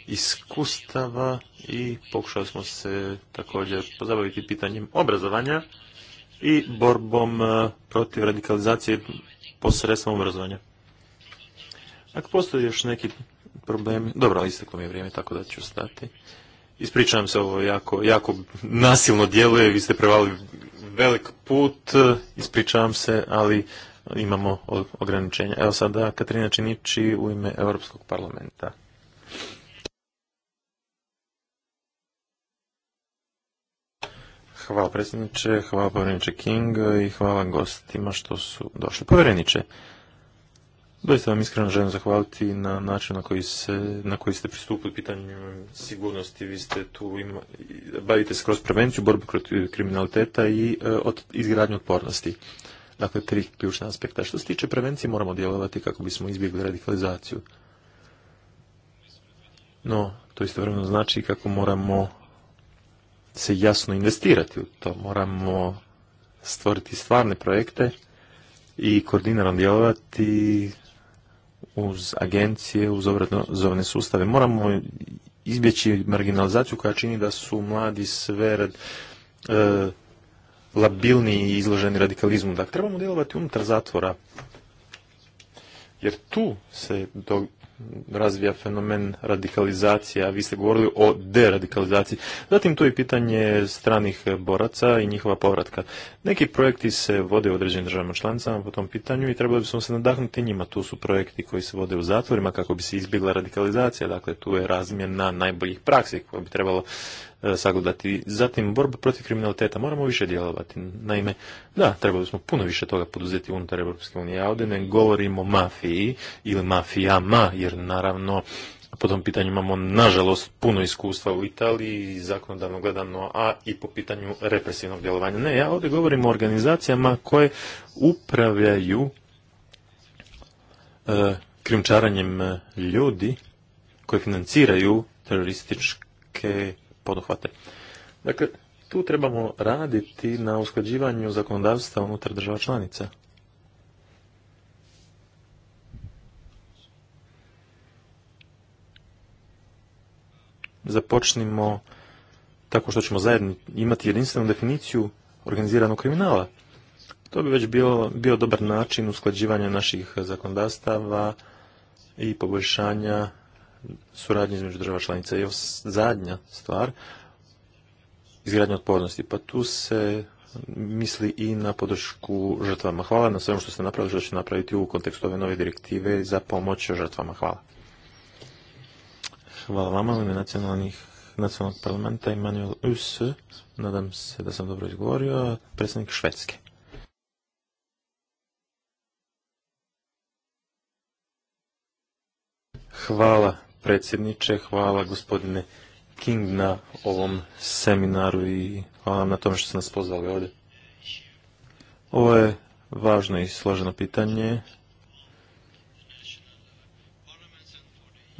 iskustava i pokušali smo se također pozabaviti pitanjem obrazovanja i borbom e, protiv radikalizacije posredstvom obrazovanja. Ako postoje još neki problemi. Dobro, ali isteklo mi je vrijeme, tako da ću stati. Ispričavam se, ovo jako, jako nasilno djeluje, vi ste prevali velik put, ispričavam se, ali imamo ograničenja. Evo sada Katarina Činići u ime Europskog parlamenta. Hvala predsjedniče, hvala povjereniče King i hvala gostima što su došli. Povjereniče, Doista vam iskreno želim zahvaliti na način na koji, se, na koji ste pristupili pitanju sigurnosti. Vi ste tu ima, bavite se kroz prevenciju, borbu protiv kriminaliteta i e, od, izgradnju otpornosti. Dakle, tri ključna aspekta. Što se tiče prevencije, moramo djelovati kako bismo izbjegli radikalizaciju. No, to istovremeno znači kako moramo se jasno investirati u to. Moramo stvoriti stvarne projekte i koordinirano djelovati uz agencije, uz obrazovne sustave. Moramo izbjeći marginalizaciju koja čini da su mladi sve e, labilni i izloženi radikalizmu. Dakle, trebamo djelovati unutar zatvora. Jer tu se do, razvija fenomen radikalizacija, vi ste govorili o deradikalizaciji. Zatim tu je pitanje stranih boraca i njihova povratka. Neki projekti se vode u određenim državama članicama po tom pitanju i trebali bismo se nadahnuti njima. Tu su projekti koji se vode u zatvorima kako bi se izbjegla radikalizacija. Dakle, tu je razmjena najboljih praksi koja bi trebalo E, sagledati. Zatim, borba protiv kriminaliteta, moramo više djelovati. Naime, da, trebali smo puno više toga poduzeti unutar Europske unije. A ovdje ne govorimo o mafiji ili mafijama, jer naravno po tom pitanju imamo, nažalost, puno iskustva u Italiji, zakonodavno gledano, a i po pitanju represivnog djelovanja. Ne, ja ovdje govorim o organizacijama koje upravljaju e, krimčaranjem e, ljudi, koje financiraju terorističke poduhvate. Dakle, tu trebamo raditi na usklađivanju zakonodavstva unutar država članica. Započnimo tako što ćemo zajedno imati jedinstvenu definiciju organiziranog kriminala. To bi već bio, bio dobar način usklađivanja naših zakonodavstava i poboljšanja suradnje između država članica. I zadnja stvar, izgradnja otpornosti. Pa tu se misli i na podršku žrtvama. Hvala na svemu što ste napravili, što ćete napraviti u kontekstu ove nove direktive za pomoć žrtvama. Hvala. Hvala vama, ime nacionalnih nacionalnog parlamenta Immanuel Us, nadam se da sam dobro izgovorio, predsjednik Švedske. Hvala predsjedniče, hvala gospodine King na ovom seminaru i hvala vam na tome što ste nas pozvali ovdje. Ovo je važno i složeno pitanje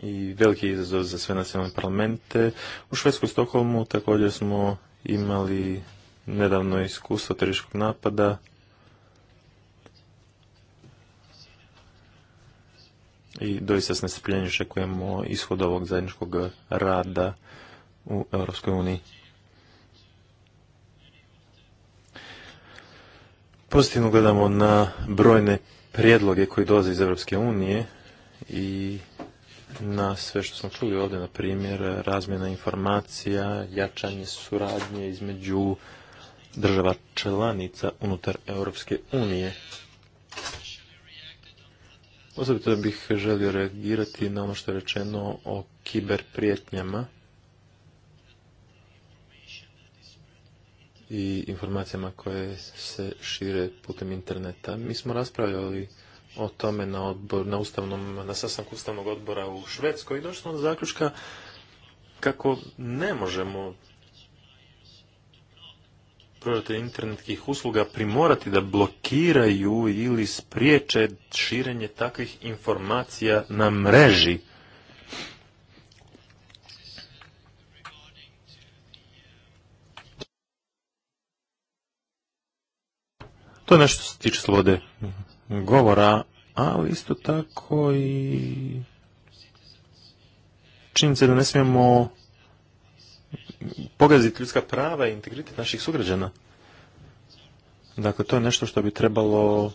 i veliki izazov za sve nacionalne parlamente. U Švedskoj Stokholmu također smo imali nedavno iskustvo teriškog napada i doista s nestrpljenjem očekujemo ishod ovog zajedničkog rada u Europskoj uniji. Pozitivno gledamo na brojne prijedloge koji dolaze iz Europske unije i na sve što smo čuli ovdje, na primjer, razmjena informacija, jačanje suradnje između država članica unutar Europske unije. Osobito bih želio reagirati na ono što je rečeno o kiber prijetnjama i informacijama koje se šire putem interneta. Mi smo raspravljali o tome na, odbor, na, ustavnom, na sastanku ustavnog odbora u Švedskoj i došli smo do zaključka kako ne možemo pružatelji internetskih usluga primorati da blokiraju ili spriječe širenje takvih informacija na mreži. To je nešto se tiče slobode govora, ali isto tako i činjenica da ne smijemo pogaziti ljudska prava i integritet naših sugrađana. Dakle, to je nešto što bi trebalo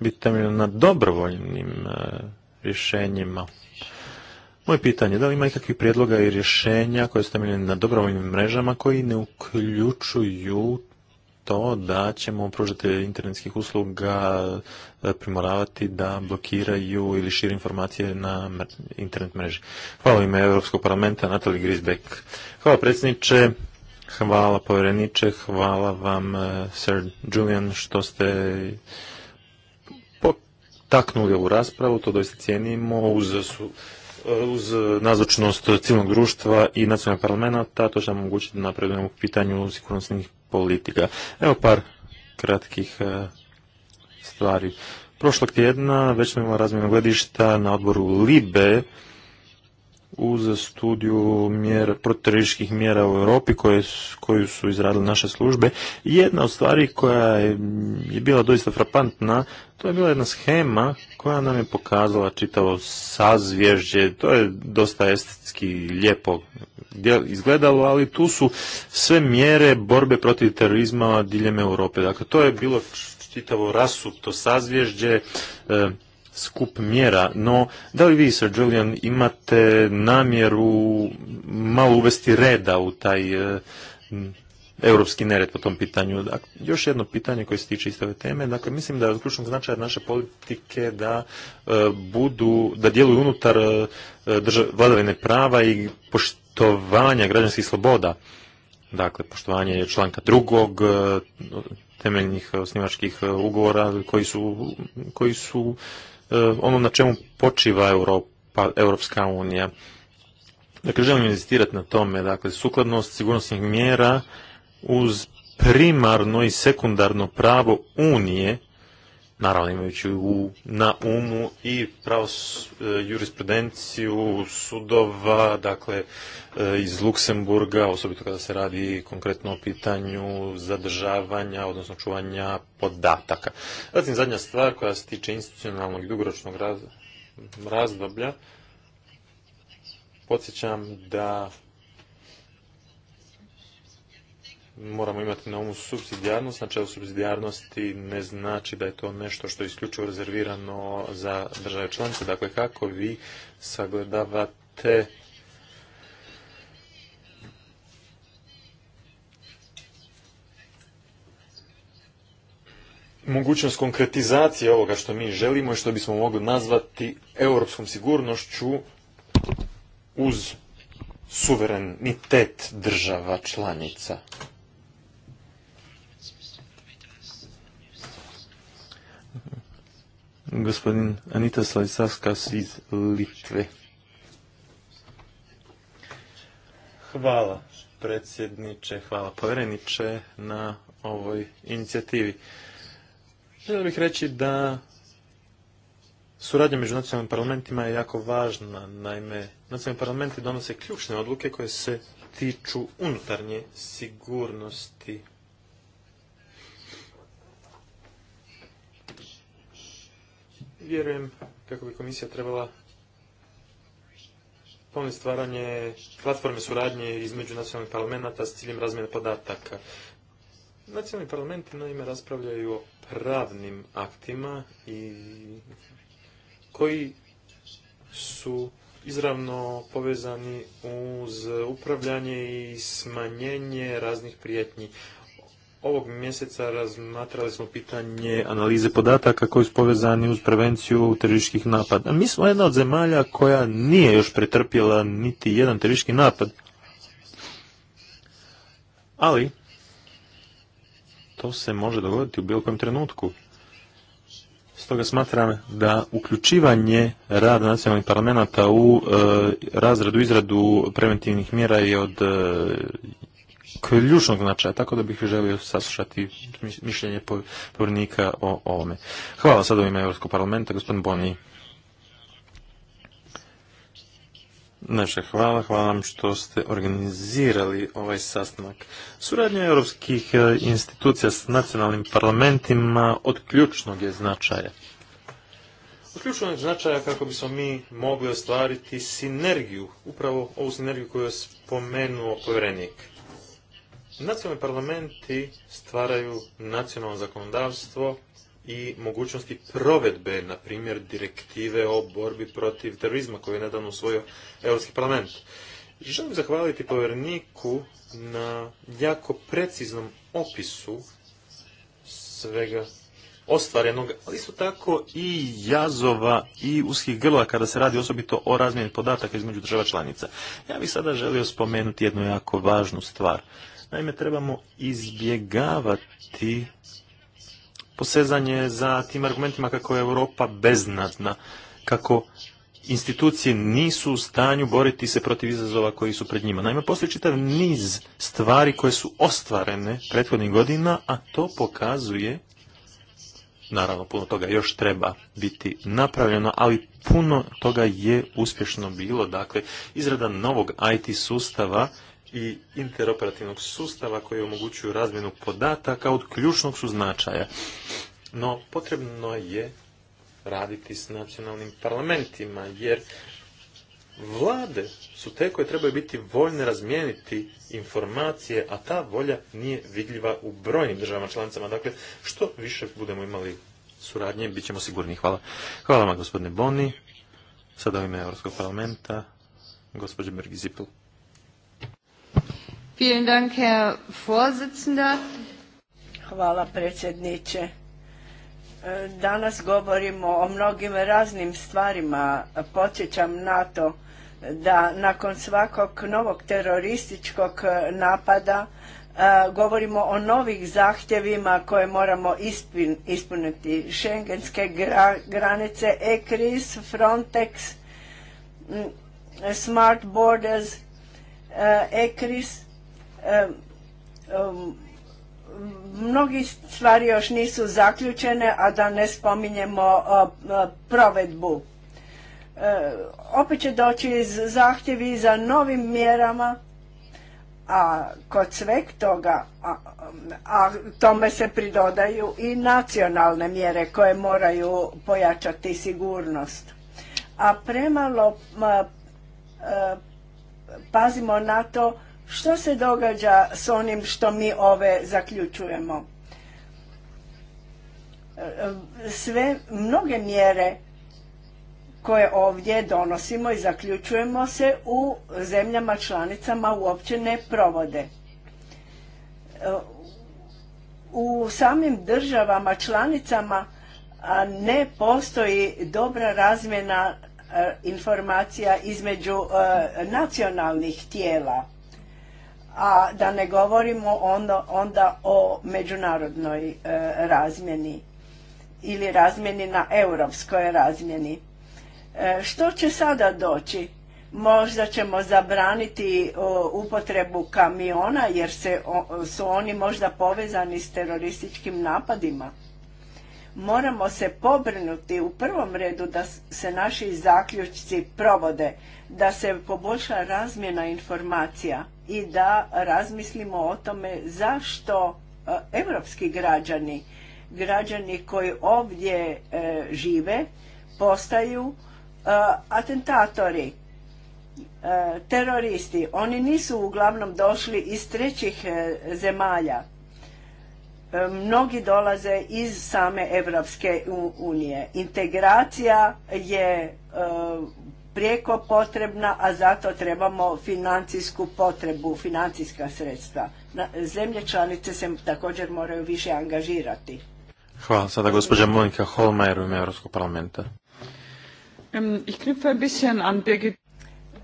biti temeljeno na dobrovoljnim e, rješenjima. Moje pitanje, da li ima ikakvih prijedloga i rješenja koje su temeljene na dobrovoljnim mrežama koji ne uključuju to da ćemo pružatelje internetskih usluga e, primoravati da blokiraju ili šire informacije na internet mreži. Hvala ime Europskog parlamenta, Natali Grisbeck. Hvala predsjedniče, hvala povjereniče, hvala vam e, Sir Julian što ste potaknuli ovu raspravu, to doista cijenimo uz uz nazočnost civilnog društva i nacionalnog parlamenta, to će nam omogućiti da napredujemo u pitanju sigurnosnih politika. Evo par kratkih e, stvari. Prošlog tjedna već smo imali razmjenu gledišta na odboru LIBE uz studiju mjer protrežiških mjera u Europi koje, koju su izradile naše službe. Jedna od stvari koja je, je bila doista frapantna, to je bila jedna schema koja nam je pokazala čitavo sazvježdje. to je dosta estetski lijepo izgledalo, ali tu su sve mjere borbe protiv terorizma diljem Europe. Dakle, to je bilo čitavo rasuto sazvježdje... E, skup mjera, no da li vi, Sir Julian, imate namjeru malo uvesti reda u taj e, europski nered po tom pitanju? još jedno pitanje koje se tiče iste ove teme, dakle mislim da je od ključnog značaja naše politike da e, budu, da djeluju unutar e, vladavine prava i poštovanja građanskih sloboda. Dakle, poštovanje članka drugog, temeljnih osnivačkih ugovora koji su, koji su E, ono na čemu počiva Europa, Europska unija. Dakle, želim investirati na tome, dakle, sukladnost sigurnosnih mjera uz primarno i sekundarno pravo Unije naravno imajući u, na umu i pravo e, jurisprudenciju sudova, dakle e, iz Luksemburga, osobito kada se radi konkretno o pitanju zadržavanja, odnosno čuvanja podataka. Zatim zadnja stvar koja se tiče institucionalnog i dugoročnog razdoblja, podsjećam da moramo imati na umu subsidijarnost. Načelo subsidijarnosti ne znači da je to nešto što je isključivo rezervirano za države članice. Dakle, kako vi sagledavate mogućnost konkretizacije ovoga što mi želimo i što bismo mogli nazvati europskom sigurnošću uz suverenitet država članica. Gospodin Anita Slavisavskas iz Litve. Hvala predsjedniče, hvala povjereniče na ovoj inicijativi. Želio bih reći da suradnja među nacionalnim parlamentima je jako važna. Naime, nacionalni parlamenti donose ključne odluke koje se tiču unutarnje sigurnosti vjerujem kako bi komisija trebala ponovno stvaranje platforme suradnje između nacionalnih parlamenta s ciljem razmjene podataka. Nacionalni parlamenti naime raspravljaju o pravnim aktima i koji su izravno povezani uz upravljanje i smanjenje raznih prijetnji. Ovog mjeseca razmatrali smo pitanje analize podataka koji su povezani uz prevenciju terorističkih napada. Mi smo jedna od zemalja koja nije još pretrpjela niti jedan teroristički napad. Ali, to se može dogoditi u bilo kojem trenutku. Stoga smatram da uključivanje rada nacionalnih parlamenta u e, razradu, izradu preventivnih mjera je od e, ključnog značaja, tako da bih želio saslušati mišljenje povjernika o ovome. Hvala sad u ime Europskog parlamenta, gospodin Boni. Najviše hvala, hvala vam što ste organizirali ovaj sastanak. Suradnja europskih e, institucija s nacionalnim parlamentima od ključnog je značaja. Od ključnog je značaja kako bismo mi mogli ostvariti sinergiju, upravo ovu sinergiju koju je spomenuo povjerenik. Nacionalni parlamenti stvaraju nacionalno zakonodavstvo i mogućnosti provedbe, na primjer, direktive o borbi protiv terorizma koju je nedavno usvojio Europski parlament. Želim zahvaliti povjerniku na jako preciznom opisu svega ostvarenog, ali isto tako i jazova i uskih grla kada se radi osobito o razmjeni podataka između država članica. Ja bih sada želio spomenuti jednu jako važnu stvar. Naime, trebamo izbjegavati posezanje za tim argumentima kako je Europa beznadna, kako institucije nisu u stanju boriti se protiv izazova koji su pred njima. Naime, postoji čitav niz stvari koje su ostvarene prethodnih godina, a to pokazuje, naravno puno toga još treba biti napravljeno, ali puno toga je uspješno bilo. Dakle, izrada novog IT sustava i interoperativnog sustava koji omogućuju razmjenu podataka od ključnog su značaja. No, potrebno je raditi s nacionalnim parlamentima, jer vlade su te koje trebaju biti voljne razmijeniti informacije, a ta volja nije vidljiva u brojnim državama članicama. Dakle, što više budemo imali suradnje, bit ćemo sigurni. Hvala. Hvala vam, gospodine Boni. Sada u ime Europskog parlamenta, gospođe Mergizipel. Hvala predsjedniče. E, danas govorimo o mnogim raznim stvarima. Podsjećam na to da nakon svakog novog terorističkog napada e, govorimo o novih zahtjevima koje moramo ispuniti. Šengenske granice, ECRIS, Frontex, Smart Borders, ECRIS, mnogi stvari još nisu zaključene, a da ne spominjemo e, e, provedbu. E, opet će doći zahtjevi za novim mjerama, a kod sveg toga, a, tome se pridodaju i nacionalne mjere koje moraju pojačati sigurnost. A premalo pazimo na to što se događa s onim što mi ove zaključujemo? E, sve, mnoge mjere koje ovdje donosimo i zaključujemo se u zemljama članicama uopće ne provode. E, u samim državama članicama ne postoji dobra razmjena e, informacija između nacionalnih tijela a da ne govorimo onda, onda o međunarodnoj e, razmjeni ili razmjeni na europskoj razmjeni. E, što će sada doći? Možda ćemo zabraniti e, upotrebu kamiona jer se, su oni možda povezani s terorističkim napadima. Moramo se pobrinuti u prvom redu da se naši zaključci provode, da se poboljša razmjena informacija i da razmislimo o tome zašto e, evropski građani, građani koji ovdje e, žive, postaju e, atentatori, teroristi. Oni nisu uglavnom došli iz trećih zemalja. Mnogi dolaze iz same Evropske unije. Integracija je prijeko potrebna, a zato trebamo financijsku potrebu, financijska sredstva. Zemlje članice se također moraju više angažirati. Hvala. Sada gospođa Monika Holmajer u Europskog parlamenta.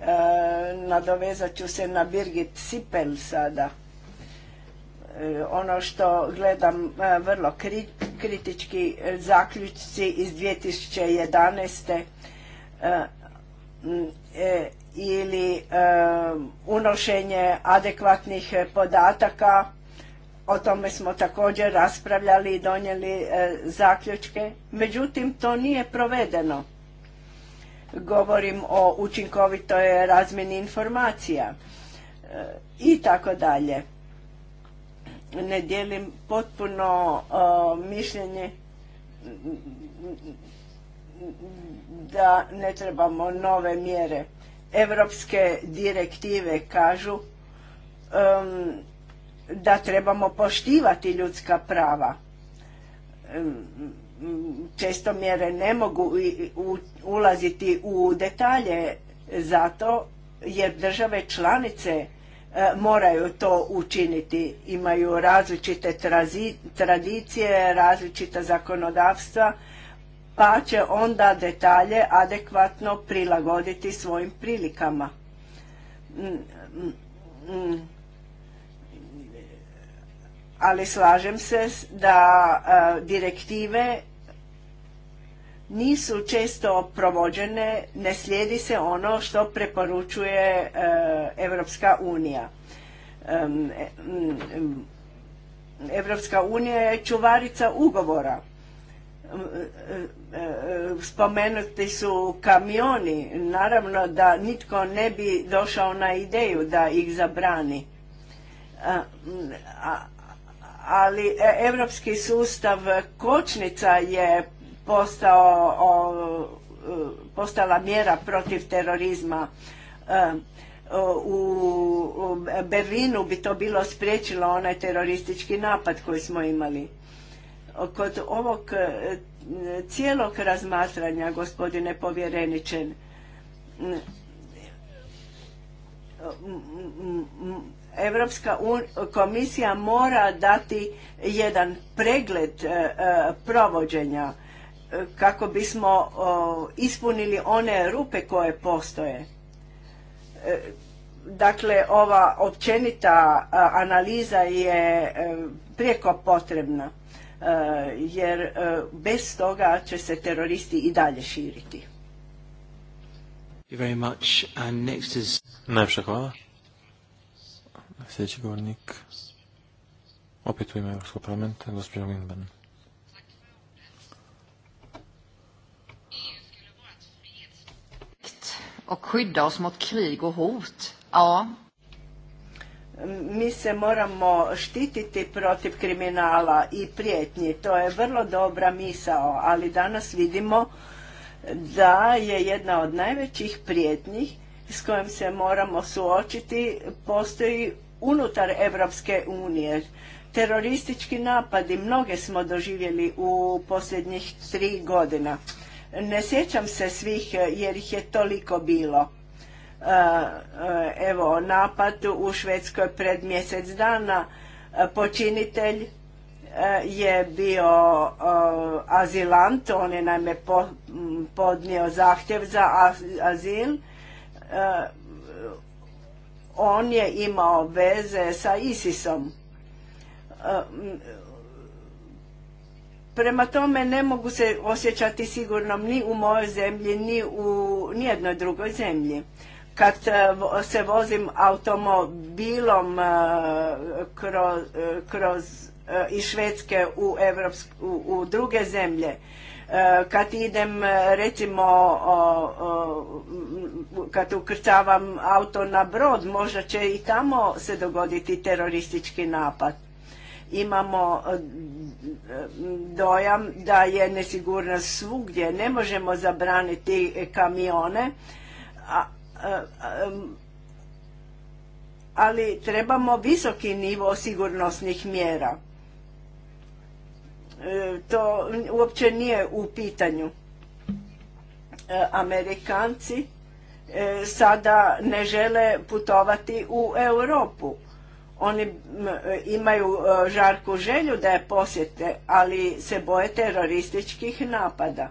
E, nadovezat ću se na Birgit Sipel sada. E, ono što gledam e, vrlo kritički zaključci iz 2011. E, ili e, unošenje adekvatnih podataka o tome smo također raspravljali i donijeli e, zaključke međutim to nije provedeno govorim o učinkovitoj razmjeni informacija i tako dalje ne dijelim potpuno mišljenje da ne trebamo nove mjere. Europske direktive kažu da trebamo poštivati ljudska prava. često mjere ne mogu ulaziti u detalje zato jer države članice e, moraju to učiniti. Imaju različite tradicije, različita zakonodavstva pa će onda detalje adekvatno prilagoditi svojim prilikama. Ali slažem se da e, direktive nisu često provođene, ne slijedi se ono što preporučuje Europska unija. Europska e, unija je čuvarica ugovora spomenuti su kamioni. Naravno da nitko ne bi došao na ideju da ih zabrani. Ali evropski sustav kočnica je postao, postala mjera protiv terorizma. U Berlinu bi to bilo spriječilo onaj teroristički napad koji smo imali Kod ovog e, cijelog razmatranja, gospodine povjereničen, Europska komisija mora dati jedan pregled e, e, provođenja kako bismo ispunili one rupe koje postoje. dakle, ova općenita analiza je prijeko potrebna. Eh, jer eh, bez toga će se teroristi i dalje širiti. Is... Najpša hvala. Sljedeći govornik, opet u ime Evropskog parlamenta, gospođa Lindban. och skydda oss mot krig och hot. Ja, mi se moramo štititi protiv kriminala i prijetnji. To je vrlo dobra misao, ali danas vidimo da je jedna od najvećih prijetnji s kojom se moramo suočiti postoji unutar Evropske unije. Teroristički napadi, mnoge smo doživjeli u posljednjih tri godina. Ne sjećam se svih jer ih je toliko bilo Eh, evo napad u Švedskoj pred mjesec dana eh, počinitelj eh, je bio azilant, on je naime podnio zahtjev za azil. On je imao veze sa ISISom. Prema tome ne mogu se osjećati sigurno ni u mojoj zemlji, ni u nijednoj drugoj zemlji kad e, se vozim automobilom e, e, kroz, kroz iz Švedske u, Evropsk, u, druge zemlje, kad idem recimo kad ukrcavam auto na brod možda će i tamo se dogoditi teroristički napad imamo dojam da je nesigurnost svugdje ne možemo zabraniti kamione ali trebamo visoki nivo sigurnosnih mjera. E, to uopće nije u pitanju. E, Amerikanci e, sada ne žele putovati u Europu. Oni imaju žarku želju da je posjete, ali se boje terorističkih napada.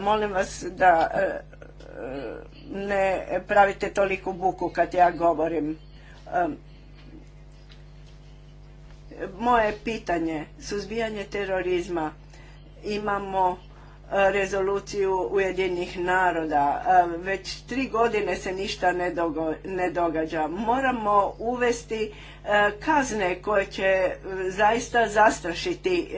Molim vas da ne pravite toliku buku kad ja govorim. Moje pitanje, suzbijanje terorizma, imamo e, rezoluciju Ujedinjenih naroda. E, već tri godine se ništa ne, događa. Moramo uvesti e, kazne koje će zaista zastrašiti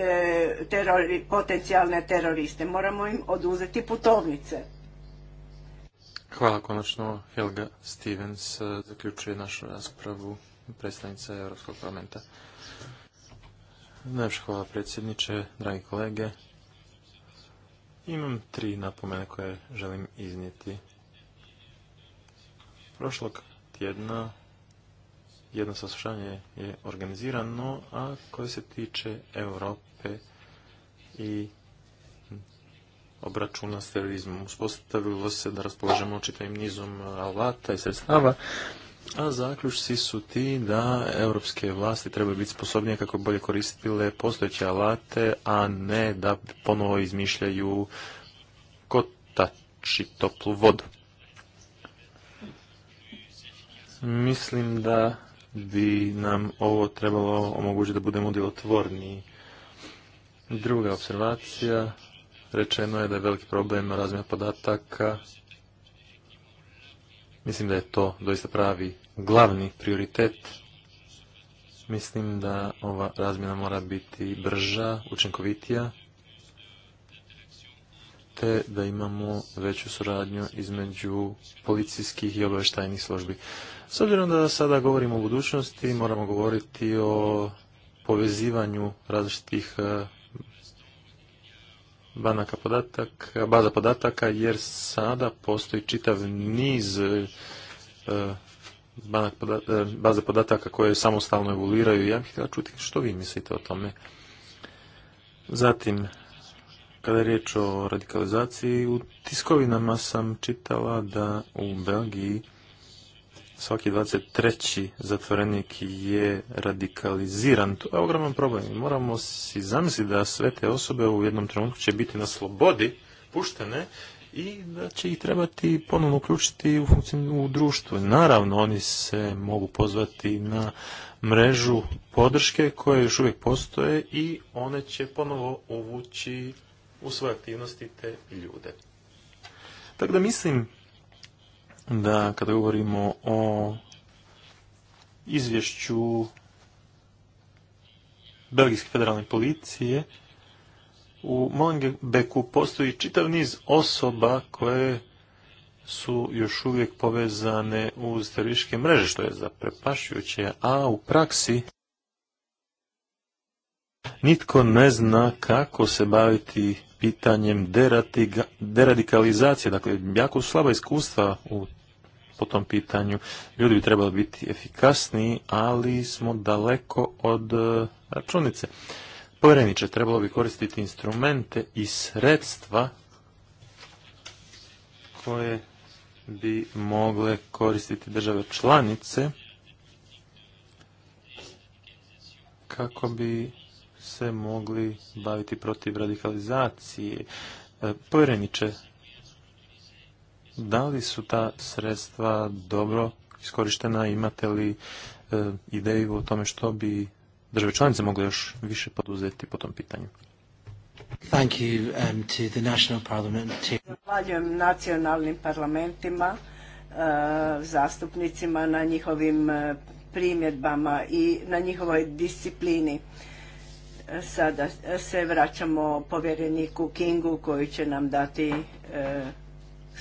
potencijalne teroriste. Moramo im oduzeti putovnice. Hvala konačno. Helga Stevens eh, zaključuje našu raspravu predstavnica Europskog parlamenta. Najviše hvala predsjedniče, dragi kolege. Imam tri napomene koje želim iznijeti. Prošlog tjedna jedno saslušanje je organizirano, a koje se tiče Europe i obračuna s terorizmom. Uspostavilo se da raspolažemo čitavim nizom eh, alata i sredstava, a zaključci su ti da europske vlasti trebaju biti sposobnije kako bolje koristile postojeće alate, a ne da ponovo izmišljaju kotači toplu vodu. Mislim da bi nam ovo trebalo omogućiti da budemo djelotvorniji. Druga observacija rečeno je da je veliki problem razmjena podataka. Mislim da je to doista pravi glavni prioritet. Mislim da ova razmjena mora biti brža, učinkovitija, te da imamo veću suradnju između policijskih i obavještajnih službi. S obzirom da sada govorimo o budućnosti, moramo govoriti o povezivanju različitih eh, banaka podataka, baza podataka jer sada postoji čitav niz e, e, baza podataka koje samostalno evoluiraju. Ja bih htjela čuti što vi mislite o tome. Zatim, kada je riječ o radikalizaciji, u tiskovinama sam čitala da u Belgiji svaki 23. zatvorenik je radikaliziran. To je ogroman problem. Moramo si zamisliti da sve te osobe u jednom trenutku će biti na slobodi, puštene, i da će ih trebati ponovno uključiti u, u društvu. Naravno, oni se mogu pozvati na mrežu podrške koje još uvijek postoje i one će ponovo uvući u svoje aktivnosti te ljude. Tako da mislim da kada govorimo o izvješću Belgijske federalne policije, u Molenbeku postoji čitav niz osoba koje su još uvijek povezane uz terorističke mreže, što je zaprepašujuće, a u praksi nitko ne zna kako se baviti pitanjem deradikalizacije. Dakle, jako slaba iskustva u po tom pitanju. Ljudi bi trebali biti efikasniji, ali smo daleko od e, računice. Povjereniče, trebalo bi koristiti instrumente i sredstva koje bi mogle koristiti države članice kako bi se mogli baviti protiv radikalizacije. E, povjereniče, da li su ta sredstva dobro iskorištena, imate li e, ideju o tome što bi države članice mogle još više poduzeti po tom pitanju? Thank um, Zahvaljujem nacionalnim parlamentima, e, zastupnicima na njihovim e, primjedbama i na njihovoj disciplini. Sada se vraćamo povjereniku Kingu koji će nam dati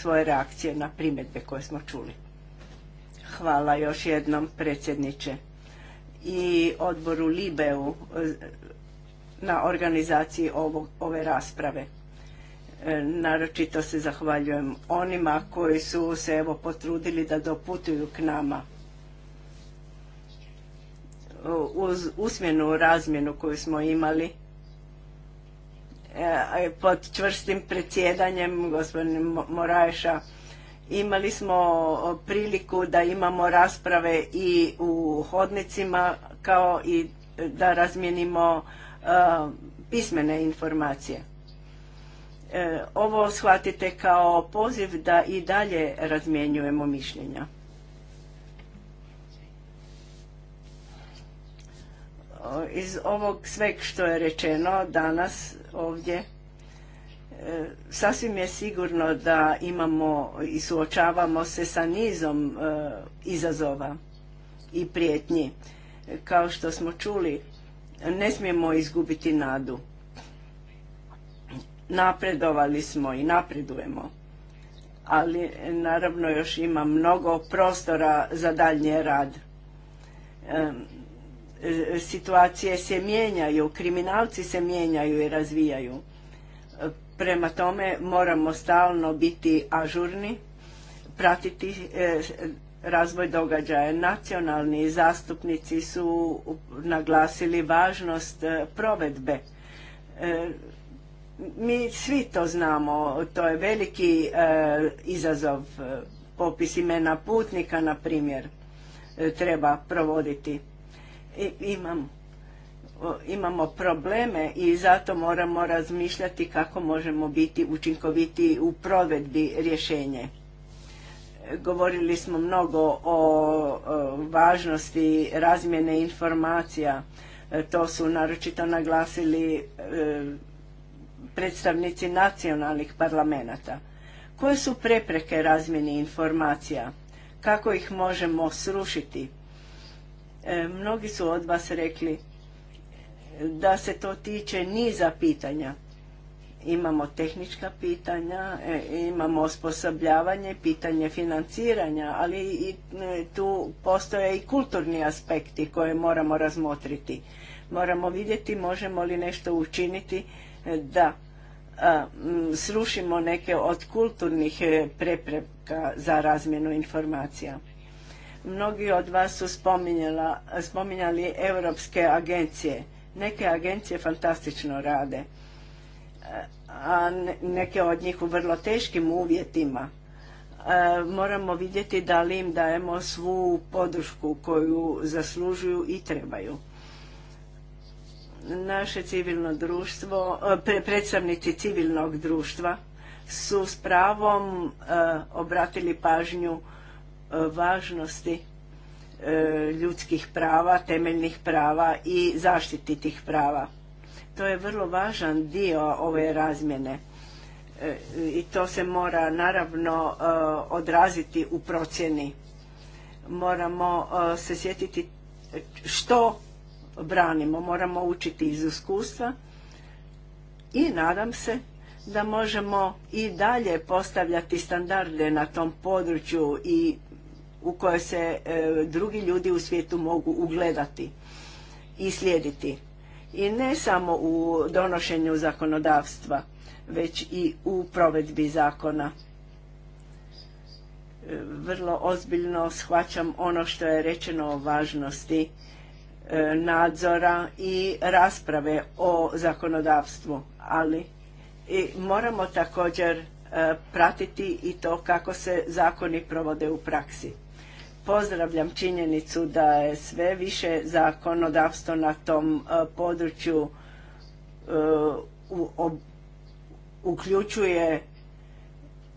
svoje reakcije na primjedbe koje smo čuli. Hvala još jednom predsjedniče i odboru Libeu eh, na organizaciji ove rasprave. Eh, naročito se zahvaljujem onima koji su se evo potrudili da doputuju k nama eh, uz usmjenu razmjenu koju smo imali E, pod čvrstim predsjedanjem gospodine Moraješa imali smo priliku da imamo rasprave i u hodnicima kao i da razmijenimo e, pismene informacije. E, ovo shvatite kao poziv da i dalje razmjenjujemo mišljenja. Iz ovog sveg što je rečeno danas ovdje. E, sasvim je sigurno da imamo i suočavamo se sa nizom e, izazova i prijetnji. Kao što smo čuli, ne smijemo izgubiti nadu. Napredovali smo i napredujemo, ali naravno još ima mnogo prostora za daljnji rad. E, situacije se mijenjaju, kriminalci se mijenjaju i razvijaju. Prema tome moramo stalno biti ažurni, pratiti e, razvoj događaja. Nacionalni zastupnici su naglasili važnost e, provedbe. E, mi svi to znamo, to je veliki izazov, popis imena putnika, na primjer, treba provoditi imamo probleme i zato moramo razmišljati kako možemo biti učinkoviti u provedbi rješenje. Govorili smo mnogo o, važnosti razmjene informacija, e, to su naročito naglasili e, predstavnici nacionalnih parlamenta. Koje su prepreke razmjeni informacija? Kako ih možemo srušiti? E, mnogi su od vas rekli e, da se to tiče niza pitanja. Imamo tehnička pitanja, e, imamo osposobljavanje, pitanje financiranja, ali i tu postoje i kulturni aspekti koje moramo razmotriti. Moramo vidjeti možemo li nešto učiniti da srušimo neke od kulturnih prepreka za razmjenu informacija. Mnogi od vas su spominjali europske agencije. Neke agencije fantastično rade, a neke od njih u vrlo teškim uvjetima. E, moramo vidjeti da li im dajemo svu podršku koju zaslužuju i trebaju naše civilno društvo, e, predstavnici civilnog društva su s pravom e, obratili pažnju E, važnosti e, ljudskih prava, temeljnih prava i zaštiti tih prava. To je vrlo važan dio ove razmjene e, i to se mora naravno odraziti u procjeni. Moramo se sjetiti što branimo, moramo učiti iz iskustva i nadam se da možemo i dalje postavljati standarde na tom području i u kojoj se e, drugi ljudi u svijetu mogu ugledati i slijediti. I ne samo u donošenju zakonodavstva, već i u provedbi zakona. E, vrlo ozbiljno shvaćam ono što je rečeno o važnosti e, nadzora i rasprave o zakonodavstvu, ali i moramo također pratiti i to kako se zakoni provode u praksi. Pozdravljam činjenicu da je sve više zakonodavstvo na tom e, području e, uključuje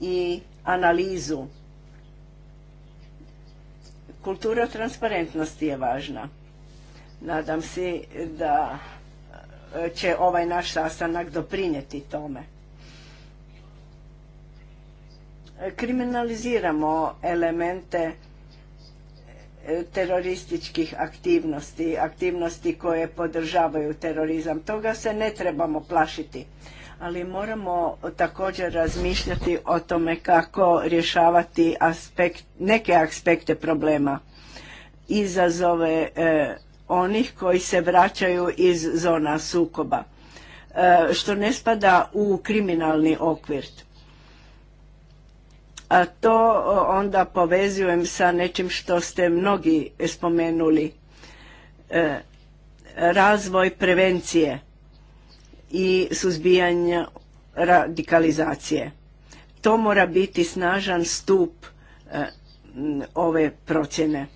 i analizu. Kultura transparentnosti je važna. Nadam se da e, će ovaj naš sastanak doprinijeti tome. Kriminaliziramo elemente terorističkih aktivnosti, aktivnosti koje podržavaju terorizam. Toga se ne trebamo plašiti, ali moramo također razmišljati o tome kako rješavati aspekt, neke aspekte problema. Izazove e, onih koji se vraćaju iz zona sukoba, e, što ne spada u kriminalni okvir a to onda povezujem sa nečim što ste mnogi spomenuli. E, razvoj prevencije i suzbijanje radikalizacije. To mora biti snažan stup e, ove procjene.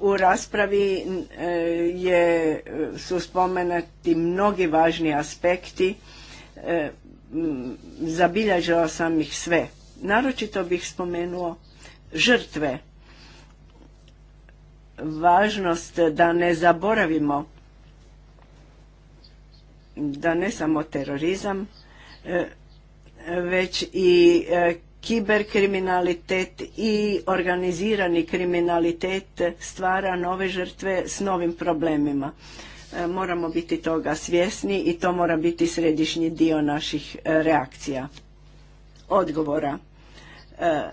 U raspravi e, je, su spomenuti mnogi važni aspekti. Zabilježila sam ih sve Naročito bih spomenuo žrtve. Važnost da ne zaboravimo da ne samo terorizam, e, već i e, kiberkriminalitet i organizirani kriminalitet stvara nove žrtve s novim problemima. E, moramo biti toga svjesni i to mora biti središnji dio naših reakcija, odgovora. E,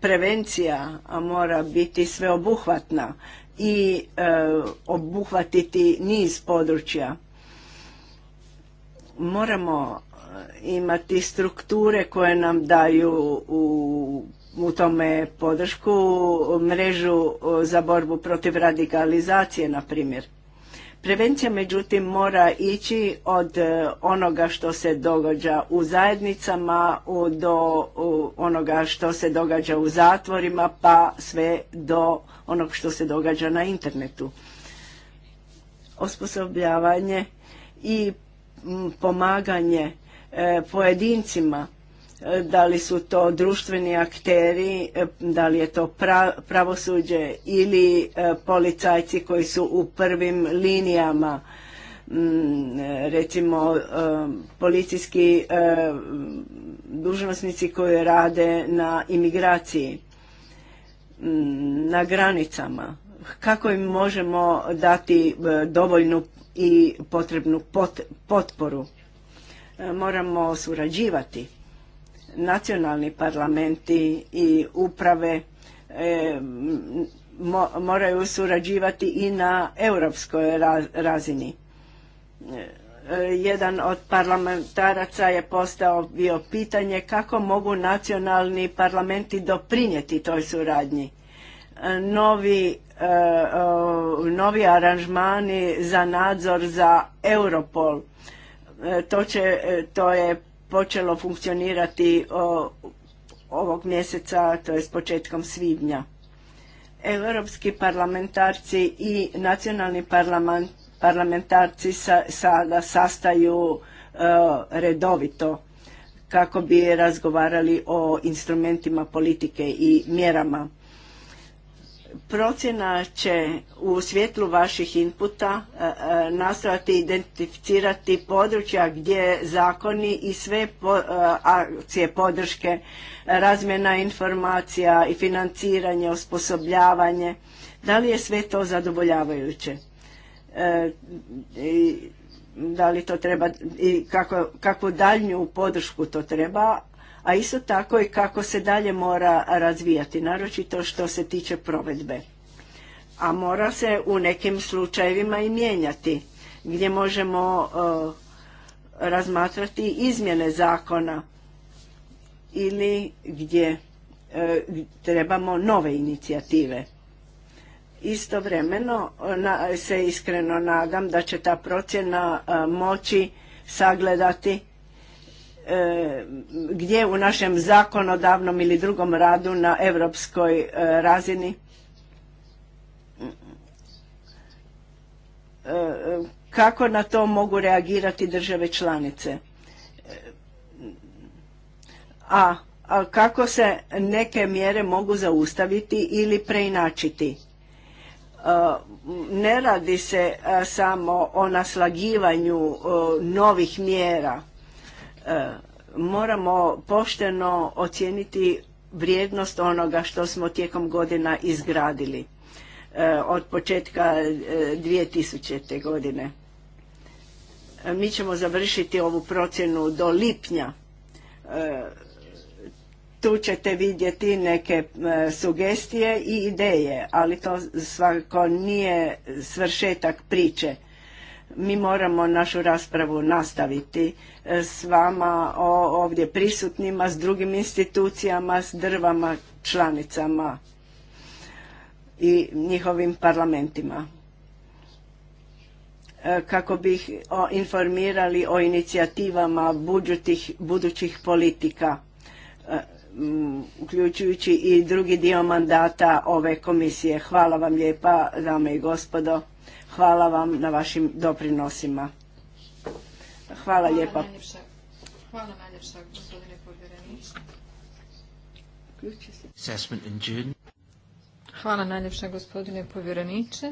prevencija mora biti sveobuhvatna i e, obuhvatiti niz područja. Moramo e, imati strukture koje nam daju u, u tome podršku mrežu za borbu protiv radikalizacije, na primjer. Prevencija međutim mora ići od e, onoga što se događa u zajednicama do onoga što se događa u zatvorima pa sve do onog što se događa na internetu. Osposobljavanje i pomaganje e, pojedincima E, da li su to društveni akteri, e, da li je to pravosuđe ili e, policajci koji su u prvim linijama mm, recimo policijski dužnosnici koji rade na imigraciji mm, na granicama kako im možemo dati dovoljnu i potrebnu potporu moramo surađivati nacionalni parlamenti i uprave e, moraju surađivati i na europskoj razini. E, jedan od parlamentaraca je postao bio pitanje kako mogu nacionalni parlamenti doprinijeti toj suradnji. E, novi, novi aranžmani za nadzor za Europol to, će, to je počelo funkcionirati ovog mjeseca, to je s početkom svibnja. Europski parlamentarci i nacionalni parlamentarci sada sastaju e, redovito kako bi razgovarali o instrumentima politike i mjerama. Procjena će u svjetlu vaših inputa e, e, nastojati identificirati područja gdje zakoni i sve e, akcije podrške, razmjena informacija i financiranje, osposobljavanje, da li je sve to zadovoljavajuće? Da li to treba i kako, kakvu daljnju podršku to treba, a isto tako i kako se dalje mora razvijati, naročito što se tiče provedbe. A mora se u nekim slučajevima i mijenjati, gdje možemo e, razmatrati izmjene zakona ili gdje e, trebamo nove inicijative. Istovremeno e, se iskreno nadam da će ta procjena moći sagledati E, gdje u našem zakonodavnom ili drugom radu na europskoj e, razini e, kako na to mogu reagirati države članice a kako se neke mjere mogu zaustaviti ili preinačiti ne radi se samo o naslagivanju novih mjera E, moramo pošteno ocijeniti vrijednost onoga što smo tijekom godina izgradili e, od početka 2000. E, godine. Mi ćemo završiti ovu procjenu do lipnja. Tu ćete vidjeti neke sugestije i ideje, ali to svakako nije svršetak priče mi moramo našu raspravu nastaviti e, s vama ovdje prisutnima, s drugim institucijama, s drvama, članicama i njihovim parlamentima e, kako bih informirali o inicijativama budućih, budućih politika e, uključujući i drugi dio mandata ove komisije. Hvala vam lijepa, dame i gospodo. Hvala vam na vašim doprinosima. Hvala lijepa. Hvala najljepša, gospodine povjereniče. Hvala najljepša, gospodine povjereniče.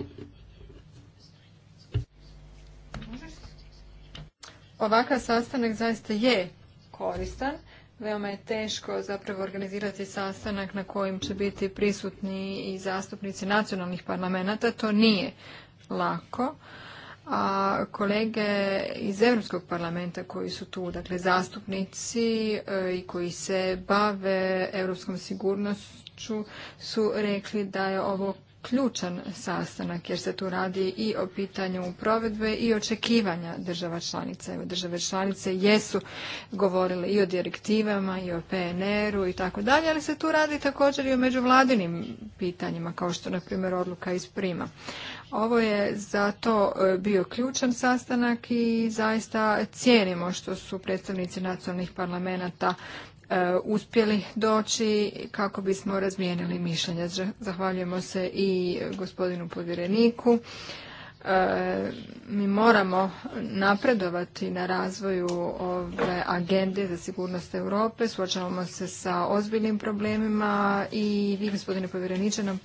Ovakav sastanak zaista je koristan. Veoma je teško zapravo organizirati sastanak na kojim će biti prisutni i zastupnici nacionalnih parlamenta. To nije lako, a kolege iz Europskog parlamenta koji su tu, dakle zastupnici e, i koji se bave europskom sigurnošću su rekli da je ovo ključan sastanak jer se tu radi i o pitanju provedbe i očekivanja država članica. Evo, države članice jesu govorile i o direktivama i o PNR-u i tako dalje, ali se tu radi također i o međuvladinim pitanjima kao što na primjer odluka iz Prima. Ovo je to e, bio ključan sastanak i zaista cijenimo što su predstavnici nacionalnih parlamenta e, uspjeli doći kako bismo razmijenili mišljenja. Zahvaljujemo se i gospodinu povjereniku. E, mi moramo napredovati na razvoju ove agende za sigurnost Europe, suočavamo se sa ozbiljnim problemima i vi gospodine povjereniče nam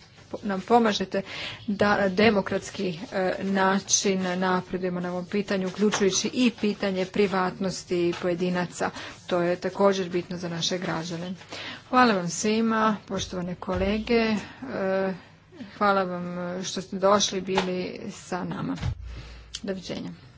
nam pomažete da demokratski e, način napredujemo na ovom pitanju, uključujući i pitanje privatnosti pojedinaca. To je također bitno za naše građane. Hvala vam svima, poštovane kolege. E, hvala vam što ste došli bili sa nama. Doviđenja.